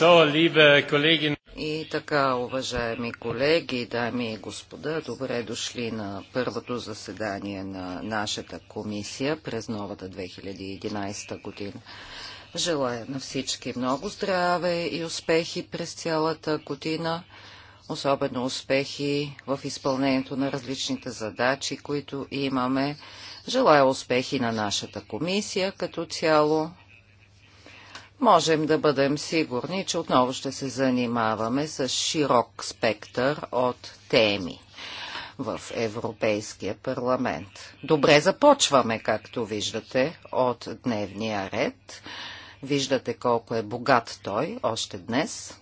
So, liebe Kollegin... И така, уважаеми колеги, дами и господа, добре дошли на първото заседание на нашата комисия през новата 2011 година. Желая на всички много здраве и успехи през цялата година, особено успехи в изпълнението на различните задачи, които имаме. Желая успехи на нашата комисия като цяло, можем да бъдем сигурни, че отново ще се занимаваме с широк спектър от теми в Европейския парламент. Добре започваме, както виждате, от дневния ред. Виждате колко е богат той още днес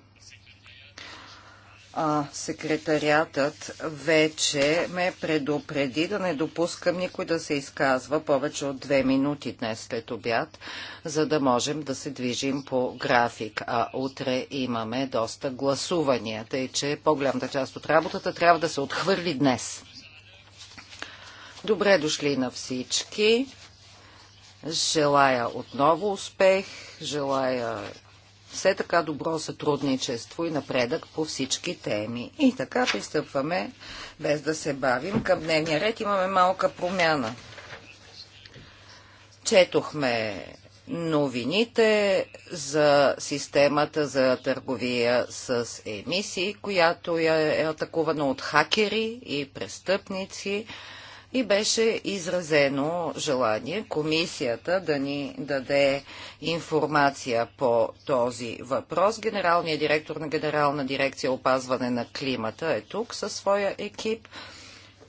секретариатът вече ме предупреди да не допускам никой да се изказва повече от две минути днес след обяд, за да можем да се движим по график. А утре имаме доста гласувания, тъй че по-голямата част от работата трябва да се отхвърли днес. Добре дошли на всички. Желая отново успех, желая все така добро сътрудничество и напредък по всички теми. И така пристъпваме, без да се бавим, към дневния ред. Имаме малка промяна. Четохме новините за системата за търговия с емисии, която е атакувана от хакери и престъпници и беше изразено желание комисията да ни даде информация по този въпрос. Генералният директор на Генерална дирекция опазване на климата е тук със своя екип.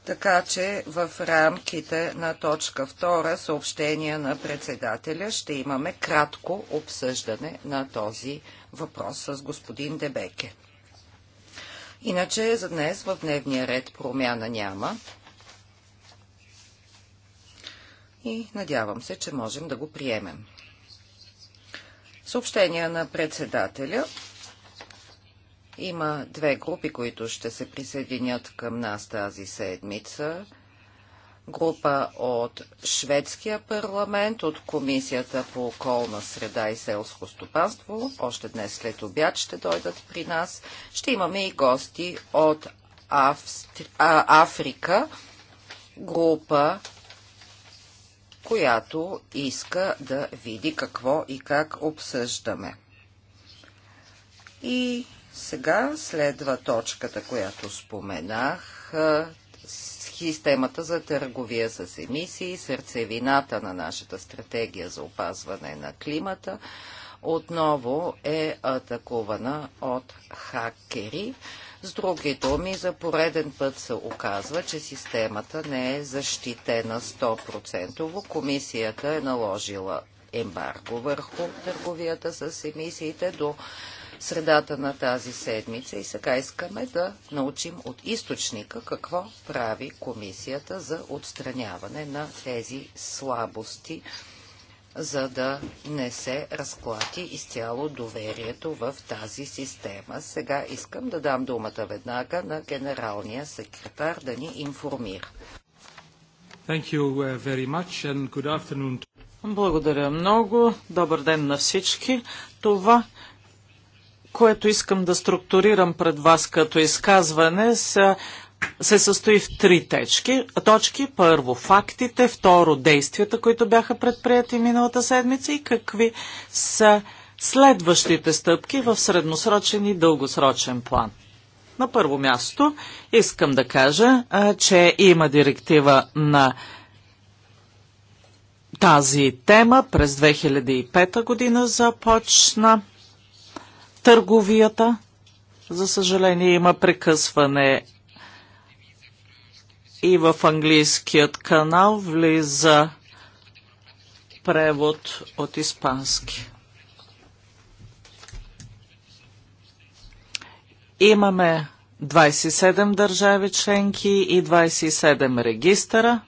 Така че в рамките на точка 2 съобщения на председателя ще имаме кратко обсъждане на този въпрос с господин Дебеке. Иначе за днес в дневния ред промяна няма и надявам се, че можем да го приемем. Съобщения на председателя. Има две групи, които ще се присъединят към нас тази седмица. Група от Шведския парламент, от Комисията по околна среда и селско стопанство. Още днес след обяд ще дойдат при нас. Ще имаме и гости от Австри... а, Африка, група която иска да види какво и как обсъждаме. И сега следва точката, която споменах, системата за търговия с емисии, сърцевината на нашата стратегия за опазване на климата, отново е атакувана от хакери, с други думи, за пореден път се оказва, че системата не е защитена 100%. Комисията е наложила ембарго върху търговията с емисиите до средата на тази седмица и сега искаме да научим от източника какво прави комисията за отстраняване на тези слабости за да не се разклати изцяло доверието в тази система. Сега искам да дам думата веднага на генералния секретар да ни информира. Uh, Благодаря много. Добър ден на всички. Това, което искам да структурирам пред вас като изказване, са се състои в три течки, точки. Първо фактите, второ действията, които бяха предприяти миналата седмица и какви са следващите стъпки в средносрочен и дългосрочен план. На първо място искам да кажа, а, че има директива на тази тема през 2005 година започна търговията. За съжаление има прекъсване и в английският канал влиза превод от испански. Имаме 27 държави членки и 27 регистъра.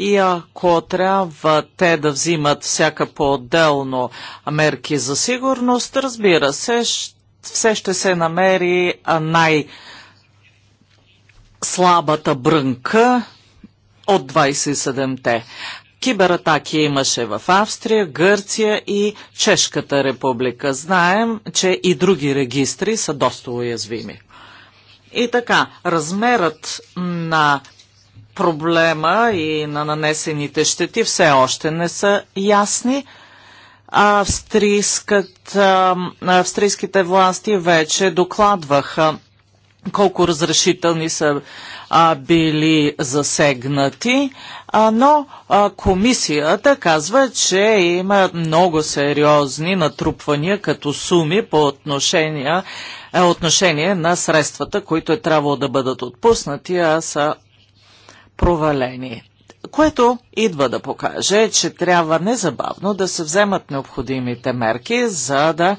И ако трябва те да взимат всяка по-отделно мерки за сигурност, разбира се, все ще се намери най- слабата брънка от 27-те. Кибератаки имаше в Австрия, Гърция и Чешката република. Знаем, че и други регистри са доста уязвими. И така, размерът на проблема и на нанесените щети все още не са ясни. Австрийските власти вече докладваха колко разрешителни са а, били засегнати, а, но а, комисията казва, че има много сериозни натрупвания като суми по отношение, а, отношение на средствата, които е трябвало да бъдат отпуснати, а са провалени. Което идва да покаже, че трябва незабавно да се вземат необходимите мерки, за да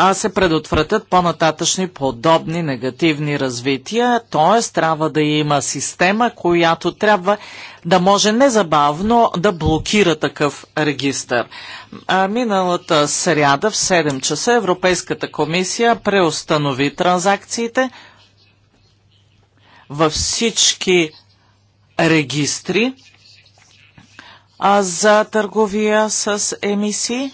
а, се предотвратят по-нататъчни подобни негативни развития, т.е. трябва да има система, която трябва да може незабавно да блокира такъв регистър. А, миналата сряда в 7 часа Европейската комисия преустанови транзакциите във всички регистри а за търговия с емисии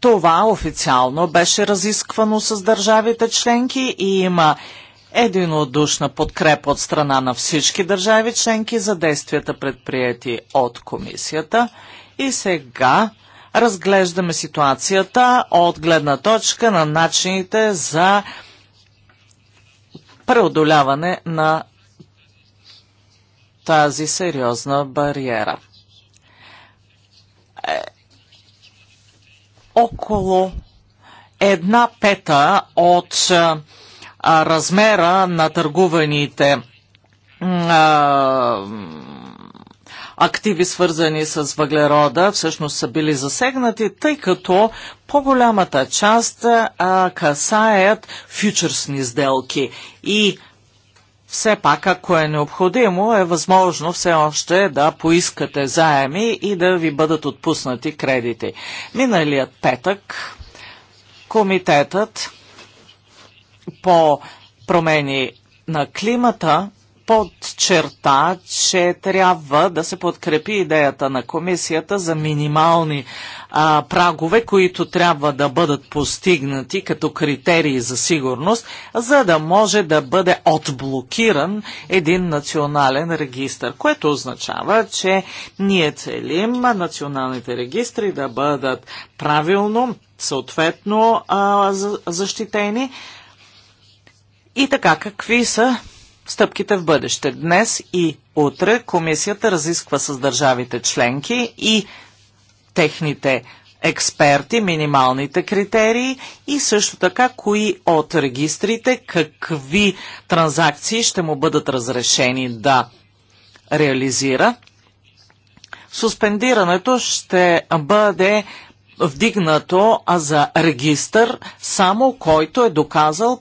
Това официално беше разисквано с държавите членки и има единодушна подкрепа от страна на всички държави членки за действията предприяти от комисията. И сега разглеждаме ситуацията от гледна точка на начините за преодоляване на тази сериозна бариера. Е, около една пета от размера на търгуваните активи, свързани с въглерода, всъщност са били засегнати, тъй като по-голямата част касаят фьючерсни сделки и все пак, ако е необходимо, е възможно все още да поискате заеми и да ви бъдат отпуснати кредити. Миналият петък комитетът по промени на климата подчерта, че трябва да се подкрепи идеята на комисията за минимални а, прагове, които трябва да бъдат постигнати като критерии за сигурност, за да може да бъде отблокиран един национален регистр, което означава, че ние целим националните регистри да бъдат правилно, съответно а, защитени. И така, какви са стъпките в бъдеще. Днес и утре комисията разисква с държавите членки и техните експерти, минималните критерии и също така кои от регистрите, какви транзакции ще му бъдат разрешени да реализира. Суспендирането ще бъде вдигнато за регистър, само който е доказал,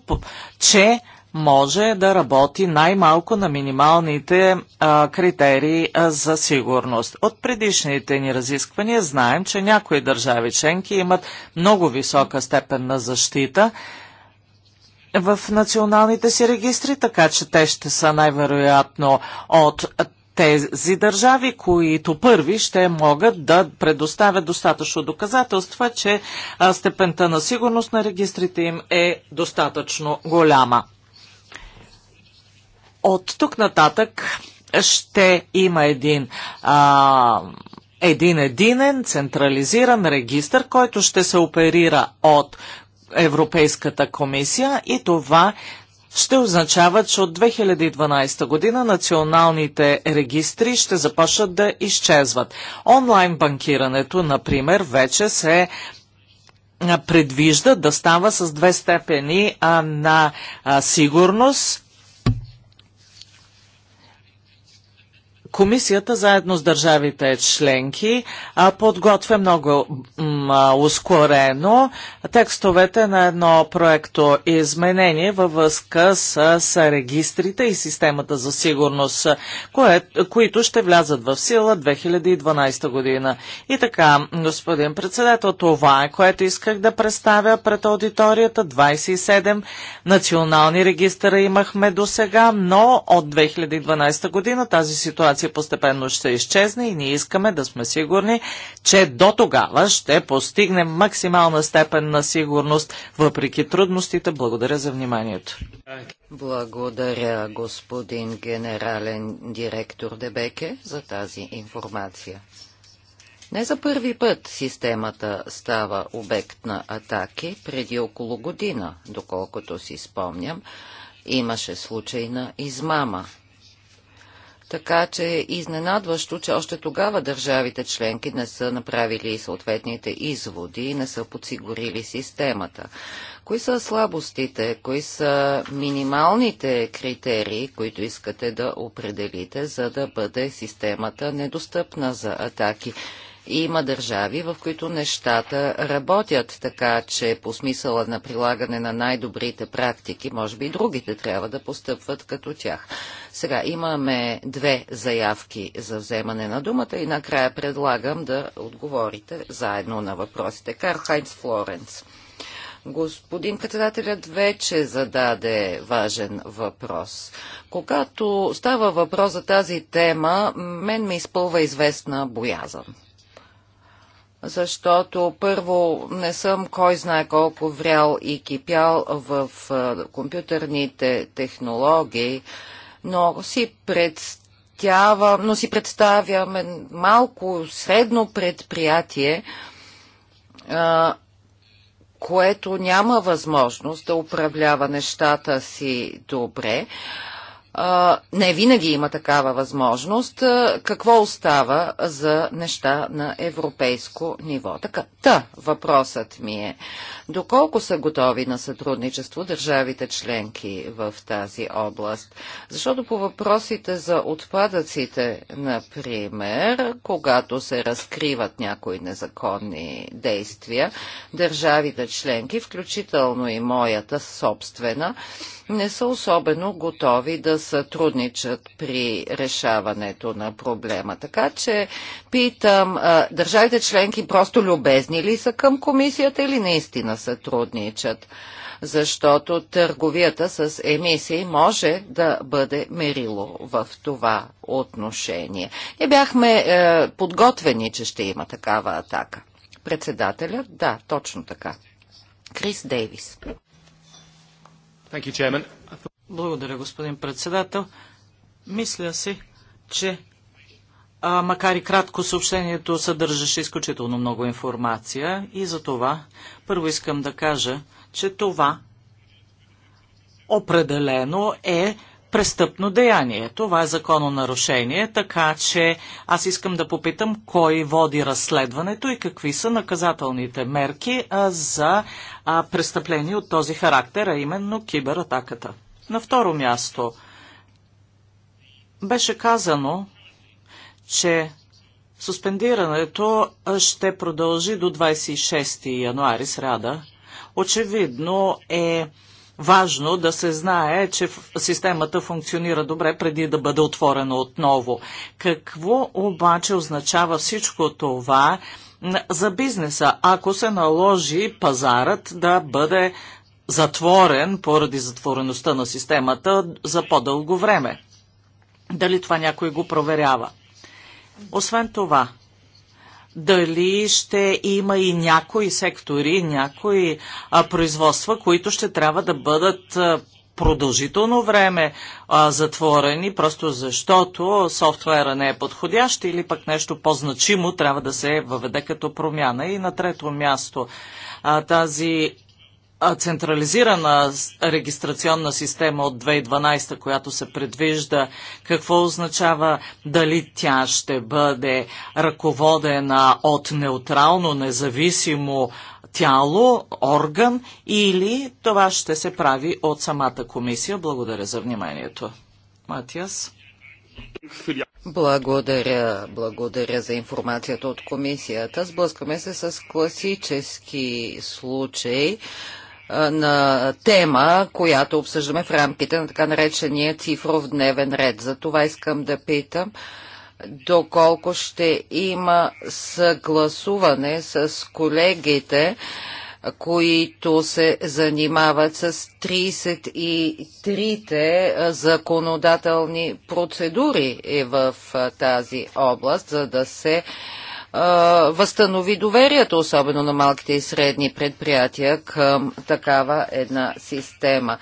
че може да работи най-малко на минималните а, критерии а, за сигурност. От предишните ни разисквания знаем, че някои държави членки имат много висока степен на защита в националните си регистри, така че те ще са най-вероятно от тези държави, които първи ще могат да предоставят достатъчно доказателства, че степента на сигурност на регистрите им е достатъчно голяма. От тук нататък ще има един а, един единен централизиран регистр, който ще се оперира от Европейската комисия и това ще означава, че от 2012 година националните регистри ще започнат да изчезват. Онлайн банкирането, например, вече се предвижда да става с две степени а, на а, сигурност Комисията заедно с държавите членки подготвя много ускорено текстовете на едно проекто изменение във връзка с, с регистрите и системата за сигурност, кое, които ще влязат в сила 2012 година. И така, господин председател, това е което исках да представя пред аудиторията. 27 национални регистъра имахме до сега, но от 2012 година тази ситуация информация постепенно ще изчезне и ние искаме да сме сигурни, че до тогава ще постигнем максимална степен на сигурност, въпреки трудностите. Благодаря за вниманието. Благодаря, господин генерален директор Дебеке, за тази информация. Не за първи път системата става обект на атаки. Преди около година, доколкото си спомням, имаше случай на измама така че е изненадващо, че още тогава държавите членки не са направили съответните изводи и не са подсигурили системата. Кои са слабостите, кои са минималните критерии, които искате да определите, за да бъде системата недостъпна за атаки? Има държави, в които нещата работят, така че по смисъла на прилагане на най-добрите практики, може би и другите трябва да постъпват като тях. Сега имаме две заявки за вземане на думата и накрая предлагам да отговорите заедно на въпросите. Карл Хайнц Флоренц. Господин председателят вече зададе важен въпрос. Когато става въпрос за тази тема, мен ме изпълва известна боязън защото първо не съм кой знае колко врял и кипял в компютърните технологии, но си пред но си представям малко средно предприятие, което няма възможност да управлява нещата си добре, не винаги има такава възможност. Какво остава за неща на европейско ниво? Така, та въпросът ми е, доколко са готови на сътрудничество държавите членки в тази област? Защото по въпросите за отпадъците, например, когато се разкриват някои незаконни действия, държавите членки, включително и моята собствена, не са особено готови да сътрудничат при решаването на проблема. Така че питам, държавите членки просто любезни ли са към комисията или наистина сътрудничат? Защото търговията с емисии може да бъде мерило в това отношение. И бяхме е, подготвени, че ще има такава атака. Председателят, да, точно така. Крис Дейвис. Благодаря, господин председател. Мисля си, че а, макар и кратко съобщението съдържаше изключително много информация и за това първо искам да кажа, че това определено е престъпно деяние. Това е закононарушение, така че аз искам да попитам кой води разследването и какви са наказателните мерки а, за а, престъпление от този характер, а именно кибератаката. На второ място беше казано, че суспендирането ще продължи до 26 януари сряда. Очевидно е важно да се знае, че системата функционира добре преди да бъде отворена отново. Какво обаче означава всичко това за бизнеса, ако се наложи пазарът да бъде затворен поради затвореността на системата за по-дълго време. Дали това някой го проверява? Освен това, дали ще има и някои сектори, някои а, производства, които ще трябва да бъдат а, продължително време а, затворени, просто защото софтуера не е подходящ или пък нещо по-значимо трябва да се въведе като промяна. И на трето място а, тази централизирана регистрационна система от 2012, която се предвижда, какво означава дали тя ще бъде ръководена от неутрално, независимо тяло, орган или това ще се прави от самата комисия. Благодаря за вниманието. Матиас. Благодаря, благодаря за информацията от комисията. Сблъскаме се с класически случай на тема, която обсъждаме в рамките на така наречения цифров дневен ред. За това искам да питам доколко ще има съгласуване с колегите, които се занимават с 33-те законодателни процедури в тази област, за да се възстанови доверието, особено на малките и средни предприятия към такава една система.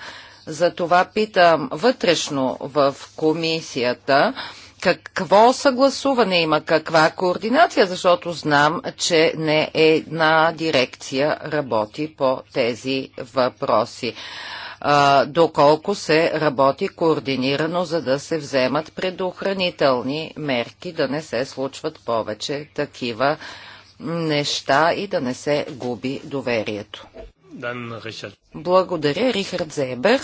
За това питам вътрешно в комисията какво съгласуване има, каква координация, защото знам, че не една дирекция работи по тези въпроси а, доколко се работи координирано, за да се вземат предохранителни мерки, да не се случват повече такива неща и да не се губи доверието. Благодаря, Рихард Зебер.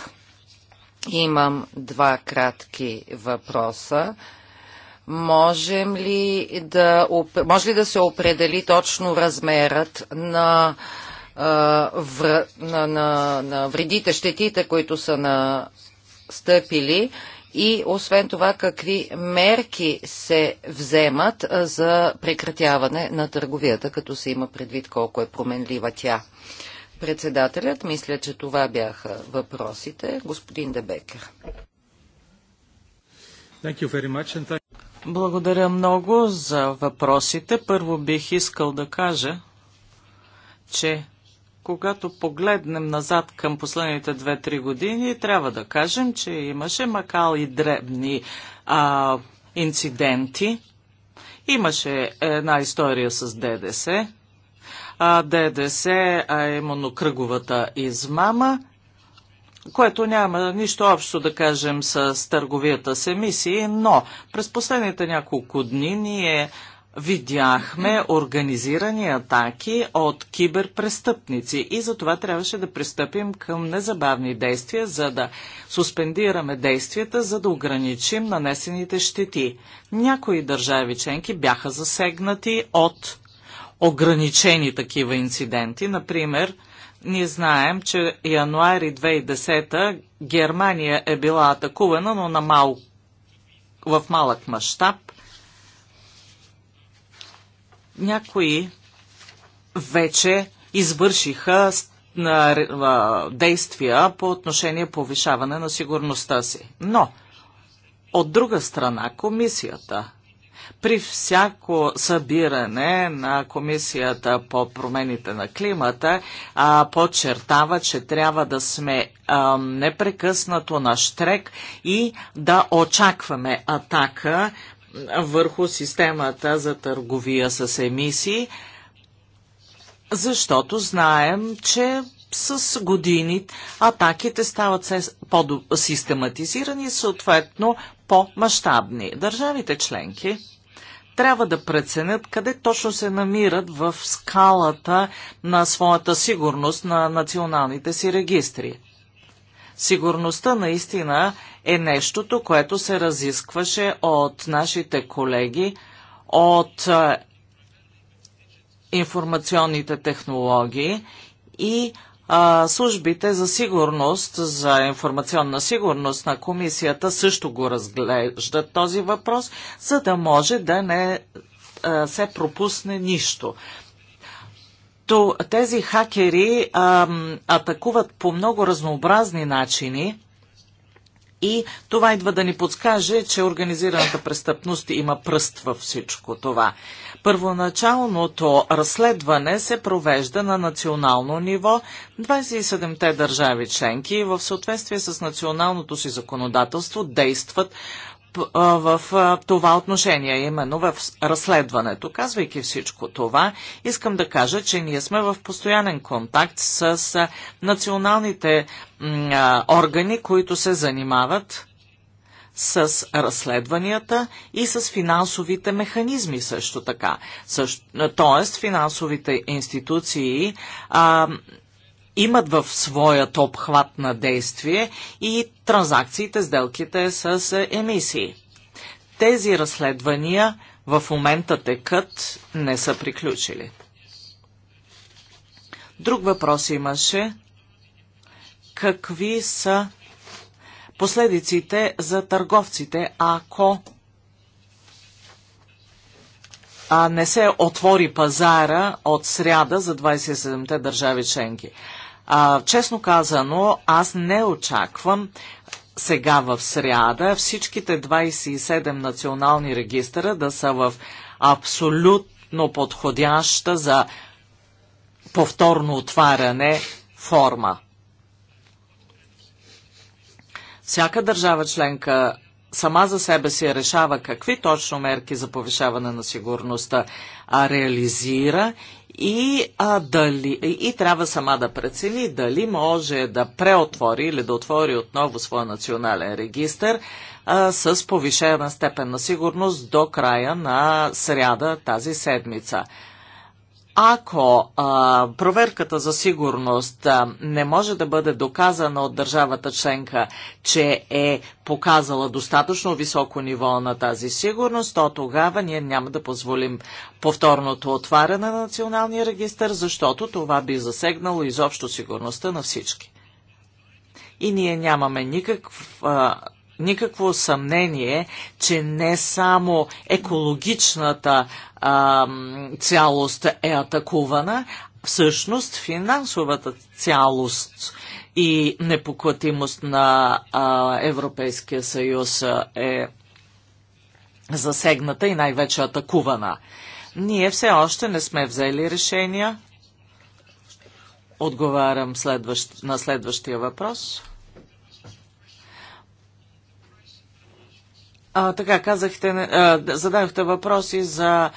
Имам два кратки въпроса. Можем ли да, може ли да се определи точно размерът на на, на, на вредите, щетите, които са настъпили и освен това какви мерки се вземат за прекратяване на търговията, като се има предвид колко е променлива тя. Председателят, мисля, че това бяха въпросите. Господин Дебекер. Благодаря много за въпросите. Първо бих искал да кажа, че когато погледнем назад към последните 2-3 години, трябва да кажем, че имаше макал и дребни а, инциденти. Имаше една история с ДДС. А, ДДС, а е именно кръговата измама, което няма нищо общо да кажем с търговията с емисии, но през последните няколко дни ние видяхме организирани атаки от киберпрестъпници и за това трябваше да пристъпим към незабавни действия, за да суспендираме действията, за да ограничим нанесените щети. Някои държави членки бяха засегнати от ограничени такива инциденти. Например, ние знаем, че януари 2010 Германия е била атакувана, но на мал... в малък мащаб някои вече извършиха действия по отношение повишаване на сигурността си. Но, от друга страна, комисията при всяко събиране на Комисията по промените на климата а, подчертава, че трябва да сме а, непрекъснато на штрек и да очакваме атака върху системата за търговия с емисии, защото знаем, че с години атаките стават по-систематизирани, и съответно по-масштабни. Държавите членки трябва да преценят къде точно се намират в скалата на своята сигурност на националните си регистри. Сигурността наистина е нещото, което се разискваше от нашите колеги от информационните технологии и а, службите за сигурност, за информационна сигурност на комисията също го разглеждат този въпрос, за да може да не а, се пропусне нищо то тези хакери а, атакуват по много разнообразни начини и това идва да ни подскаже, че организираната престъпност има пръст във всичко това. Първоначалното разследване се провежда на национално ниво 27-те държави членки в съответствие с националното си законодателство действат в това отношение, именно в разследването. Казвайки всичко това, искам да кажа, че ние сме в постоянен контакт с националните органи, които се занимават с разследванията и с финансовите механизми също така. тоест, финансовите институции а, имат в своят обхват на действие и транзакциите, сделките с емисии. Тези разследвания в момента текът не са приключили. Друг въпрос имаше. Какви са последиците за търговците, ако не се отвори пазара от сряда за 27-те държави членки. А, честно казано, аз не очаквам сега в сряда всичките 27 национални регистъра да са в абсолютно подходяща за повторно отваряне форма. Всяка държава членка сама за себе си решава какви точно мерки за повишаване на сигурността а реализира и, а, дали, и трябва сама да прецени дали може да преотвори или да отвори отново своя национален регистр а, с повишена степен на сигурност до края на сряда тази седмица. Ако а, проверката за сигурност а, не може да бъде доказана от държавата членка, че е показала достатъчно високо ниво на тази сигурност, то тогава ние няма да позволим повторното отваряне на националния регистр, защото това би засегнало изобщо сигурността на всички. И ние нямаме никакъв. А, никакво съмнение, че не само екологичната цялост е атакувана, всъщност финансовата цялост и непоклатимост на а, Европейския съюз е засегната и най-вече атакувана. Ние все още не сме взели решения. Отговарям следващ, на следващия въпрос. А, така, казахте, а, зададохте въпроси за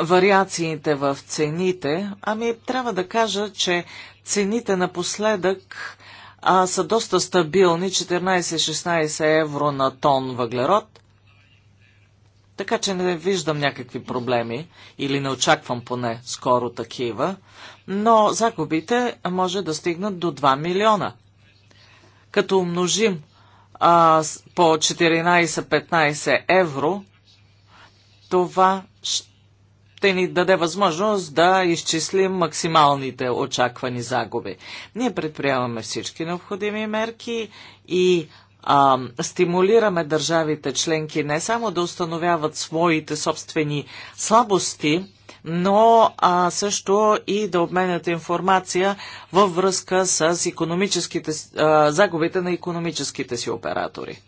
вариациите в цените, ами трябва да кажа, че цените напоследък а, са доста стабилни 14-16 евро на тон въглерод. Така че не виждам някакви проблеми или не очаквам поне скоро такива, но загубите може да стигнат до 2 милиона. Като умножим а, по 14-15 евро, това ще ни даде възможност да изчислим максималните очаквани загуби. Ние предприемаме всички необходими мерки и а, стимулираме държавите членки не само да установяват своите собствени слабости, но а, също и да обменят информация във връзка с економическите, а, загубите на економическите си оператори.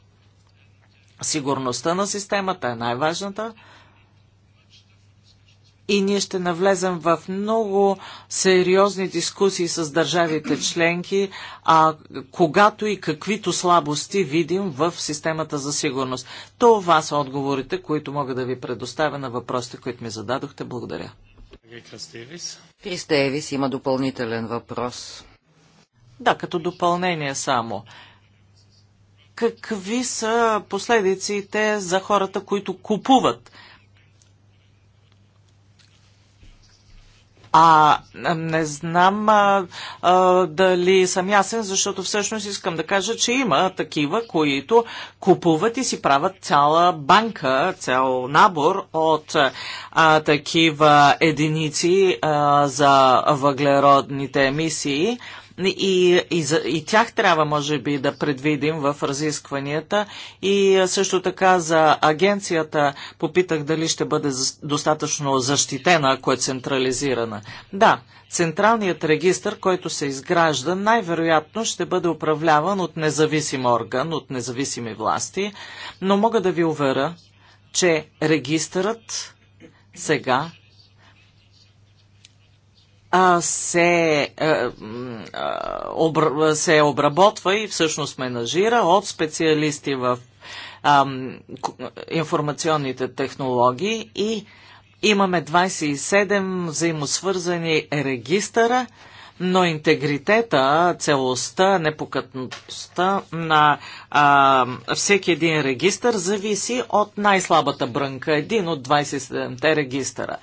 Сигурността на системата е най-важната и ние ще навлезем в много сериозни дискусии с държавите членки, а, когато и каквито слабости видим в системата за сигурност. Това са отговорите, които мога да ви предоставя на въпросите, които ми зададохте. Благодаря. Крис Дейвис има допълнителен въпрос. Да, като допълнение само какви са последиците за хората, които купуват А не знам а, а, дали съм ясен, защото всъщност искам да кажа, че има такива, които купуват и си правят цяла банка, цял набор от а, такива единици а, за въглеродните емисии и, и, за, и тях трябва, може би, да предвидим в разискванията. И също така за агенцията попитах дали ще бъде достатъчно защитена, ако е централизирана. Да, Централният регистр, който се изгражда, най-вероятно ще бъде управляван от независим орган, от независими власти, но мога да ви уверя, че регистърът сега се, е, се обработва и всъщност менажира от специалисти в информационните технологии и имаме 27 взаимосвързани регистъра, но интегритета, целостта, непокътността на а, всеки един регистър зависи от най-слабата брънка, един от 27-те регистъра.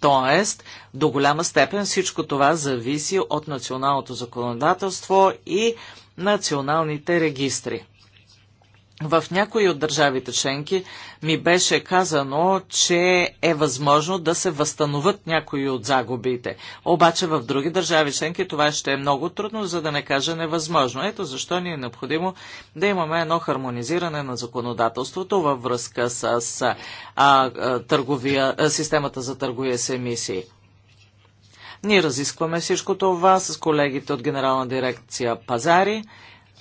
Тоест, до голяма степен всичко това зависи от националното законодателство и националните регистри. В някои от държавите членки ми беше казано, че е възможно да се възстановят някои от загубите. Обаче в други държави членки това ще е много трудно, за да не кажа невъзможно. Ето защо ни е необходимо да имаме едно хармонизиране на законодателството във връзка с а, а, търговия, а, системата за търговия с емисии. Ние разискваме всичко това с колегите от Генерална дирекция Пазари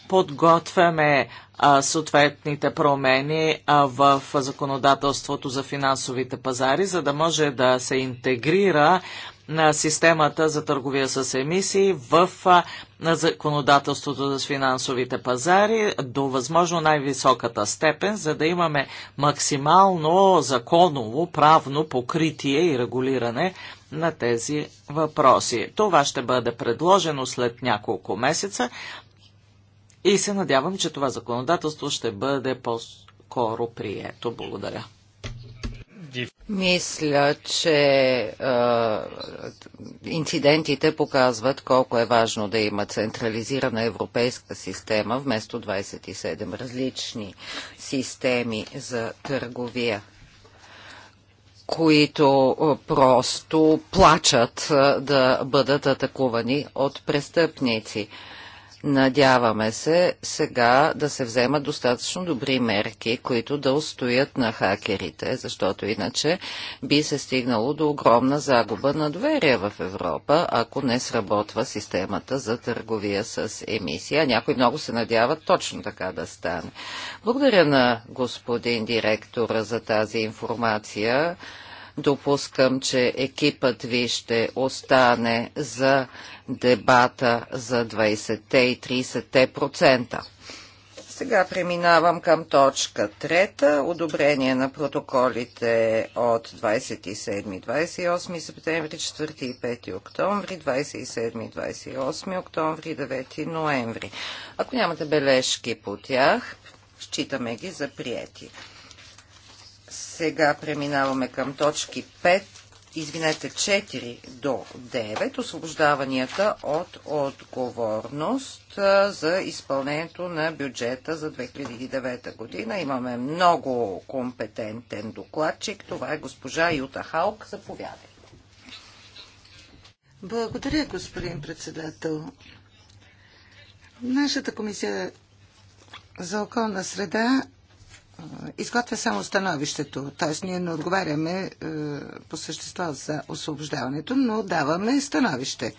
подготвяме а, съответните промени а, в законодателството за финансовите пазари, за да може да се интегрира на системата за търговия с емисии в на законодателството за финансовите пазари до възможно най-високата степен, за да имаме максимално законово правно покритие и регулиране на тези въпроси. Това ще бъде предложено след няколко месеца. И се надявам, че това законодателство ще бъде по-скоро прието. Благодаря. Мисля, че е, инцидентите показват колко е важно да има централизирана европейска система вместо 27 различни системи за търговия които просто плачат да бъдат атакувани от престъпници. Надяваме се сега да се вземат достатъчно добри мерки, които да устоят на хакерите, защото иначе би се стигнало до огромна загуба на доверие в Европа, ако не сработва системата за търговия с емисия. Някои много се надяват точно така да стане. Благодаря на господин директора за тази информация. Допускам, че екипът ви ще остане за дебата за 20-те и 30-те процента. Сега преминавам към точка трета. Одобрение на протоколите от 27-28 септември, 4 и 5 октомври, 27-28 октомври, 9 ноември. Ако нямате бележки по тях, считаме ги за прияти. Сега преминаваме към точки 5, извинете 4 до 9, освобождаванията от отговорност за изпълнението на бюджета за 2009 година. Имаме много компетентен докладчик. Това е госпожа Юта Халк. Заповядай. Благодаря, господин председател. Нашата комисия за околна среда изготвя само становището, т.е. ние не отговаряме е, по същество за освобождаването, но даваме становище.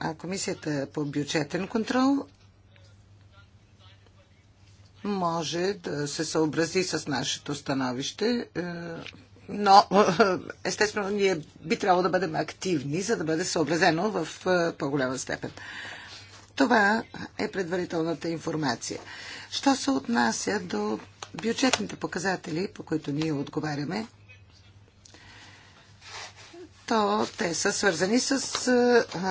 А комисията по бюджетен контрол може да се съобрази с нашето становище, е, но е, естествено ние би трябвало да бъдем активни, за да бъде съобразено в по-голяма степен. Това е предварителната информация. Що се отнася до бюджетните показатели, по които ние отговаряме, то те са свързани с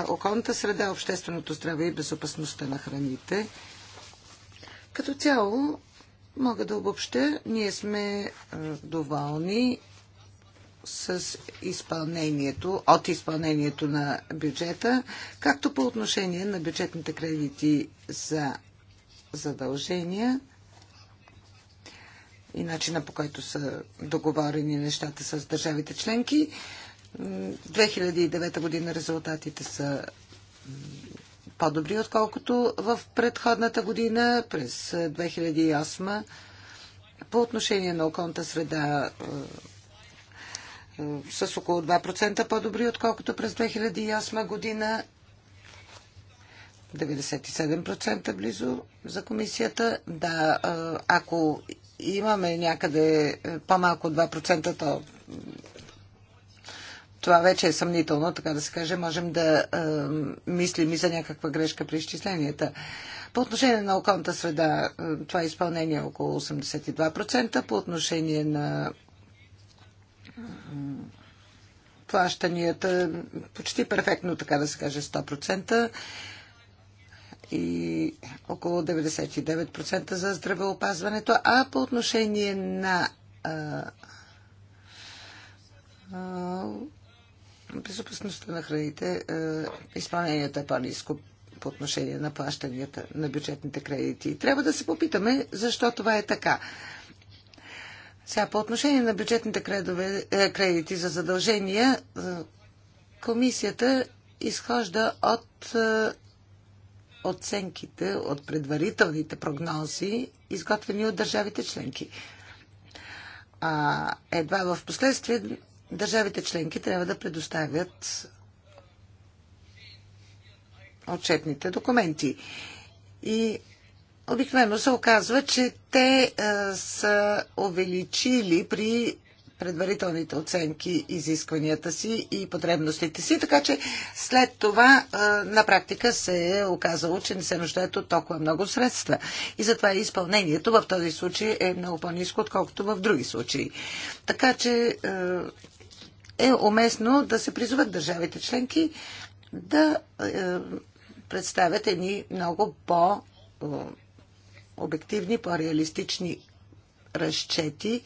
околната среда, общественото здраве и безопасността на храните. Като цяло, мога да обобщя, ние сме доволни с изпълнението, от изпълнението на бюджета, както по отношение на бюджетните кредити за задължения и начина по който са договорени нещата с държавите членки. 2009 година резултатите са по-добри, отколкото в предходната година, през 2008. По отношение на околната среда е, е, с около 2% по-добри, отколкото през 2008 година 97% близо за комисията. Да, ако имаме някъде по-малко от 2%, то това вече е съмнително, така да се каже. Можем да е, мислим и за някаква грешка при изчисленията. По отношение на околната среда, това е изпълнение около 82%. По отношение на плащанията, почти перфектно, така да се каже, 100% и около 99% за здравеопазването, а по отношение на а, а, безопасността на храните, а, изпълнението е по-низко по отношение на плащанията на бюджетните кредити. Трябва да се попитаме защо това е така. Сега, по отношение на бюджетните кредове, е, кредити за задължения, е, комисията изхожда от е, оценките от предварителните прогнози, изготвени от държавите членки. А едва в последствие държавите членки трябва да предоставят отчетните документи. И обикновено се оказва, че те а, са увеличили при предварителните оценки, изискванията си и потребностите си, така че след това на практика се е оказало, че не се нуждаят от толкова много средства. И затова и изпълнението в този случай е много по-низко, отколкото в други случаи. Така че е уместно да се призоват държавите членки да представят едни много по- обективни, по-реалистични разчети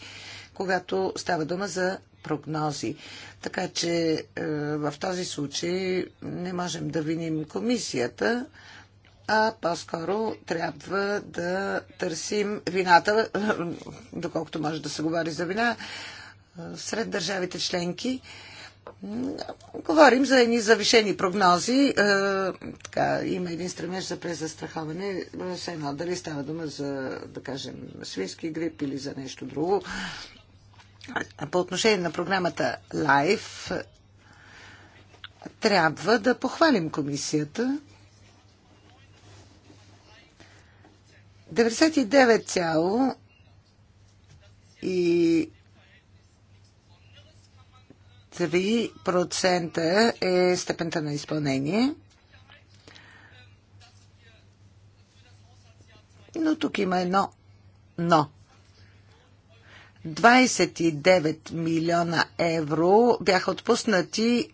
когато става дума за прогнози. Така че е, в този случай не можем да виним комисията, а по-скоро трябва да търсим вината, доколкото може да се говори за вина, е, сред държавите членки. Говорим за едни завишени прогнози. Е, така, има един стремеж за презастраховане. Все едно, дали става дума за, да кажем, свински грип или за нещо друго по отношение на програмата Лайф, трябва да похвалим комисията. 99, и 3% е степента на изпълнение. Но тук има едно но. 29 милиона евро бяха отпуснати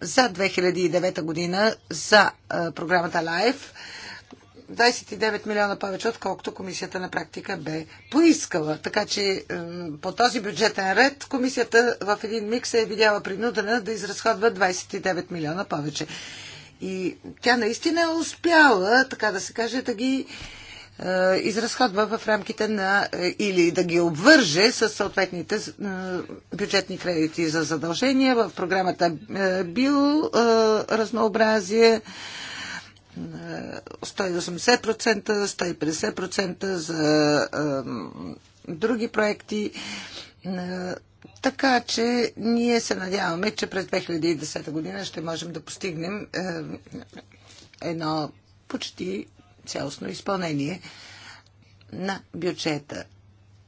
за 2009 година за програмата Life. 29 милиона повече, отколкото комисията на практика бе поискала. Така че по този бюджетен ред комисията в един миг се е видяла принудена да изразходва 29 милиона повече. И тя наистина е успяла, така да се каже, да ги е, изразходва в рамките на е, или да ги обвърже с съответните е, бюджетни кредити за задължения в програмата биоразнообразие 180%, 150% за други проекти. Така че ние се надяваме, че през 2010 година ще можем да постигнем едно почти цялостно изпълнение на бюджета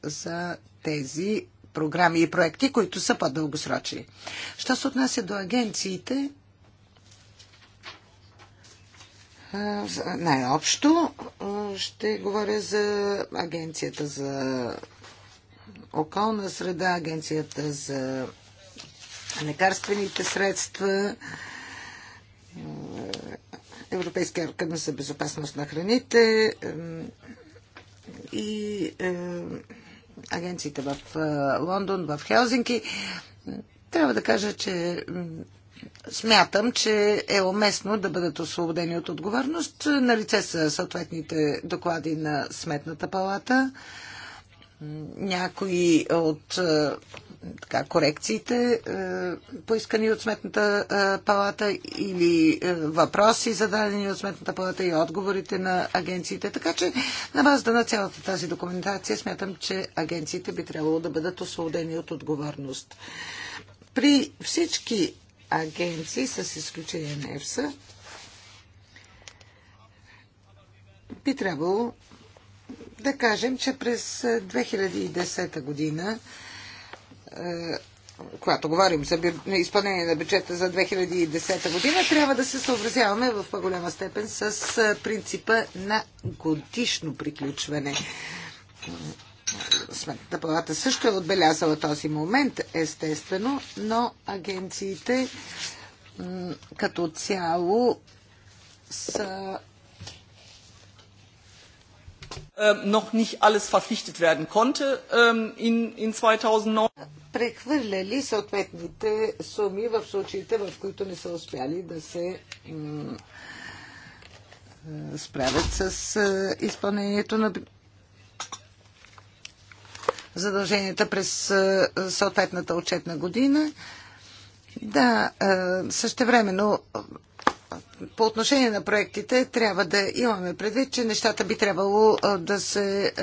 за тези програми и проекти, които са по-дългосрочни. Що се отнася до агенциите, най-общо ще говоря за агенцията за околна среда, агенцията за лекарствените средства, Европейския орган за безопасност на храните и агенциите в е, Лондон, в Хелзинки. Трябва да кажа, че смятам, че е уместно да бъдат освободени от отговорност. На лице са съответните доклади на Сметната палата. Някои от е, така, корекциите, е, поискани от Сметната е, палата или е, въпроси, зададени от Сметната палата и отговорите на агенциите. Така че на базата на цялата тази документация смятам, че агенциите би трябвало да бъдат освободени от отговорност. При всички агенции, с изключение на ЕФСА, би трябвало да кажем, че през 2010 година когато говорим за изпълнение на бюджета за 2010 година, трябва да се съобразяваме в по-голяма степен с принципа на годишно приключване. Сметната палата също е отбелязала този момент, естествено, но агенциите като цяло са noch nicht alles verpflichtet werden konnte in, in 2009 прехвърляли съответните суми в случаите, в които не са успяли да се справят с изпълнението на задълженията през съответната отчетна година. Да, същевременно по отношение на проектите трябва да имаме предвид, че нещата би трябвало да се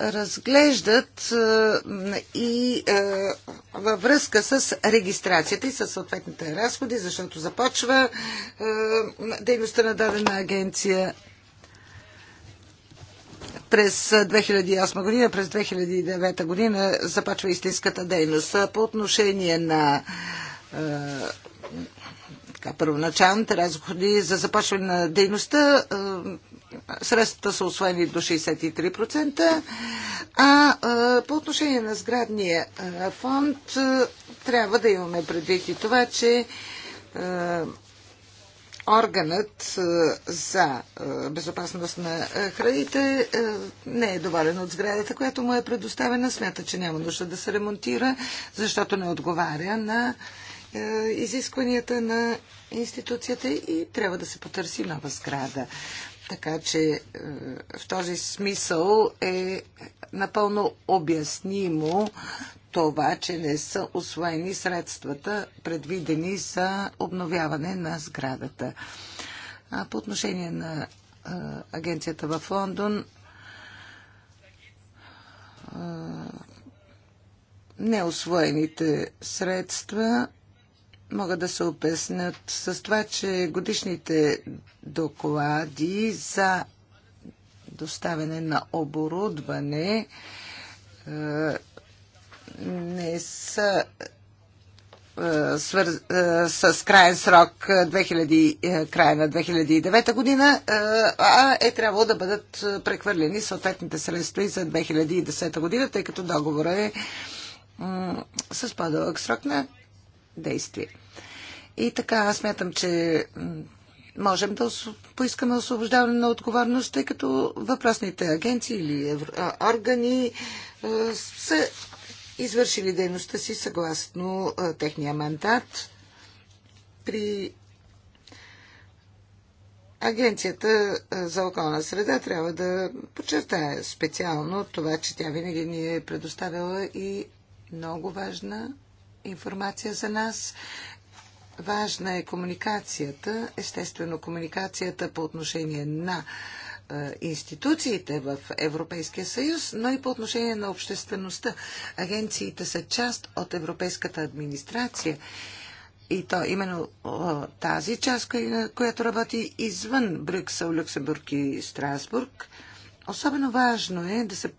разглеждат и във връзка с регистрацията и с съответните разходи, защото започва дейността на дадена агенция през 2008 година, през 2009 година започва истинската дейност. По отношение на така, първоначалните разходи за започване на дейността, средствата са освоени до 63%, а по отношение на сградния фонд трябва да имаме предвид и това, че органът за безопасност на храните не е доволен от сградата, която му е предоставена. Смята, че няма нужда да се ремонтира, защото не отговаря на изискванията на институцията и трябва да се потърси нова сграда. Така че е, в този смисъл е напълно обяснимо това, че не са освоени средствата, предвидени за обновяване на сградата. А по отношение на е, агенцията в Лондон, е, неосвоените средства могат да се обяснят с това, че годишните доклади за доставяне на оборудване е, не са е, е, с крайен срок 2000, края на 2009 година, а е трябвало да бъдат прехвърлени съответните средства и за 2010 година, тъй като договора е с по-дълъг срок на действие. И така, аз смятам, че можем да поискаме освобождаване на отговорност, тъй като въпросните агенции или евро... органи са извършили дейността си съгласно техния мандат при Агенцията за околна среда трябва да подчертая специално това, че тя винаги ни е предоставила и много важна информация за нас. Важна е комуникацията, естествено комуникацията по отношение на е, институциите в Европейския съюз, но и по отношение на обществеността. Агенциите са част от европейската администрация. И то именно е, тази част, която работи извън Брюксел, Люксембург и Страсбург. Особено важно е да се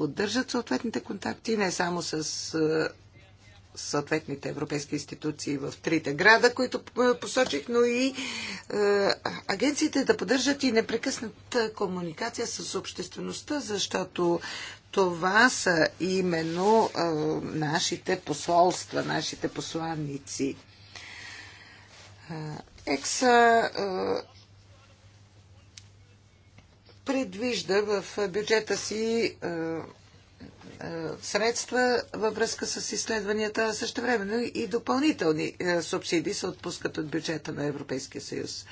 поддържат съответните контакти не само с съответните европейски институции в трите града, които посочих, но и е, агенциите да поддържат и непрекъсната комуникация с обществеността, защото това са именно е, нашите посолства, нашите посланници. Екса е, предвижда в бюджета си е, е, средства във връзка с изследванията, а също времено и допълнителни е, субсидии се отпускат от бюджета на Европейския съюз.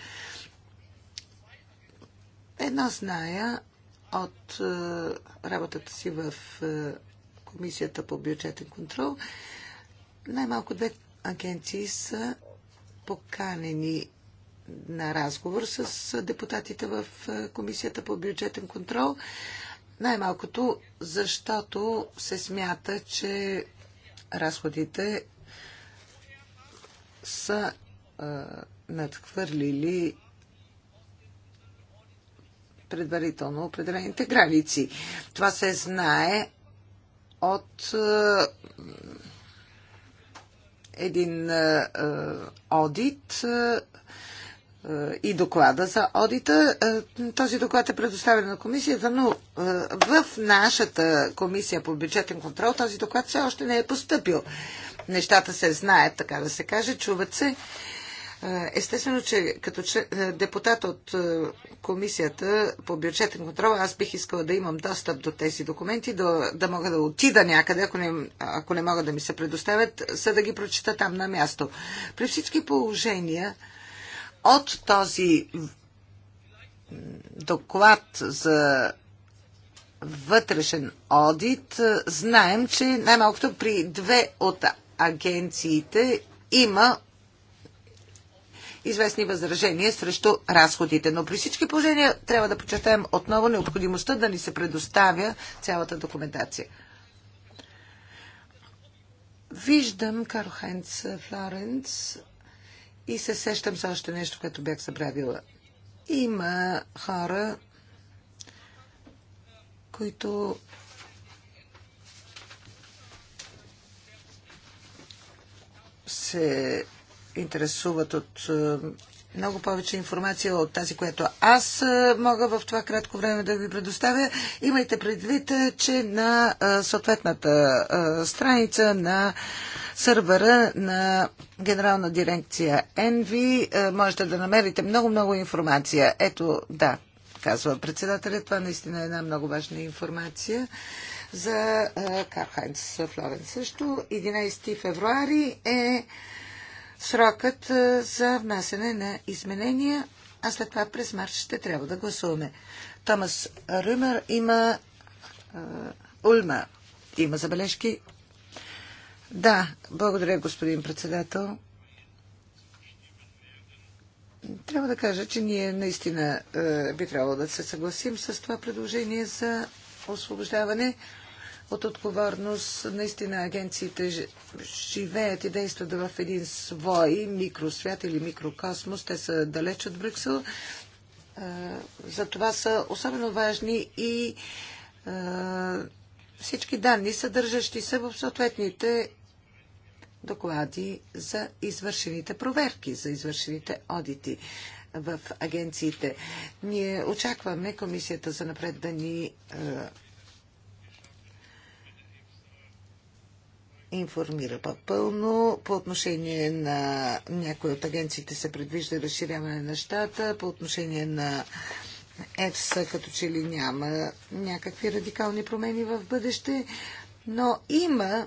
Една зная от работата си в Комисията по бюджетен контрол, най-малко две агенции са поканени на разговор с депутатите в е, Комисията по бюджетен контрол. Най-малкото, защото се смята, че разходите са а, е, надхвърлили предварително определените граници. Това се знае от а, е, един а, одит а, е, и доклада за одита. Е, този доклад е предоставен на комисията, но е, в нашата комисия по бюджетен контрол този доклад все още не е поступил. Нещата се знаят, така да се каже, чуват се. Естествено, че като депутат от комисията по бюджетен контрол, аз бих искала да имам достъп до тези документи, да, да мога да отида някъде, ако не, ако не могат да ми се предоставят, са да ги прочета там на място. При всички положения, от този доклад за вътрешен одит е, знаем, че най-малкото при две от агенциите има известни възражения срещу разходите. Но при всички положения трябва да почетаем отново необходимостта да ни се предоставя цялата документация. Виждам Карл Хайнц Флоренц и се сещам за още нещо, което бях забравила. Има хора, които се интересуват от е, много повече информация от тази, която аз мога в това кратко време да ви предоставя. Имайте предвид, че на съответната страница на сървъра на Генерална дирекция НВ можете да намерите много-много информация. Ето, да, казва председателя, това наистина е една много важна информация за Хайнц Флорен. Също 11 февруари е срокът е, за внасене на изменения, а след това през март ще трябва да гласуваме. Томас Рюмер има е, Ульма. Има забележки? Да, благодаря, господин председател. Трябва да кажа, че ние наистина е, би трябвало да се съгласим с това предложение за освобождаване от отговорност. Наистина агенциите живеят и действат в един свой микросвят или микрокосмос. Те са далеч от Брюксел. Затова са особено важни и всички данни, съдържащи се в съответните доклади за извършените проверки, за извършените одити в агенциите. Ние очакваме комисията за напред да ни информира по-пълно. По отношение на някои от агенциите се предвижда разширяване на щата, по отношение на ЕФСА като че ли няма някакви радикални промени в бъдеще, но има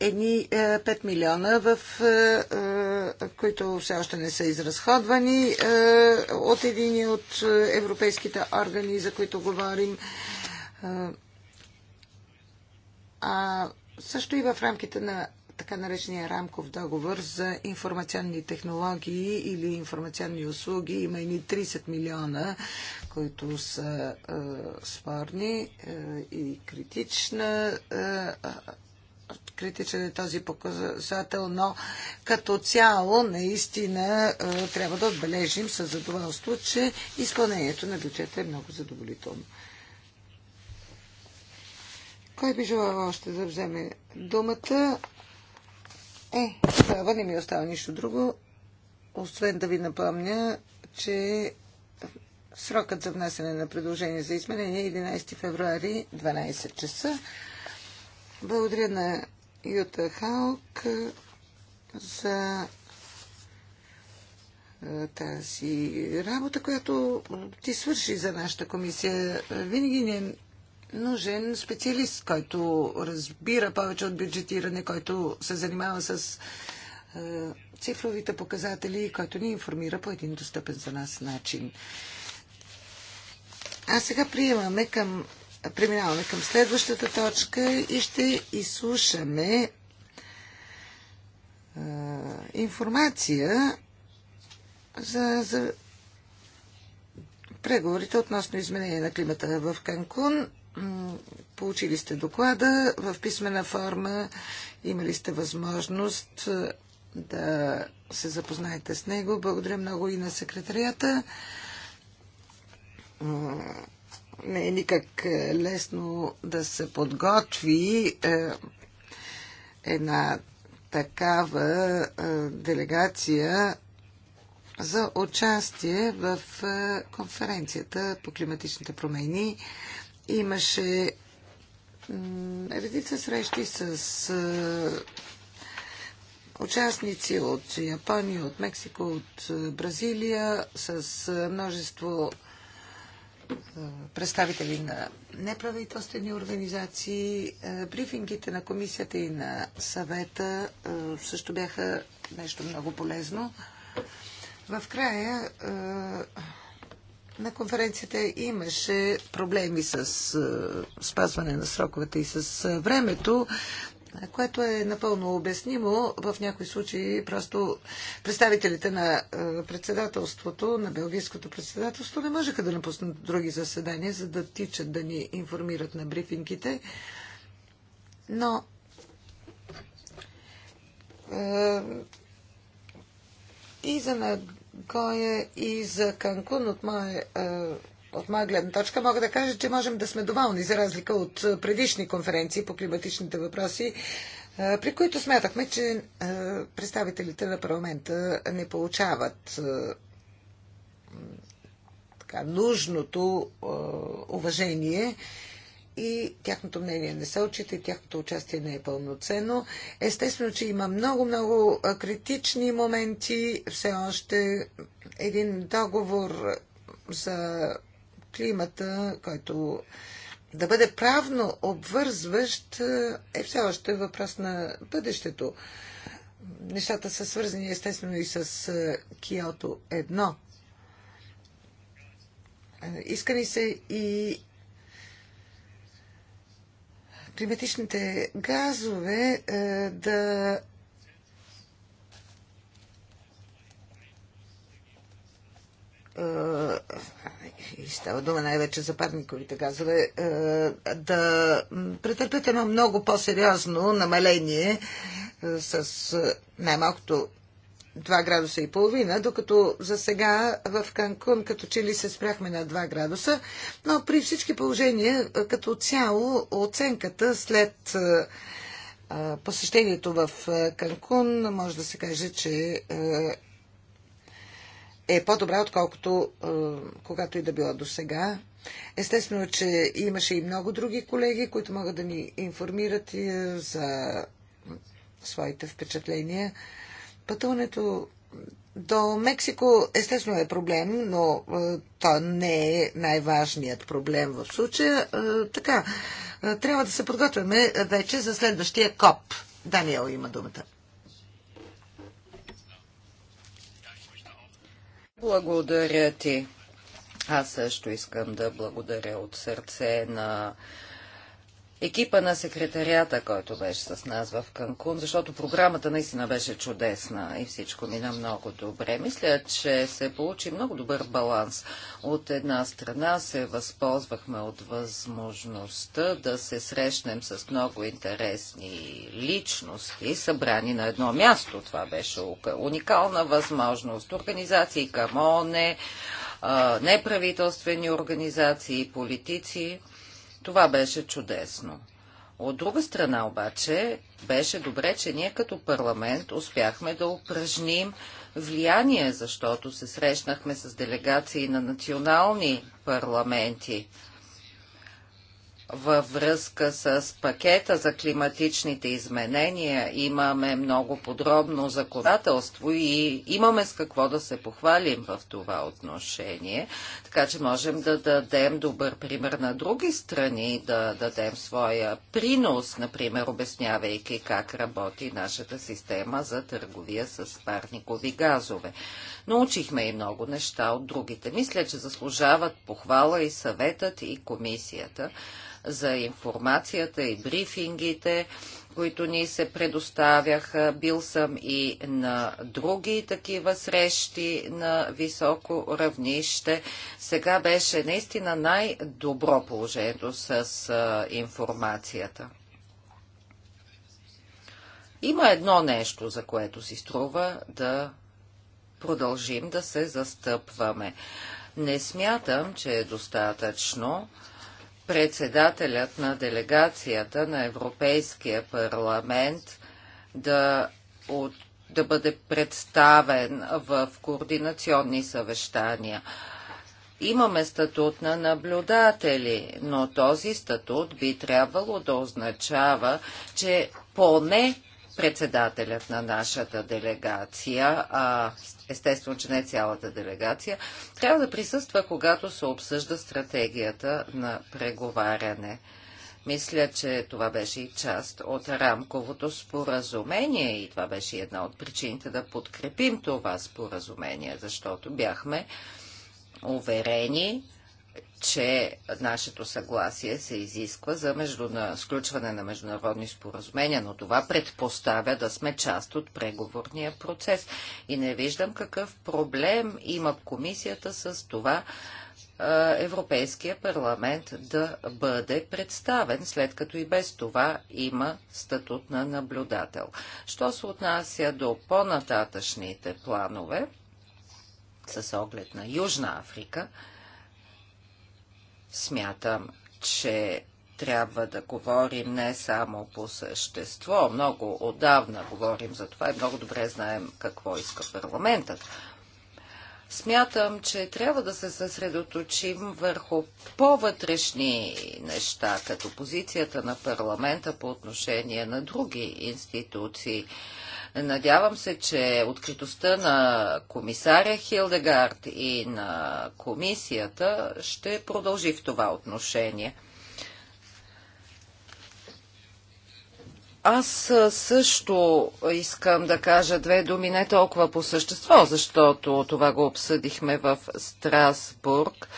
едни 5 милиона, в, които все още не са изразходвани от един от европейските органи, за които говорим а също и в рамките на така наречения рамков договор за информационни технологии или информационни услуги. Има и 30 милиона, които са е, спорни е, и критична. Е, критичен е този показател, но като цяло наистина трябва да отбележим със задоволство, че изпълнението на бюджета е много задоволително. Кой би желал още да вземе думата? Е, тогава не ми остава нищо друго, освен да ви напомня, че срокът за внасяне на предложение за изменение е 11 февруари, 12 часа. Благодаря на Юта Халк за тази работа, която ти свърши за нашата комисия. Винаги не. е нужен специалист, който разбира повече от бюджетиране, който се занимава с е, цифровите показатели, който ни информира по един достъпен за нас начин. А сега приемаме към, преминаваме към следващата точка и ще изслушаме е, информация за, за преговорите относно изменение на климата в Канкун. Получили сте доклада в писмена форма, имали сте възможност е, да се запознаете с него. Благодаря много и на секретарията. Не е никак е, лесно да се подготви е, една такава делегация за участие в конференцията по климатичните промени. Имаше редица срещи с участници от Япония, от Мексико, от Бразилия, с множество представители на неправителствени организации. Брифингите на комисията и на съвета също бяха нещо много полезно. В края на конференцията имаше проблеми с е, спазване на сроковете и с е, времето, което е напълно обяснимо. В някои случаи просто представителите на е, председателството, на Белгийското председателство, не можеха да напуснат други заседания, за да тичат да ни информират на брифингите. Но и за на кой е и за Канкун от моя, е, от моя гледна точка мога да кажа, че можем да сме доволни, за разлика от предишни конференции по климатичните въпроси, е, при които смятахме, че е, представителите на парламента не получават така, нужното уважение и тяхното мнение не се отчита и тяхното участие не е пълноценно. Естествено, че има много-много критични моменти. Все още един договор за климата, който да бъде правно обвързващ, е все още въпрос на бъдещето. Нещата са свързани естествено и с Киото 1. Искани се и климатичните газове е, да е, и става дума най-вече за парниковите газове, е, да претърпят едно много по-сериозно намаление с най-малкото 2 градуса и половина, докато за сега в Канкун като че ли се спряхме на 2 градуса, но при всички положения като цяло оценката след посещението в Канкун може да се каже, че е по-добра, отколкото когато и да било до сега. Естествено, че имаше и много други колеги, които могат да ни информират за своите впечатления. Пътуването до Мексико естествено е проблем, но е, то не е най-важният проблем в случая. Е, така, е, трябва да се подготвяме вече за следващия КОП. Даниел има думата. Благодаря ти. Аз също искам да благодаря от сърце на екипа на секретарията, който беше с нас в Канкун, защото програмата наистина беше чудесна и всичко мина много добре. Мисля, че се получи много добър баланс. От една страна се възползвахме от възможността да се срещнем с много интересни личности, събрани на едно място. Това беше уникална възможност. Организации към ОНЕ, неправителствени организации, политици това беше чудесно. От друга страна обаче беше добре, че ние като парламент успяхме да упражним влияние, защото се срещнахме с делегации на национални парламенти във връзка с пакета за климатичните изменения. Имаме много подробно законодателство и имаме с какво да се похвалим в това отношение. Така че можем да дадем добър пример на други страни, да дадем своя принос, например, обяснявайки как работи нашата система за търговия с парникови газове. Научихме и много неща от другите. Мисля, че заслужават похвала и съветът и комисията за информацията и брифингите, които ни се предоставяха. Бил съм и на други такива срещи на високо равнище. Сега беше наистина най-добро положението с информацията. Има едно нещо, за което си струва да продължим да се застъпваме. Не смятам, че е достатъчно председателят на делегацията на Европейския парламент да, от, да бъде представен в координационни съвещания. Имаме статут на наблюдатели, но този статут би трябвало да означава, че поне председателят на нашата делегация, а естествено, че не цялата делегация, трябва да присъства, когато се обсъжда стратегията на преговаряне. Мисля, че това беше и част от рамковото споразумение и това беше една от причините да подкрепим това споразумение, защото бяхме уверени, че нашето съгласие се изисква за междуна... сключване на международни споразумения, но това предпоставя да сме част от преговорния процес. И не виждам какъв проблем има комисията с това е, Европейския парламент да бъде представен, след като и без това има статут на наблюдател. Що се отнася до по-нататъчните планове, с оглед на Южна Африка, Смятам, че трябва да говорим не само по същество. Много отдавна говорим за това и много добре знаем какво иска парламентът. Смятам, че трябва да се съсредоточим върху по-вътрешни неща, като позицията на парламента по отношение на други институции. Надявам се, че откритостта на комисаря Хилдегард и на комисията ще продължи в това отношение. Аз също искам да кажа две думи, не толкова по същество, защото това го обсъдихме в Страсбург.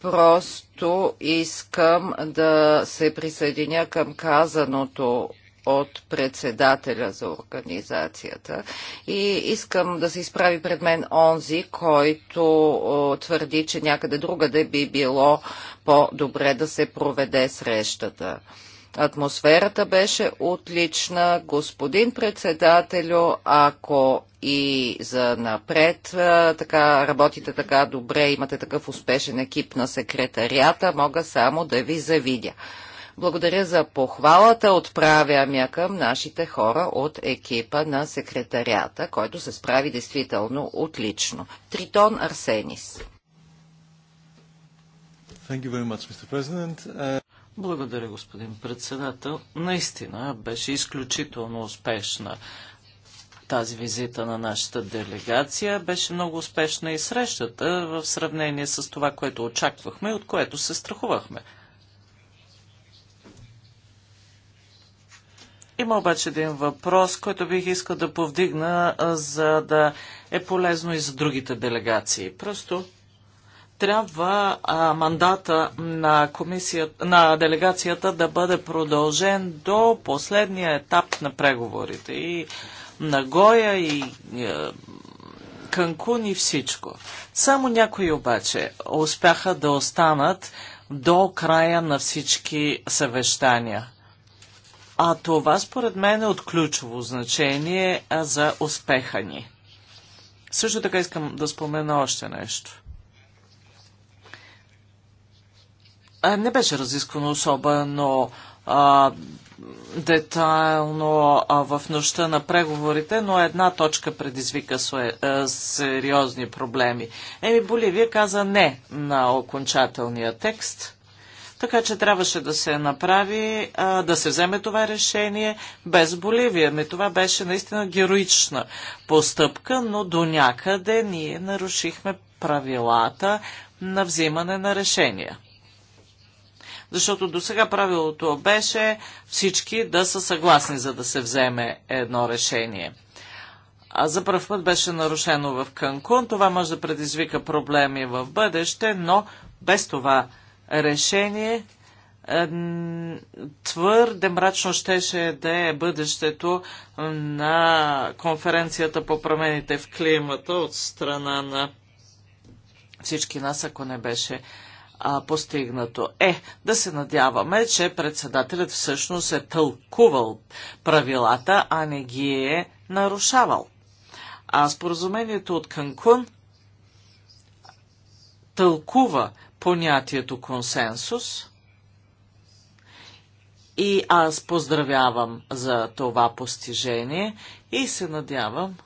Просто искам да се присъединя към казаното от председателя за организацията. И искам да се изправи пред мен онзи, който твърди, че някъде другаде би било по-добре да се проведе срещата. Атмосферата беше отлична. Господин председателю, ако и за напред така, работите така добре, имате такъв успешен екип на секретарията, мога само да ви завидя. Благодаря за похвалата. Отправям я към нашите хора от екипа на секретарията, който се справи действително отлично. Тритон Арсенис. Much, uh, Благодаря, господин председател. Наистина беше изключително успешна тази визита на нашата делегация. Беше много успешна и срещата в сравнение с това, което очаквахме, и от което се страхувахме. Има обаче един въпрос, който бих искал да повдигна, за да е полезно и за другите делегации. Просто трябва а, мандата на, комисията, на делегацията да бъде продължен до последния етап на преговорите. И Нагоя, и е, Канкун, и всичко. Само някои обаче успяха да останат до края на всички съвещания. А това според мен е от ключово значение за успеха ни. Също така искам да спомена още нещо. не беше разисквано особено а, детайлно а, в нощта на преговорите, но една точка предизвика а, сериозни проблеми. Еми Боливия каза не на окончателния текст – така че трябваше да се направи, а, да се вземе това решение без Боливия. Ми това беше наистина героична постъпка, но до някъде ние нарушихме правилата на взимане на решения. Защото до сега правилото беше всички да са съгласни, за да се вземе едно решение. А за първ път беше нарушено в Канкун. Това може да предизвика проблеми в бъдеще, но без това решение. Твърде мрачно щеше да е бъдещето на конференцията по промените в климата от страна на всички нас, ако не беше а, постигнато. Е, да се надяваме, че председателят всъщност е тълкувал правилата, а не ги е нарушавал. А споразумението от Канкун тълкува понятието консенсус. И аз поздравявам за това постижение и се надявам,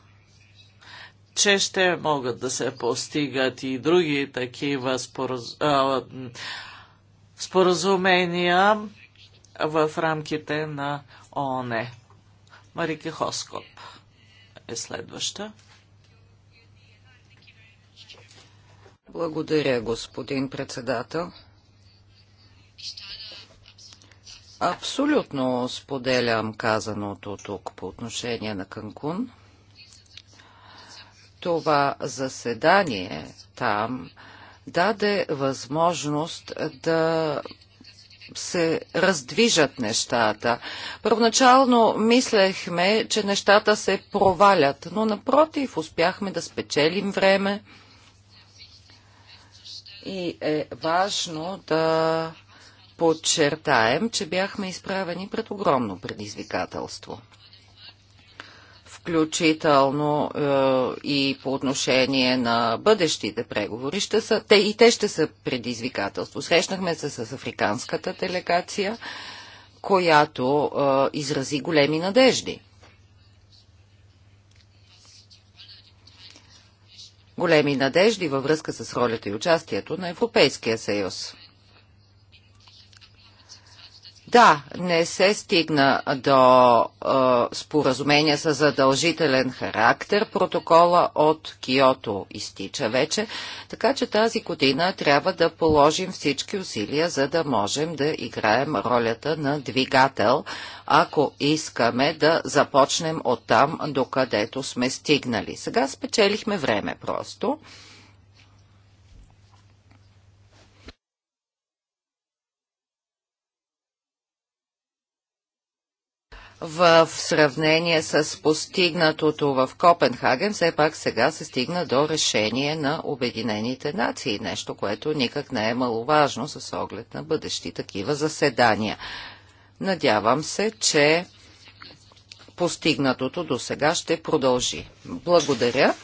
че ще могат да се постигат и други такива спораз... споразумения в рамките на ООН. Марике Хоскоп е следваща. Благодаря, господин председател. Абсолютно споделям казаното тук по отношение на Канкун. Това заседание там даде възможност да се раздвижат нещата. Първоначално мислехме, че нещата се провалят, но напротив, успяхме да спечелим време, и е важно да подчертаем, че бяхме изправени пред огромно предизвикателство включително е, и по отношение на бъдещите преговори, ще са, те, и те ще са предизвикателство. Срещнахме се с африканската делегация, която е, изрази големи надежди големи надежди във връзка с ролята и участието на Европейския съюз. Да, не се стигна до е, споразумения с задължителен характер. Протокола от Киото изтича вече, така че тази година трябва да положим всички усилия, за да можем да играем ролята на двигател, ако искаме да започнем от там, докъдето сме стигнали. Сега спечелихме време просто. в сравнение с постигнатото в Копенхаген, все пак сега се стигна до решение на Обединените нации, нещо, което никак не е маловажно с оглед на бъдещи такива заседания. Надявам се, че постигнатото до сега ще продължи. Благодаря.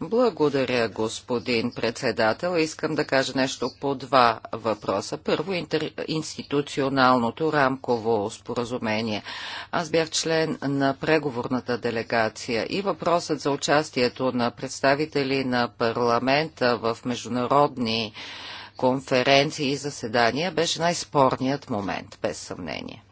Благодаря, господин председател. Искам да кажа нещо по два въпроса. Първо, институционалното рамково споразумение. Аз бях член на преговорната делегация и въпросът за участието на представители на парламента в международни конференции и заседания беше най-спорният момент, без съмнение.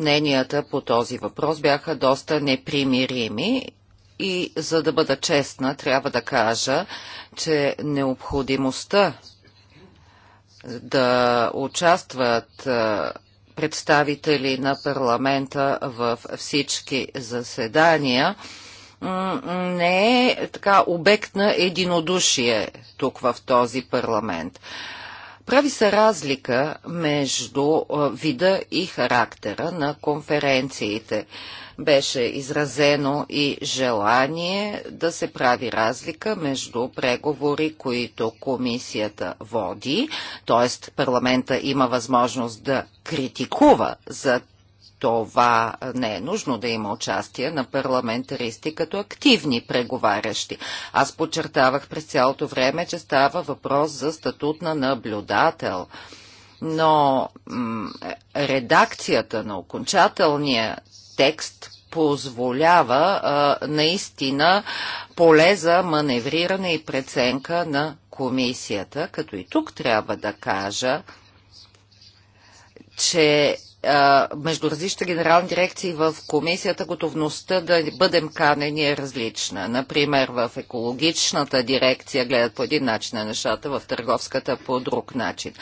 мненията по този въпрос бяха доста непримирими и за да бъда честна, трябва да кажа, че необходимостта да участват представители на парламента в всички заседания не е така обект на единодушие тук в този парламент. Прави се разлика между вида и характера на конференциите. Беше изразено и желание да се прави разлика между преговори, които комисията води, т.е. парламента има възможност да критикува за това не е нужно да има участие на парламентаристи като активни преговарящи. Аз подчертавах през цялото време, че става въпрос за статут на наблюдател. Но редакцията на окончателния текст позволява а, наистина поле за маневриране и преценка на комисията, като и тук трябва да кажа, че между различните генерални дирекции в комисията готовността да бъдем канени е различна. Например, в екологичната дирекция гледат по един начин на нещата, в търговската по друг начин.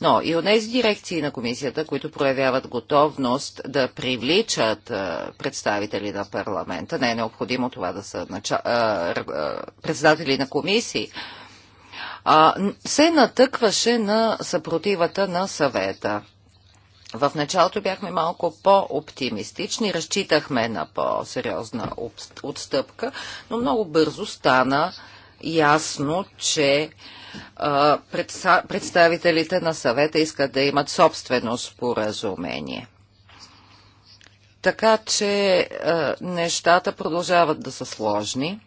Но и от тези дирекции на комисията, които проявяват готовност да привличат представители на парламента, не е необходимо това да са председатели на комисии, се натъкваше на съпротивата на съвета. В началото бяхме малко по-оптимистични, разчитахме на по-сериозна отстъпка, но много бързо стана ясно, че представителите на съвета искат да имат собствено споразумение. Така че нещата продължават да са сложни.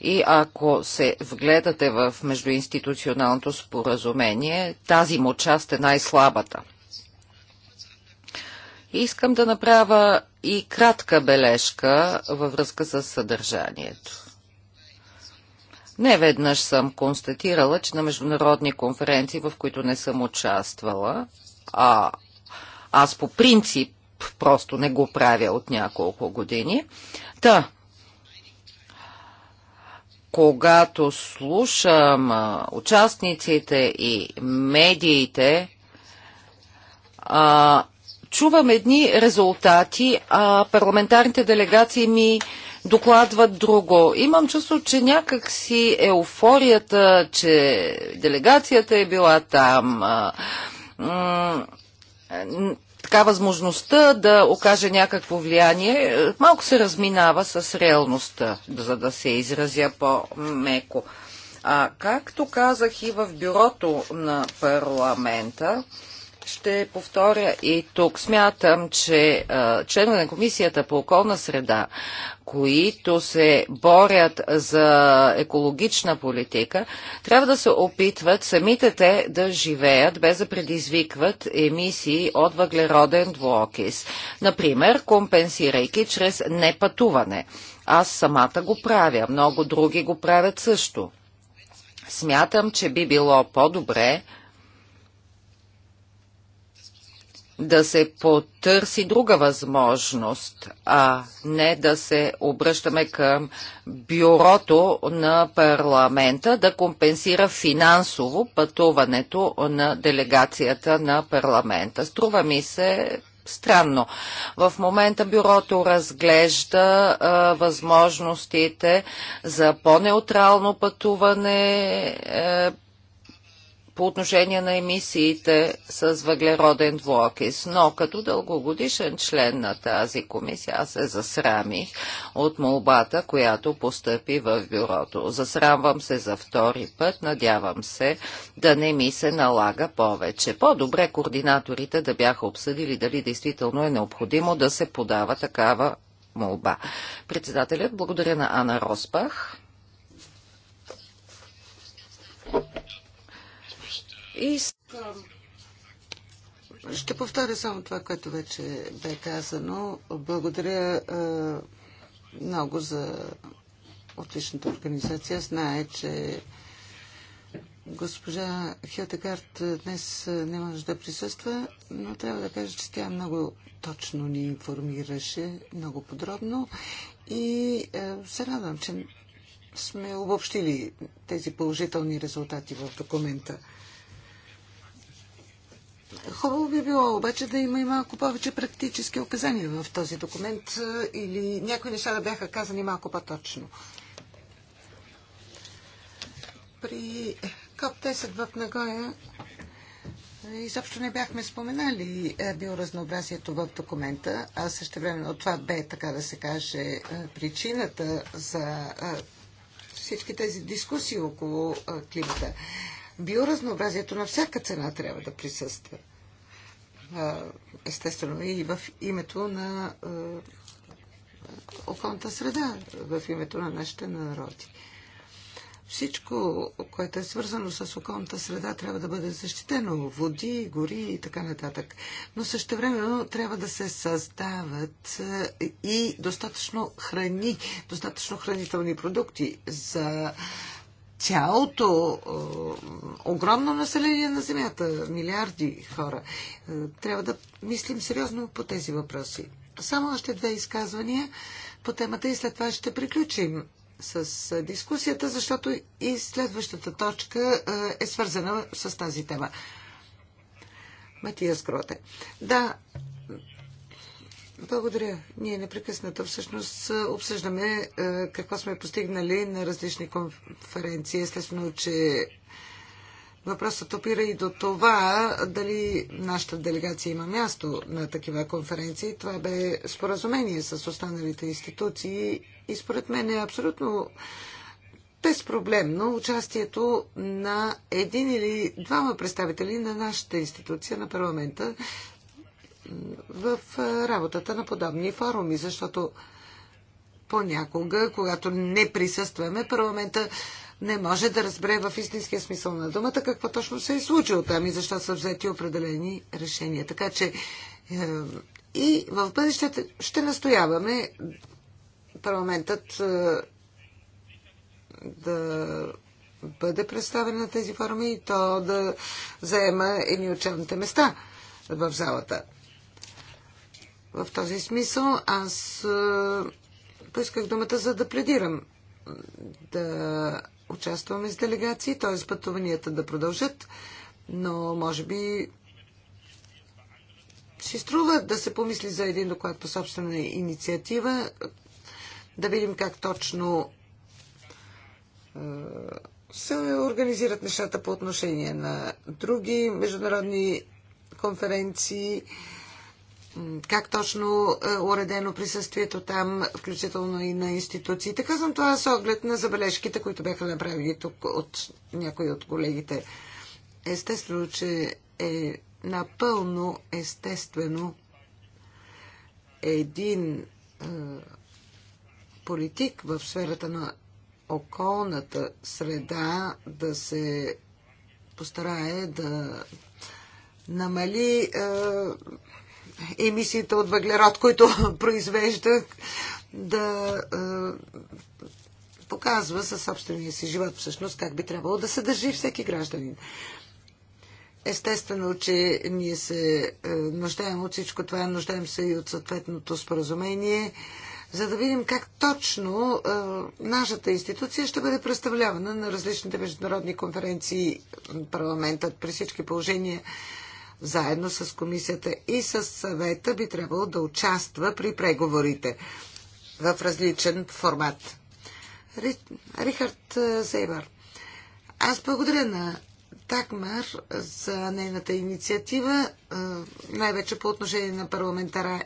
И ако се вгледате в междуинституционалното споразумение, тази му част е най-слабата – Искам да направя и кратка бележка във връзка с съдържанието. Не веднъж съм констатирала, че на международни конференции, в които не съм участвала, а аз по принцип просто не го правя от няколко години, та да, когато слушам участниците и медиите, а, чувам едни резултати, а парламентарните делегации ми докладват друго. Имам чувство, че някак си еуфорията, че делегацията е била там, така възможността да окаже някакво влияние, малко се разминава с реалността, за да се изразя по-меко. А както казах и в бюрото на парламента, ще повторя и тук. Смятам, че членове на Комисията по околна среда, които се борят за екологична политика, трябва да се опитват самите те да живеят без да предизвикват емисии от въглероден двуокис. Например, компенсирайки чрез непътуване. Аз самата го правя, много други го правят също. Смятам, че би било по-добре да се потърси друга възможност, а не да се обръщаме към бюрото на парламента да компенсира финансово пътуването на делегацията на парламента. Струва ми се странно. В момента бюрото разглежда а, възможностите за по-неутрално пътуване, а, е, по отношение на емисиите с въглероден двуокис. Но като дългогодишен член на тази комисия аз се засрамих от молбата, която постъпи в бюрото. Засрамвам се за втори път, надявам се да не ми се налага повече. По-добре координаторите да бяха обсъдили дали действително е необходимо да се подава такава молба. Председателят благодаря на Ана Роспах. Искам. Ще повторя само това, което вече бе казано. Благодаря е, много за отличната организация. Знае, че госпожа Хилтегард днес не може да присъства, но трябва да кажа, че тя много точно ни информираше, много подробно и е, се радвам, че сме обобщили тези положителни резултати в документа. Хубаво би било обаче да има и малко повече практически указания в този документ или някои неща да бяха казани малко по-точно. При КОП-10 в Нагоя изобщо не бяхме споменали е, биоразнообразието в документа, а също време от това бе, така да се каже, е, причината за всички тези дискусии около климата биоразнообразието на всяка цена трябва да присъства. Естествено и в името на околната среда, в името на нашите народи. Всичко, което е свързано с околната среда, трябва да бъде защитено. Води, гори и така нататък. Но също трябва да се създават и достатъчно храни, достатъчно хранителни продукти за цялото е, огромно население на Земята, милиарди хора. Е, трябва да мислим сериозно по тези въпроси. Само още две изказвания по темата и след това ще приключим с е, дискусията, защото и следващата точка е свързана с тази тема. Матия Скроте. Да, благодаря. Ние непрекъснато всъщност обсъждаме е, какво сме постигнали на различни конференции. Естествено, че въпросът опира и до това дали нашата делегация има място на такива конференции. Това бе споразумение с останалите институции и според мен е абсолютно безпроблемно участието на един или двама представители на нашата институция, на парламента, в работата на подобни форуми, защото понякога, когато не присъстваме, парламента не може да разбере в истинския смисъл на думата какво точно се е случило там и защо са взети определени решения. Така че е, и в бъдеще ще настояваме парламентът е, да бъде представен на тези форуми и то да заема едни от места в залата. В този смисъл аз е, поисках думата, за да пледирам да участваме с делегации, т.е. пътуванията да продължат, но може би си струва да се помисли за един доклад по собствена инициатива, да видим как точно е, се организират нещата по отношение на други международни конференции как точно е уредено присъствието там, включително и на институциите. Казвам това с оглед на забележките, които бяха направили тук от някои от колегите. Естествено, че е напълно естествено един е, политик в сферата на околната среда да се постарае да намали е, емисиите от въглерод, които произвежда, да е, показва със собствения си живот всъщност как би трябвало да се държи всеки гражданин. Естествено, че ние се е, нуждаем от всичко това, нуждаем се и от съответното споразумение, за да видим как точно е, нашата институция ще бъде представлявана на различните международни конференции. Парламентът при всички положения заедно с комисията и с съвета би трябвало да участва при преговорите в различен формат. Ри... Рихард Зейбър. Аз благодаря на Такмар за нейната инициатива, най-вече по отношение на парламентара...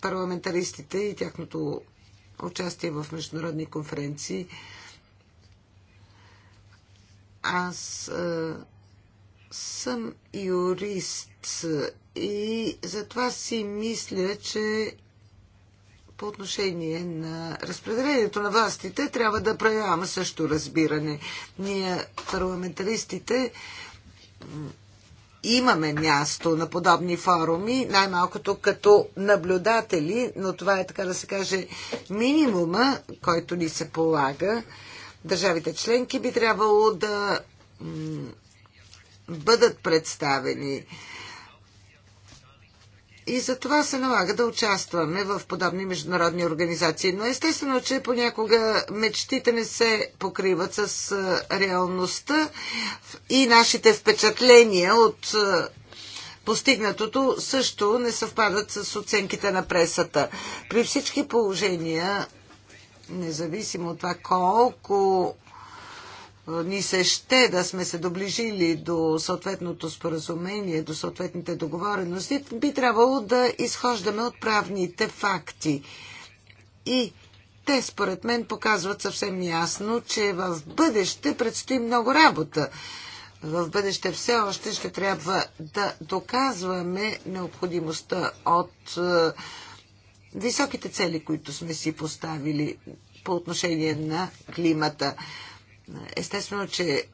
парламентаристите и тяхното участие в международни конференции. Аз съм юрист и затова си мисля, че по отношение на разпределението на властите трябва да проявяваме също разбиране. Ние, парламентаристите, имаме място на подобни форуми, най-малкото като наблюдатели, но това е така да се каже минимума, който ни се полага. Държавите членки би трябвало да бъдат представени. И за това се налага да участваме в подобни международни организации. Но естествено, че понякога мечтите не се покриват с реалността и нашите впечатления от постигнатото също не съвпадат с оценките на пресата. При всички положения, независимо от това колко ни се ще да сме се доближили до съответното споразумение, до съответните договорености, би трябвало да изхождаме от правните факти. И те, според мен, показват съвсем ясно, че в бъдеще предстои много работа. В бъдеще все още ще трябва да доказваме необходимостта от е, високите цели, които сме си поставили по отношение на климата. Естествено, че е,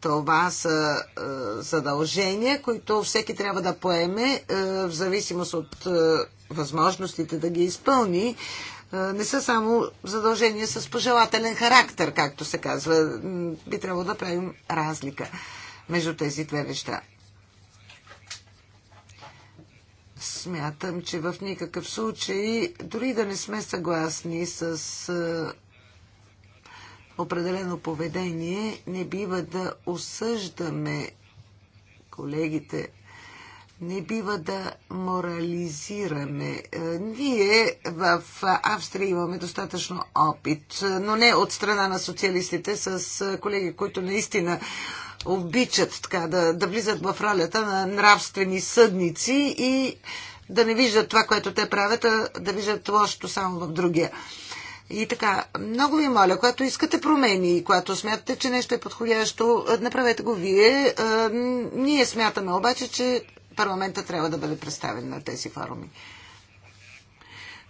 това са е, задължения, които всеки трябва да поеме е, в зависимост от възможностите да ги изпълни. Не са само задължения с пожелателен характер, както се казва. Би трябвало да правим разлика между тези две неща. Смятам, че в никакъв случай, дори да не сме съгласни с определено поведение, не бива да осъждаме колегите, не бива да морализираме. Е, ние в Австрия имаме достатъчно опит, но не от страна на социалистите, с е, колеги, които наистина обичат така да, да влизат в ролята на нравствени съдници и да не виждат това, което те правят, а да виждат лошото само в другия. И така, много ви моля, когато искате промени и когато смятате, че нещо е подходящо, е, направете го вие. Е, ние смятаме обаче, че парламента трябва да бъде представен на тези форуми.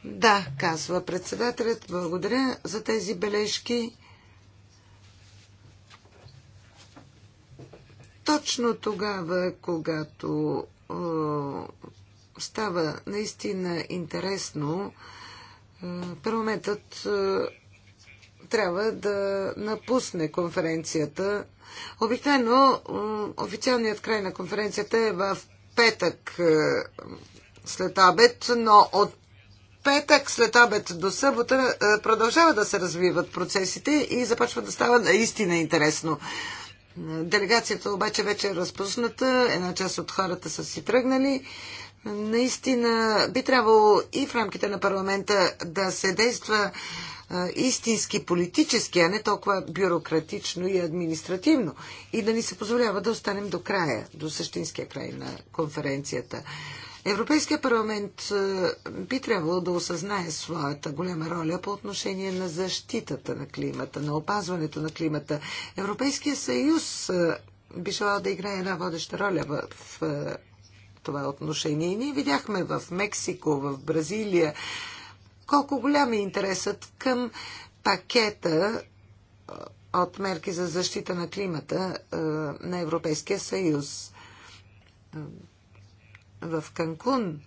Да, казва председателят. Благодаря за тези бележки. Точно тогава, когато е, става наистина интересно, Парламентът е, трябва да напусне конференцията. Обикновено е, официалният край на конференцията е в петък е, след обед, но от петък след обед до събота продължава да се развиват процесите и започва да става наистина интересно. Делегацията обаче вече е разпусната, една част от хората са си тръгнали. Наистина би трябвало и в рамките на парламента да се действа истински политически, а не толкова бюрократично и административно. И да ни се позволява да останем до края, до същинския край на конференцията. Европейския парламент би трябвало да осъзнае своята голяма роля по отношение на защитата на климата, на опазването на климата. Европейския съюз би желал да играе една водеща роля в това отношение. И ние видяхме в Мексико, в Бразилия, колко голям е интересът към пакета от мерки за защита на климата на Европейския съюз. В Канкун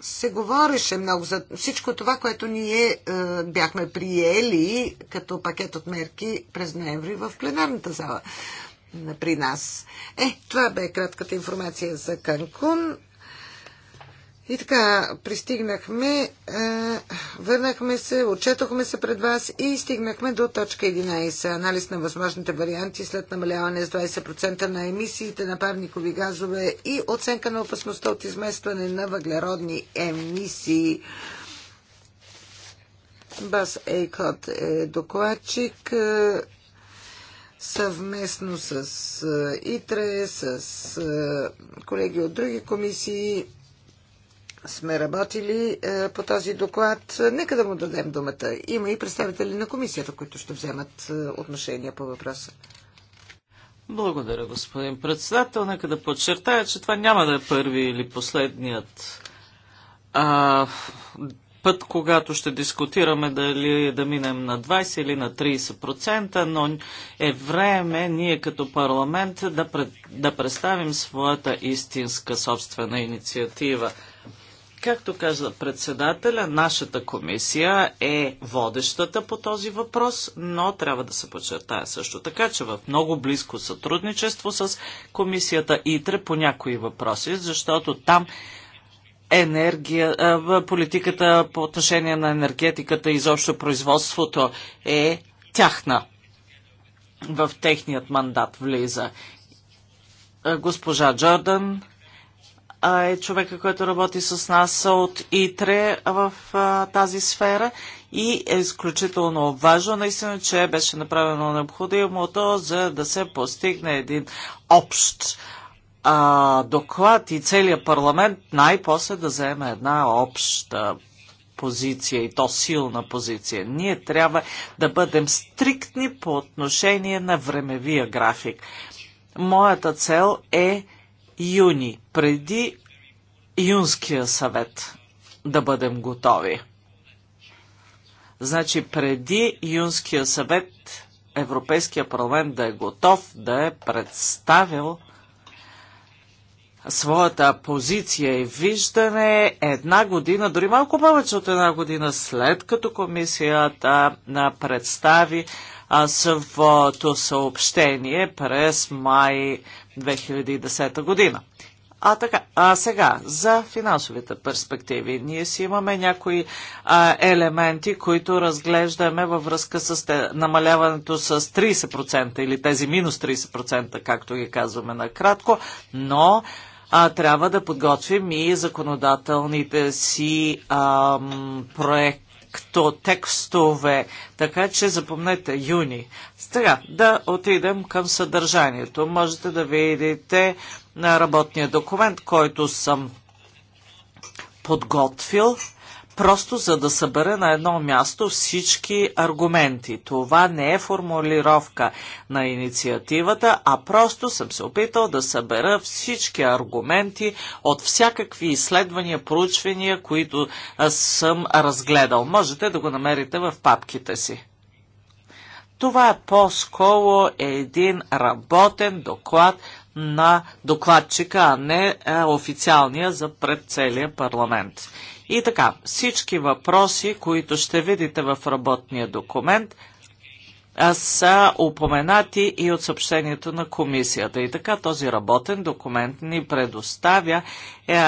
се говореше много за всичко това, което ние бяхме приели като пакет от мерки през ноември в пленарната зала при нас. Е, това бе кратката информация за Канкун. И така, пристигнахме, е, върнахме се, отчетохме се пред вас и стигнахме до точка 11. Анализ на възможните варианти след намаляване с 20% на емисиите на парникови газове и оценка на опасността от изместване на въглеродни емисии. Бас Ейкот е докладчик. Е, съвместно с ИТРЕ, с колеги от други комисии сме работили по този доклад. Нека да му дадем думата. Има и представители на комисията, които ще вземат отношение по въпроса. Благодаря, господин председател. Нека да подчертая, че това няма да е първи или последният а, път, когато ще дискутираме дали да минем на 20 или на 30%, но е време ние като парламент да, пред, да представим своята истинска собствена инициатива. Както каза председателя, нашата комисия е водещата по този въпрос, но трябва да се подчертая също така, че в много близко сътрудничество с комисията ИТРЕ по някои въпроси, защото там енергия, политиката по отношение на енергетиката и изобщо производството е тяхна. В техният мандат влиза. Госпожа Джордан е човека, който работи с нас от ИТРЕ в тази сфера и е изключително важно наистина, че беше направено необходимото, за да се постигне един общ а, доклад и целият парламент най-после да вземе една обща позиция и то силна позиция. Ние трябва да бъдем стриктни по отношение на времевия график. Моята цел е юни, преди юнския съвет да бъдем готови. Значи преди юнския съвет Европейския парламент да е готов да е представил своята позиция и виждане една година, дори малко повече от една година след като комисията представи своето съобщение през май 2010 година. А, така, а сега, за финансовите перспективи. Ние си имаме някои а, елементи, които разглеждаме във връзка с те, намаляването с 30% или тези минус 30%, както ги казваме накратко, но а, трябва да подготвим и законодателните си ам, проекто, текстове. Така че запомнете юни. Сега да отидем към съдържанието. Можете да видите на работния документ, който съм подготвил просто за да събера на едно място всички аргументи. Това не е формулировка на инициативата, а просто съм се опитал да събера всички аргументи от всякакви изследвания, проучвания, които съм разгледал. Можете да го намерите в папките си. Това е по-скоро един работен доклад на докладчика, а не официалния за пред целия парламент. И така, всички въпроси, които ще видите в работния документ, са упоменати и от съобщението на комисията. И така този работен документ ни предоставя, е,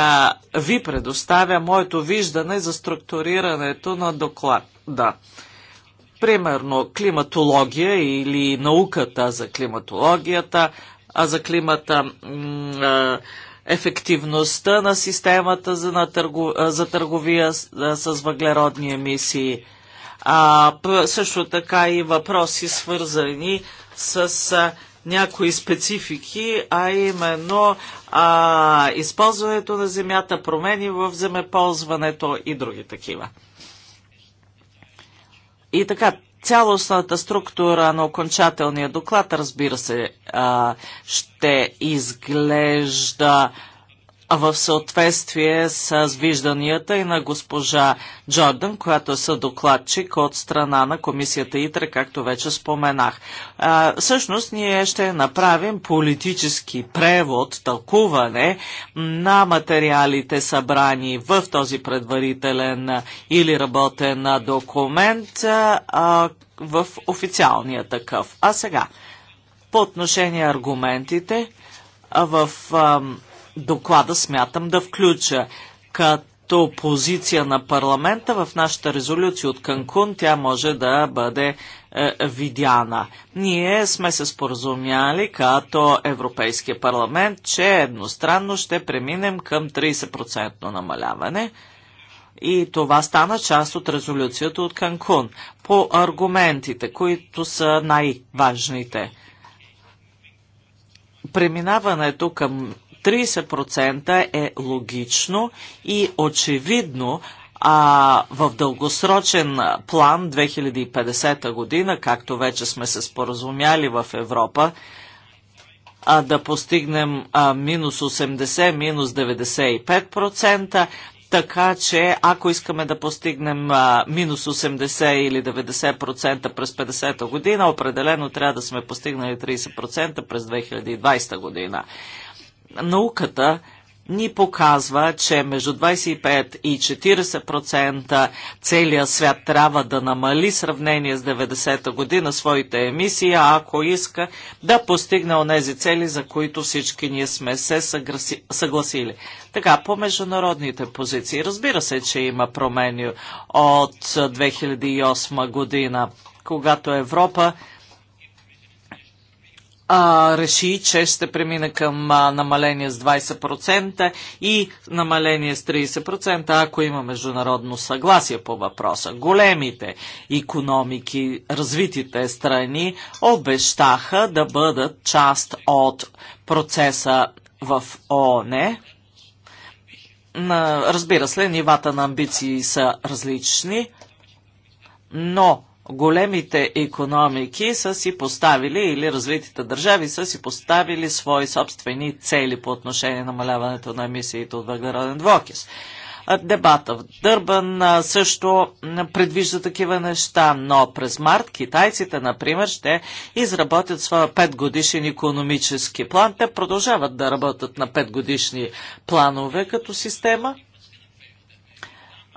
ви предоставя моето виждане за структурирането на доклада. Да. Примерно климатология или науката за климатологията, а за климата ефективността на системата за, на търго, за търговия с, с въглеродни емисии. А, също така и въпроси свързани с а, някои специфики, а именно а, използването на земята, промени в земеползването и други такива. И така, цялостната структура на окончателния доклад, разбира се, ще изглежда в съответствие с вижданията и на госпожа Джордан, която е съдокладчик от страна на комисията ИТРА, както вече споменах. А, всъщност ние ще направим политически превод, тълкуване на материалите събрани в този предварителен или работен документ а, в официалния такъв. А сега, по отношение аргументите, в... А, доклада смятам да включа. Като позиция на парламента в нашата резолюция от Канкун тя може да бъде е, видяна. Ние сме се споразумяли като Европейския парламент, че едностранно ще преминем към 30% намаляване и това стана част от резолюцията от Канкун. По аргументите, които са най-важните. Преминаването към 30% е логично и очевидно а в дългосрочен план 2050 година, както вече сме се споразумяли в Европа, а да постигнем а, минус 80, минус 95%, така че ако искаме да постигнем а, минус 80 или 90% през 50-та година, определено трябва да сме постигнали 30% през 2020 година науката ни показва, че между 25 и 40% целият свят трябва да намали сравнение с 90-та година своите емисии, ако иска да постигне онези цели, за които всички ние сме се съгласили. Така, по международните позиции. Разбира се, че има промени от 2008 година, когато Европа а, реши, че ще премине към а, намаление с 20% и намаление с 30%, ако има международно съгласие по въпроса. Големите економики, развитите страни обещаха да бъдат част от процеса в ООН. Разбира се, нивата на амбиции са различни, но големите економики са си поставили или развитите държави са си поставили свои собствени цели по отношение на намаляването на емисиите от въглероден двокис. Дебата в Дърбан също предвижда такива неща, но през март китайците, например, ще изработят своя петгодишен годишен економически план. Те продължават да работят на петгодишни планове като система –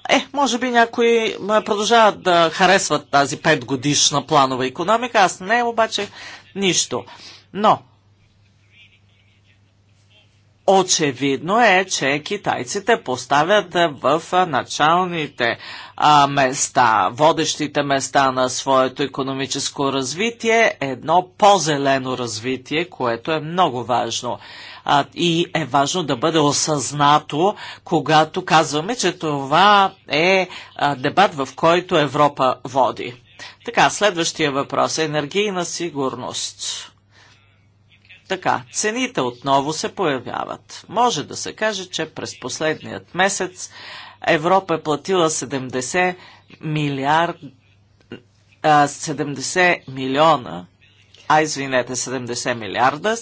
е, може би някои продължават да харесват тази петгодишна планова економика, аз не, обаче нищо. Но, Очевидно е, че китайците поставят в началните а, места, водещите места на своето економическо развитие, едно по-зелено развитие, което е много важно а, и е важно да бъде осъзнато, когато казваме, че това е а, дебат, в който Европа води. Така, следващия въпрос е енергийна сигурност. Така, цените отново се появяват. Може да се каже, че през последният месец Европа е платила 70 милиард 70 милиона, а извинете, 70 милиарда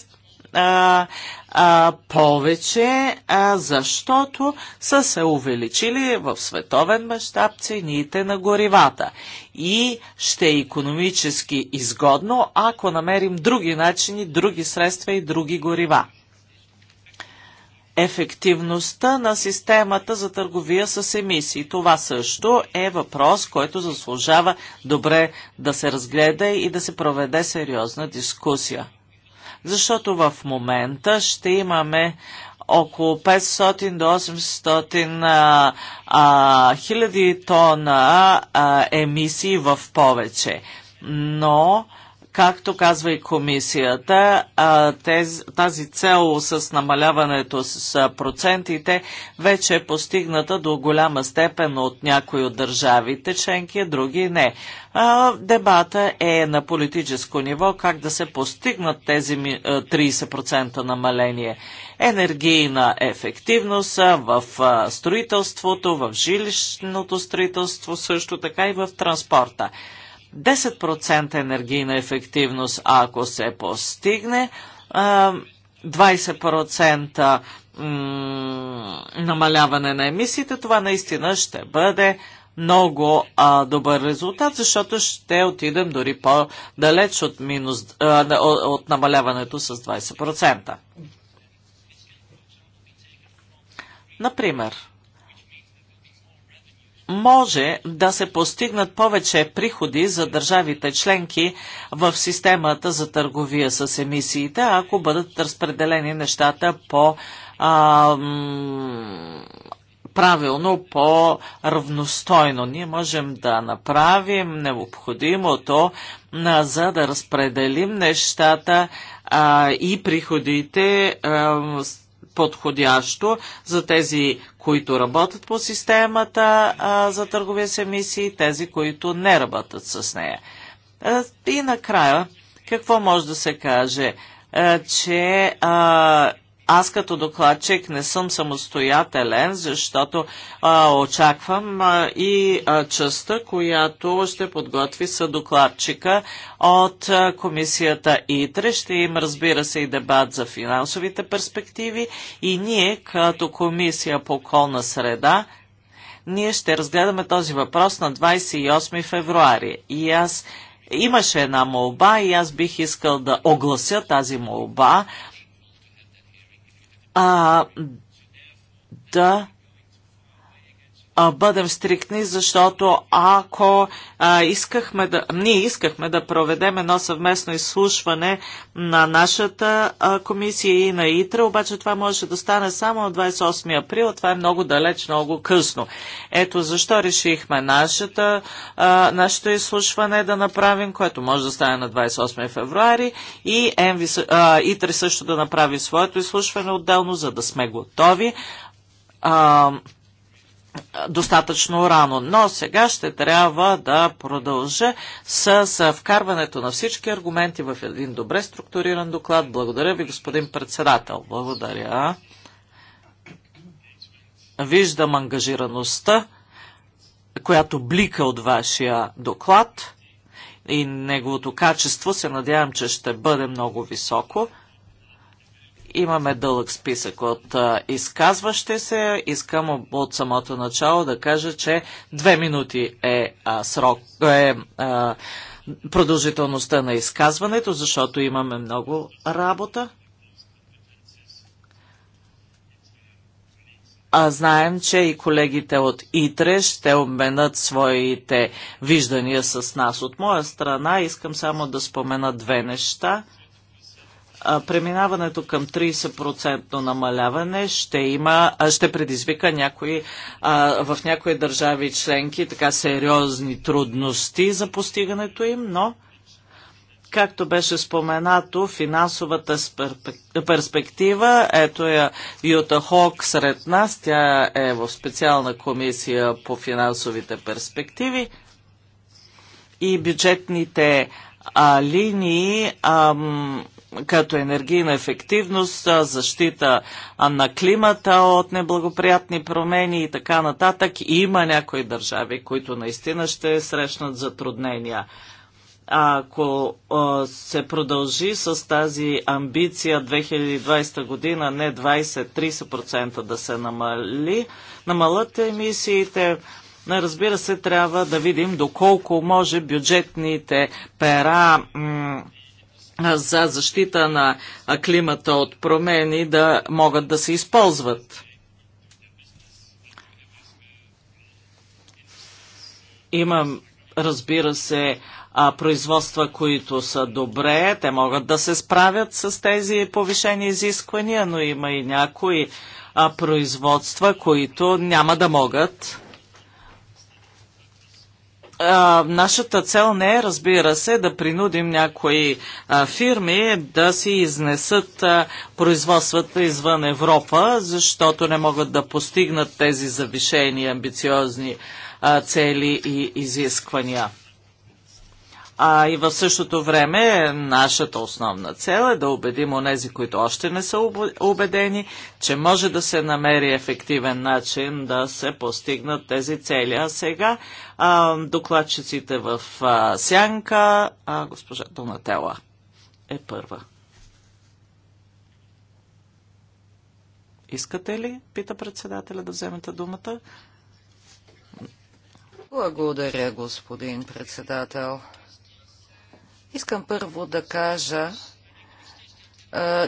а, повече, а, защото са се увеличили в световен мащаб цените на горивата. И ще е економически изгодно, ако намерим други начини, други средства и други горива. Ефективността на системата за търговия с емисии. Това също е въпрос, който заслужава добре да се разгледа и да се проведе сериозна дискусия защото в момента ще имаме около 500 до 800 хиляди тона емисии в повече. Но а, Както казва и комисията, тази цел с намаляването с процентите вече е постигната до голяма степен от някои от държавите членки, други не. Дебата е на политическо ниво как да се постигнат тези 30% намаление. Енергийна ефективност в строителството, в жилищното строителство, също така и в транспорта. 10% енергийна ефективност, ако се постигне, 20% намаляване на емисиите, това наистина ще бъде много а, добър резултат, защото ще отидем дори по-далеч от, минус, а, от намаляването с 20%. Например, може да се постигнат повече приходи за държавите членки в системата за търговия с емисиите, ако бъдат разпределени нещата по а, правилно, по-равностойно. Ние можем да направим необходимото, а, за да разпределим нещата а, и приходите а, подходящо за тези които работят по системата а, за търговия с емисии и тези, които не работят с нея. А, и накрая, какво може да се каже? А, че а, аз като докладчик не съм самостоятелен, защото а, очаквам а, и а, частта, която ще подготви съдокладчика от а, комисията ИТРЕ. Ще им разбира се и дебат за финансовите перспективи и ние като комисия по околна среда ние ще разгледаме този въпрос на 28 февруари. И аз имаше една молба и аз бих искал да оглася тази молба а, да бъдем стриктни, защото ако а, искахме да, ние искахме да проведем едно съвместно изслушване на нашата а, комисия и на ИТРА, обаче това може да стане само от 28 април, това е много далеч, много късно. Ето защо решихме нашата, а, нашето изслушване да направим, което може да стане на 28 февруари и МВ, а, ИТРА също да направи своето изслушване отделно, за да сме готови. А, достатъчно рано. Но сега ще трябва да продължа с вкарването на всички аргументи в един добре структуриран доклад. Благодаря ви, господин председател. Благодаря. Виждам ангажираността, която блика от вашия доклад и неговото качество се надявам, че ще бъде много високо. Имаме дълъг списък от а, изказващи се. Искам от самото начало да кажа, че две минути е а, срок, е а, продължителността на изказването, защото имаме много работа. а знаем, че и колегите от ИТРЕ ще обменят своите виждания с нас. От моя страна искам само да спомена две неща преминаването към 30% намаляване ще, има, ще предизвика някои, в някои държави членки така сериозни трудности за постигането им, но както беше споменато, финансовата перспектива, ето е Юта Хок сред нас, тя е в специална комисия по финансовите перспективи и бюджетните а, линии ам, като енергийна ефективност, защита на климата от неблагоприятни промени и така нататък. Има някои държави, които наистина ще срещнат затруднения. Ако се продължи с тази амбиция 2020 година, не 20-30% да се намали, намалят емисиите, разбира се, трябва да видим доколко може бюджетните пера за защита на климата от промени да могат да се използват. Имам, разбира се, производства, които са добре, те могат да се справят с тези повишени изисквания, но има и някои производства, които няма да могат а, нашата цел не е, разбира се, да принудим някои а, фирми да си изнесат а, производствата извън Европа, защото не могат да постигнат тези завишени амбициозни а, цели и изисквания. А и в същото време нашата основна цел е да убедим онези, които още не са убедени, че може да се намери ефективен начин да се постигнат тези цели. А сега а, докладчиците в а, Сянка, а госпожа Донатела е първа. Искате ли, пита председателя, да вземете думата? Благодаря, господин председател. Искам първо да кажа,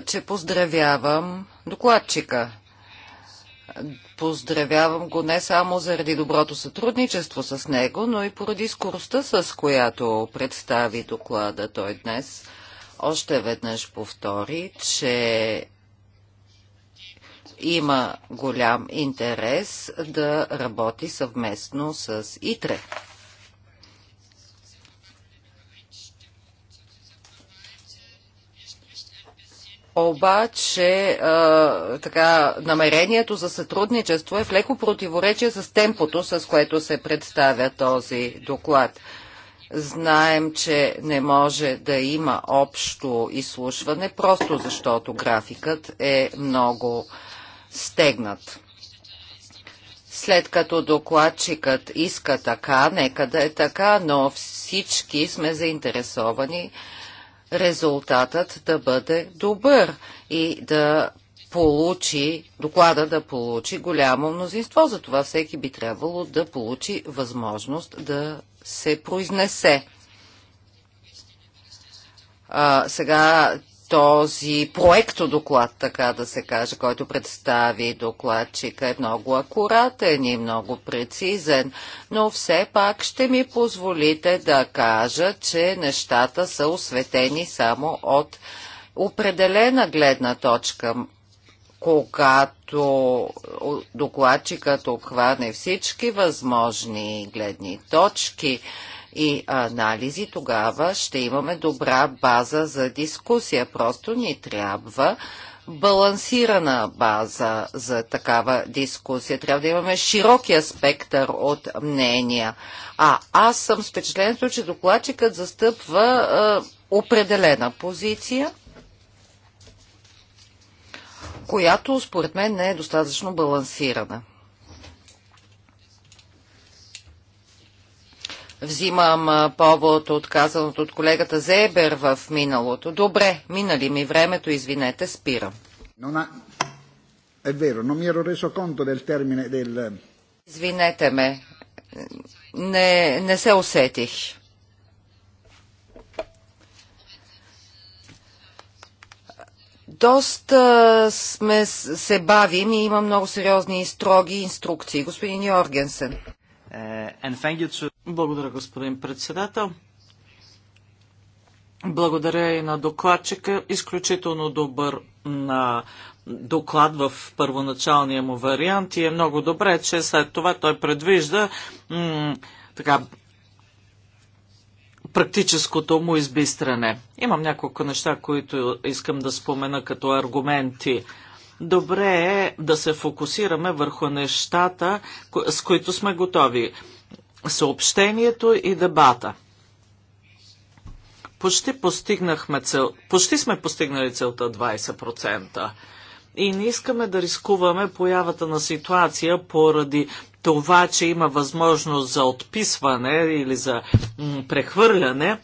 че поздравявам докладчика. Поздравявам го не само заради доброто сътрудничество с него, но и поради скоростта, с която представи доклада той днес. Още веднъж повтори, че има голям интерес да работи съвместно с ИТРЕ. обаче а, така, намерението за сътрудничество е в леко противоречие с темпото, с което се представя този доклад. Знаем, че не може да има общо изслушване, просто защото графикът е много стегнат. След като докладчикът иска така, нека да е така, но всички сме заинтересовани резултатът да бъде добър и да получи, доклада да получи голямо мнозинство. Затова всеки би трябвало да получи възможност да се произнесе. А, сега този проектодоклад, така да се каже, който представи докладчика, е много акуратен и много прецизен, но все пак ще ми позволите да кажа, че нещата са осветени само от определена гледна точка. Когато докладчикът обхване всички възможни гледни точки, и анализи, тогава ще имаме добра база за дискусия. Просто ни трябва балансирана база за такава дискусия. Трябва да имаме широкия спектър от мнения. А аз съм с впечатлението, че докладчикът застъпва е, определена позиция, която според мен не е достатъчно балансирана. Взимам повод от казаното от колегата Зебер в миналото. Добре, минали ми времето, извинете, спирам. Eh, извинете ме, не, не се усетих. доста сме, се бавим и има много сериозни и строги инструкции. Господин Йоргенсен. Uh, Благодаря, господин председател. Благодаря и на докладчика. Изключително добър на доклад в първоначалния му вариант и е много добре, че след това той предвижда така практическото му избистране. Имам няколко неща, които искам да спомена като аргументи добре е да се фокусираме върху нещата, с които сме готови. Съобщението и дебата. Почти, постигнахме цел... Почти сме постигнали целта 20% и не искаме да рискуваме появата на ситуация поради това, че има възможност за отписване или за прехвърляне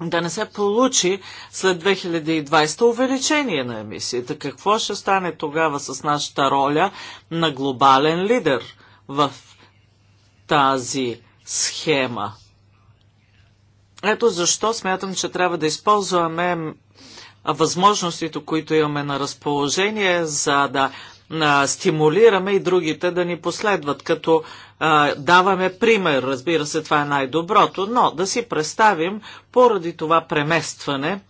да не се получи след 2020 увеличение на емисията. Какво ще стане тогава с нашата роля на глобален лидер в тази схема? Ето защо смятам, че трябва да използваме възможностите, които имаме на разположение, за да а, стимулираме и другите да ни последват, като а, даваме пример. Разбира се, това е най-доброто, но да си представим поради това преместване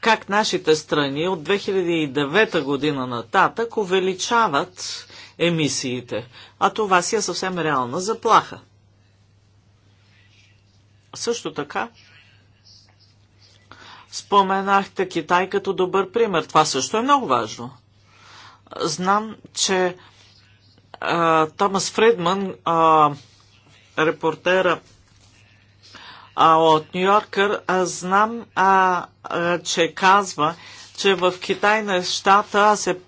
как нашите страни от 2009 година нататък увеличават емисиите. А това си е съвсем реална заплаха. Също така, споменахте Китай като добър пример. Това също е много важно. Знам, че а, Томас Фредман, а, репортера а, от Нью Йоркър, а, знам, а, а, че казва, че в Китай нещата се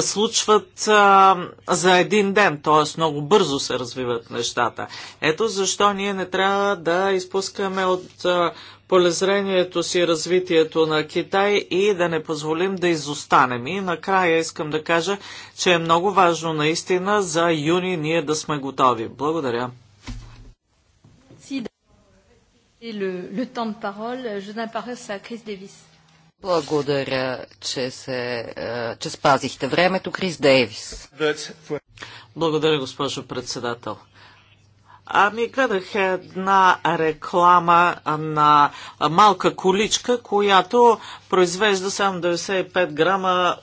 случват а, за един ден, т.е. много бързо се развиват нещата. Ето защо ние не трябва да изпускаме от а, полезрението си развитието на Китай и да не позволим да изостанем. И накрая искам да кажа, че е много важно наистина за юни ние да сме готови. Благодаря. Благодаря, че, се, е, че спазихте времето. Крис Дейвис. Благодаря, госпожо председател. Ами гледах една реклама на малка количка, която произвежда 75 грама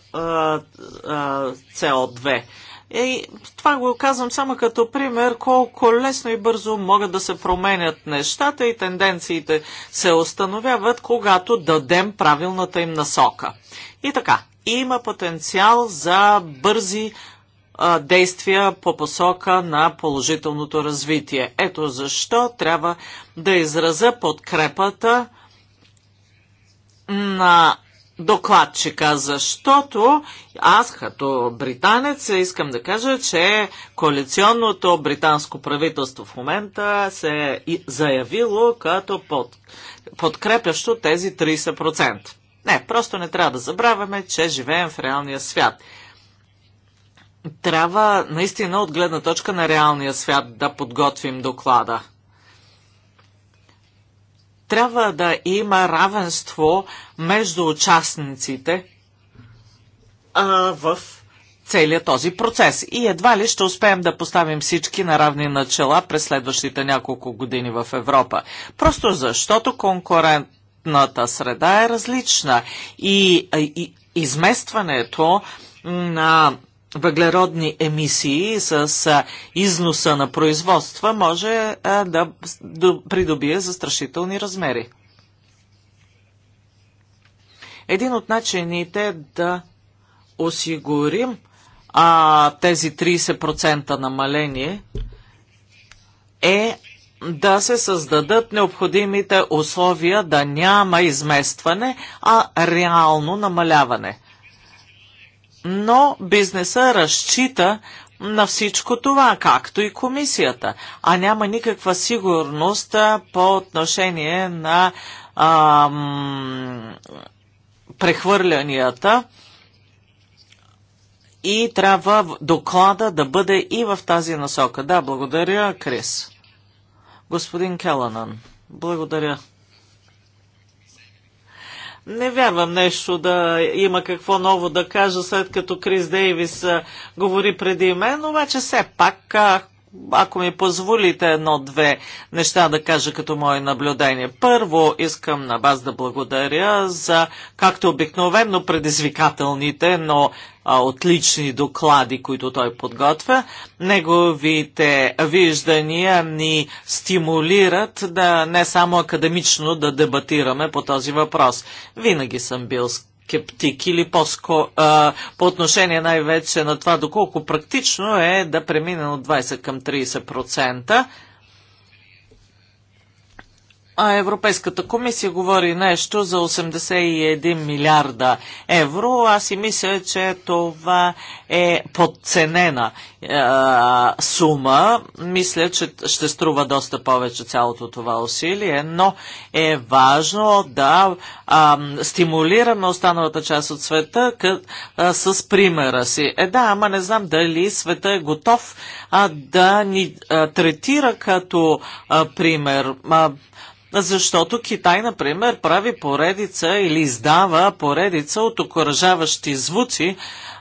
со 2 И това го казвам само като пример колко лесно и бързо могат да се променят нещата и тенденциите се установяват, когато дадем правилната им насока. И така, има потенциал за бързи действия по посока на положителното развитие. Ето защо трябва да изразя подкрепата на докладчика, защото аз като британец искам да кажа, че коалиционното британско правителство в момента се е заявило като под, подкрепящо тези 30%. Не, просто не трябва да забравяме, че живеем в реалния свят трябва наистина от гледна точка на реалния свят да подготвим доклада. Трябва да има равенство между участниците а, в целият този процес. И едва ли ще успеем да поставим всички на равни начала през следващите няколко години в Европа. Просто защото конкурентната среда е различна и, и изместването на въглеродни емисии с износа на производства може да придобие застрашителни размери. Един от начините е да осигурим а, тези 30% намаление е да се създадат необходимите условия да няма изместване, а реално намаляване но бизнеса разчита на всичко това, както и комисията, а няма никаква сигурност по отношение на ам, прехвърлянията и трябва доклада да бъде и в тази насока. Да, благодаря, Крис. Господин Келанан, благодаря. Не вярвам нещо да има какво ново да кажа, след като Крис Дейвис говори преди мен, обаче все пак ако ми позволите едно-две неща да кажа като мое наблюдение. Първо, искам на вас да благодаря за, както обикновено, предизвикателните, но а, отлични доклади, които той подготвя. Неговите виждания ни стимулират да не само академично да дебатираме по този въпрос. Винаги съм бил скептик или по, по отношение най-вече на това доколко практично е да преминем от 20 към 30% а Европейската комисия говори нещо за 81 милиарда евро. Аз и мисля, че това е подценена е, сума. Мисля, че ще струва доста повече цялото това усилие, но е важно да е, стимулираме останалата част от света къд, е, с примера си. Е да, ама не знам дали света е готов а, да ни е, третира като е, пример защото Китай, например, прави поредица или издава поредица от окоръжаващи звуци,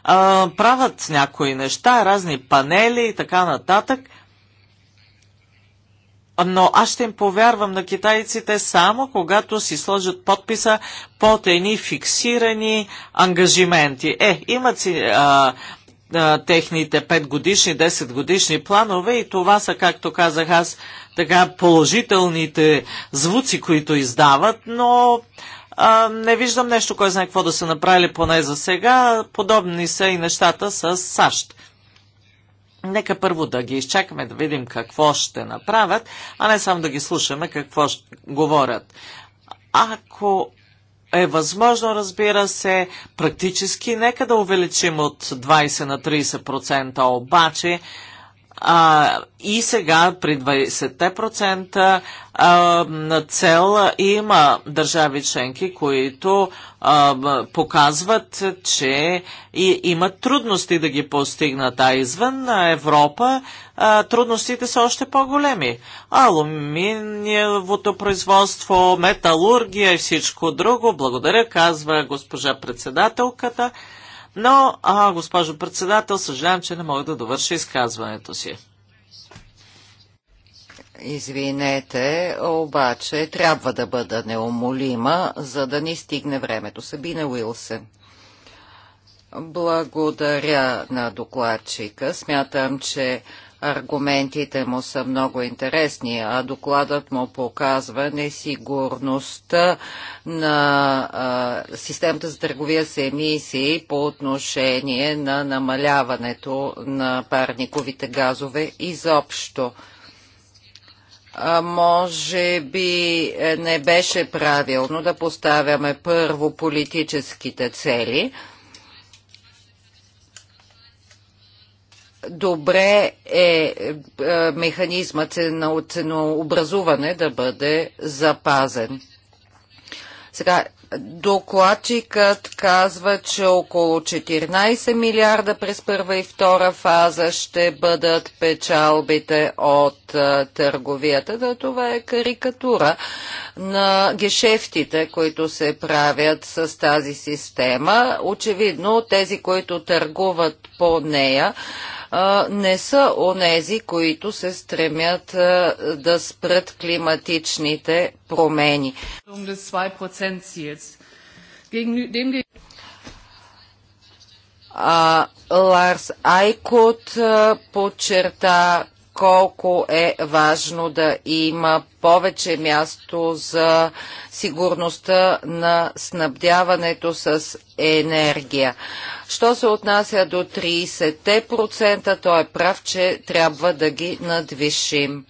а, правят някои неща, разни панели и така нататък. Но аз ще им повярвам на китайците само когато си сложат подписа под едни фиксирани ангажименти. Е, имат си а, а, техните 5 годишни, 10 годишни планове и това са, както казах аз, така положителните звуци, които издават, но а, не виждам нещо, кой знае какво да са направили поне за сега. Подобни са и нещата с САЩ. Нека първо да ги изчакаме, да видим какво ще направят, а не само да ги слушаме какво ще говорят. Ако е възможно, разбира се, практически нека да увеличим от 20 на 30%, обаче а, и сега при 20% цел има държави членки, които а, показват, че и, имат трудности да ги постигнат, а извън Европа а, трудностите са още по-големи. Алуминиевото производство, металургия и всичко друго. Благодаря, казва госпожа председателката. Но, а, госпожо председател, съжалявам, че не мога да довърша изказването си. Извинете, обаче трябва да бъда неумолима, за да ни стигне времето. Сабина Уилсен. Благодаря на докладчика. Смятам, че Аргументите му са много интересни, а докладът му показва несигурността на а, системата за търговия с емисии по отношение на намаляването на парниковите газове изобщо може би е, не беше правилно да поставяме първо политическите цели – добре е, е, е механизмът е на ценообразуване да бъде запазен. Сега, докладчикът казва, че около 14 милиарда през първа и втора фаза ще бъдат печалбите от търговията. Да, това е карикатура на гешефтите, които се правят с тази система. Очевидно, тези, които търгуват по нея, не са онези, които се стремят да спрат климатичните промени. А, Ларс Айкот подчерта, колко е важно да има повече място за сигурността на снабдяването с енергия. Що се отнася до 30%, той е прав, че трябва да ги надвишим.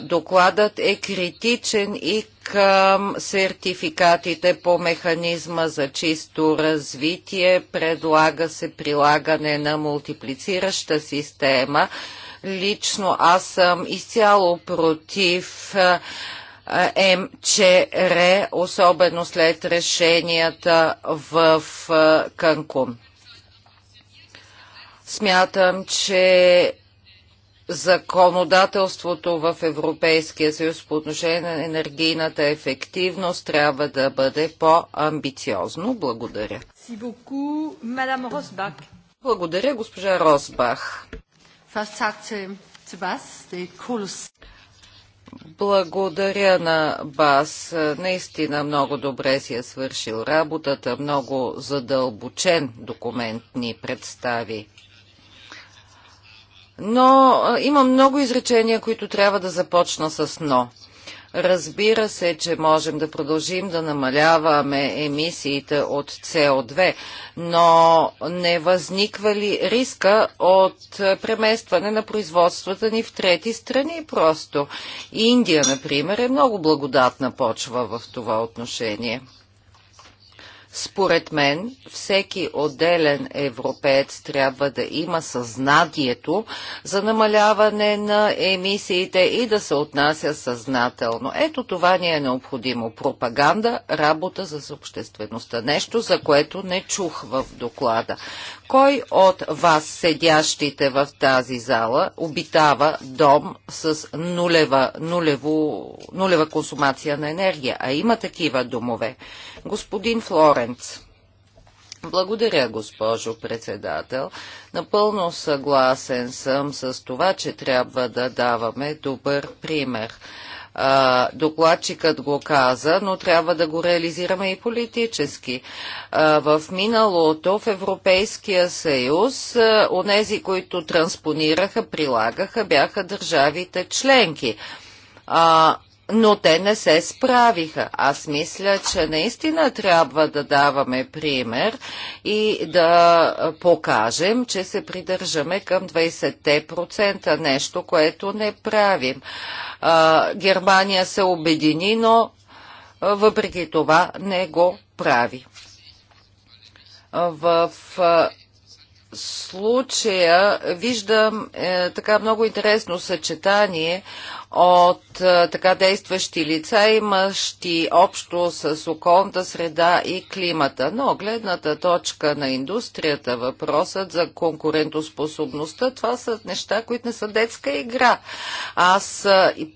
Докладът е критичен и към сертификатите по механизма за чисто развитие. Предлага се прилагане на мултиплицираща система. Лично аз съм изцяло против МЧР, особено след решенията в Канкун. Смятам, че законодателството в Европейския съюз по отношение на енергийната ефективност трябва да бъде по-амбициозно. Благодаря. Благодаря, госпожа Росбах. Благодаря на Бас. Наистина много добре си е свършил работата. Много задълбочен документ ни представи но има много изречения, които трябва да започна с «но». Разбира се, че можем да продължим да намаляваме емисиите от СО2, но не възниква ли риска от преместване на производствата ни в трети страни просто? Индия, например, е много благодатна почва в това отношение. Според мен, всеки отделен европеец трябва да има съзнанието за намаляване на емисиите и да се отнася съзнателно. Ето това ни е необходимо. Пропаганда, работа за съобществеността. Нещо, за което не чух в доклада. Кой от вас, седящите в тази зала, обитава дом с нулева, нулево, нулева консумация на енергия? А има такива домове. Господин Флорен, Флоренц. Благодаря, госпожо председател. Напълно съгласен съм с това, че трябва да даваме добър пример. докладчикът го каза, но трябва да го реализираме и политически. в миналото в Европейския съюз онези, които транспонираха, прилагаха, бяха държавите членки но те не се справиха. Аз мисля, че наистина трябва да даваме пример и да покажем, че се придържаме към 20% нещо, което не правим. А, Германия се обедини, но въпреки това не го прави. В случая виждам е, така много интересно съчетание от така действащи лица, имащи общо с околната среда и климата. Но гледната точка на индустрията, въпросът за конкурентоспособността, това са неща, които не са детска игра. Аз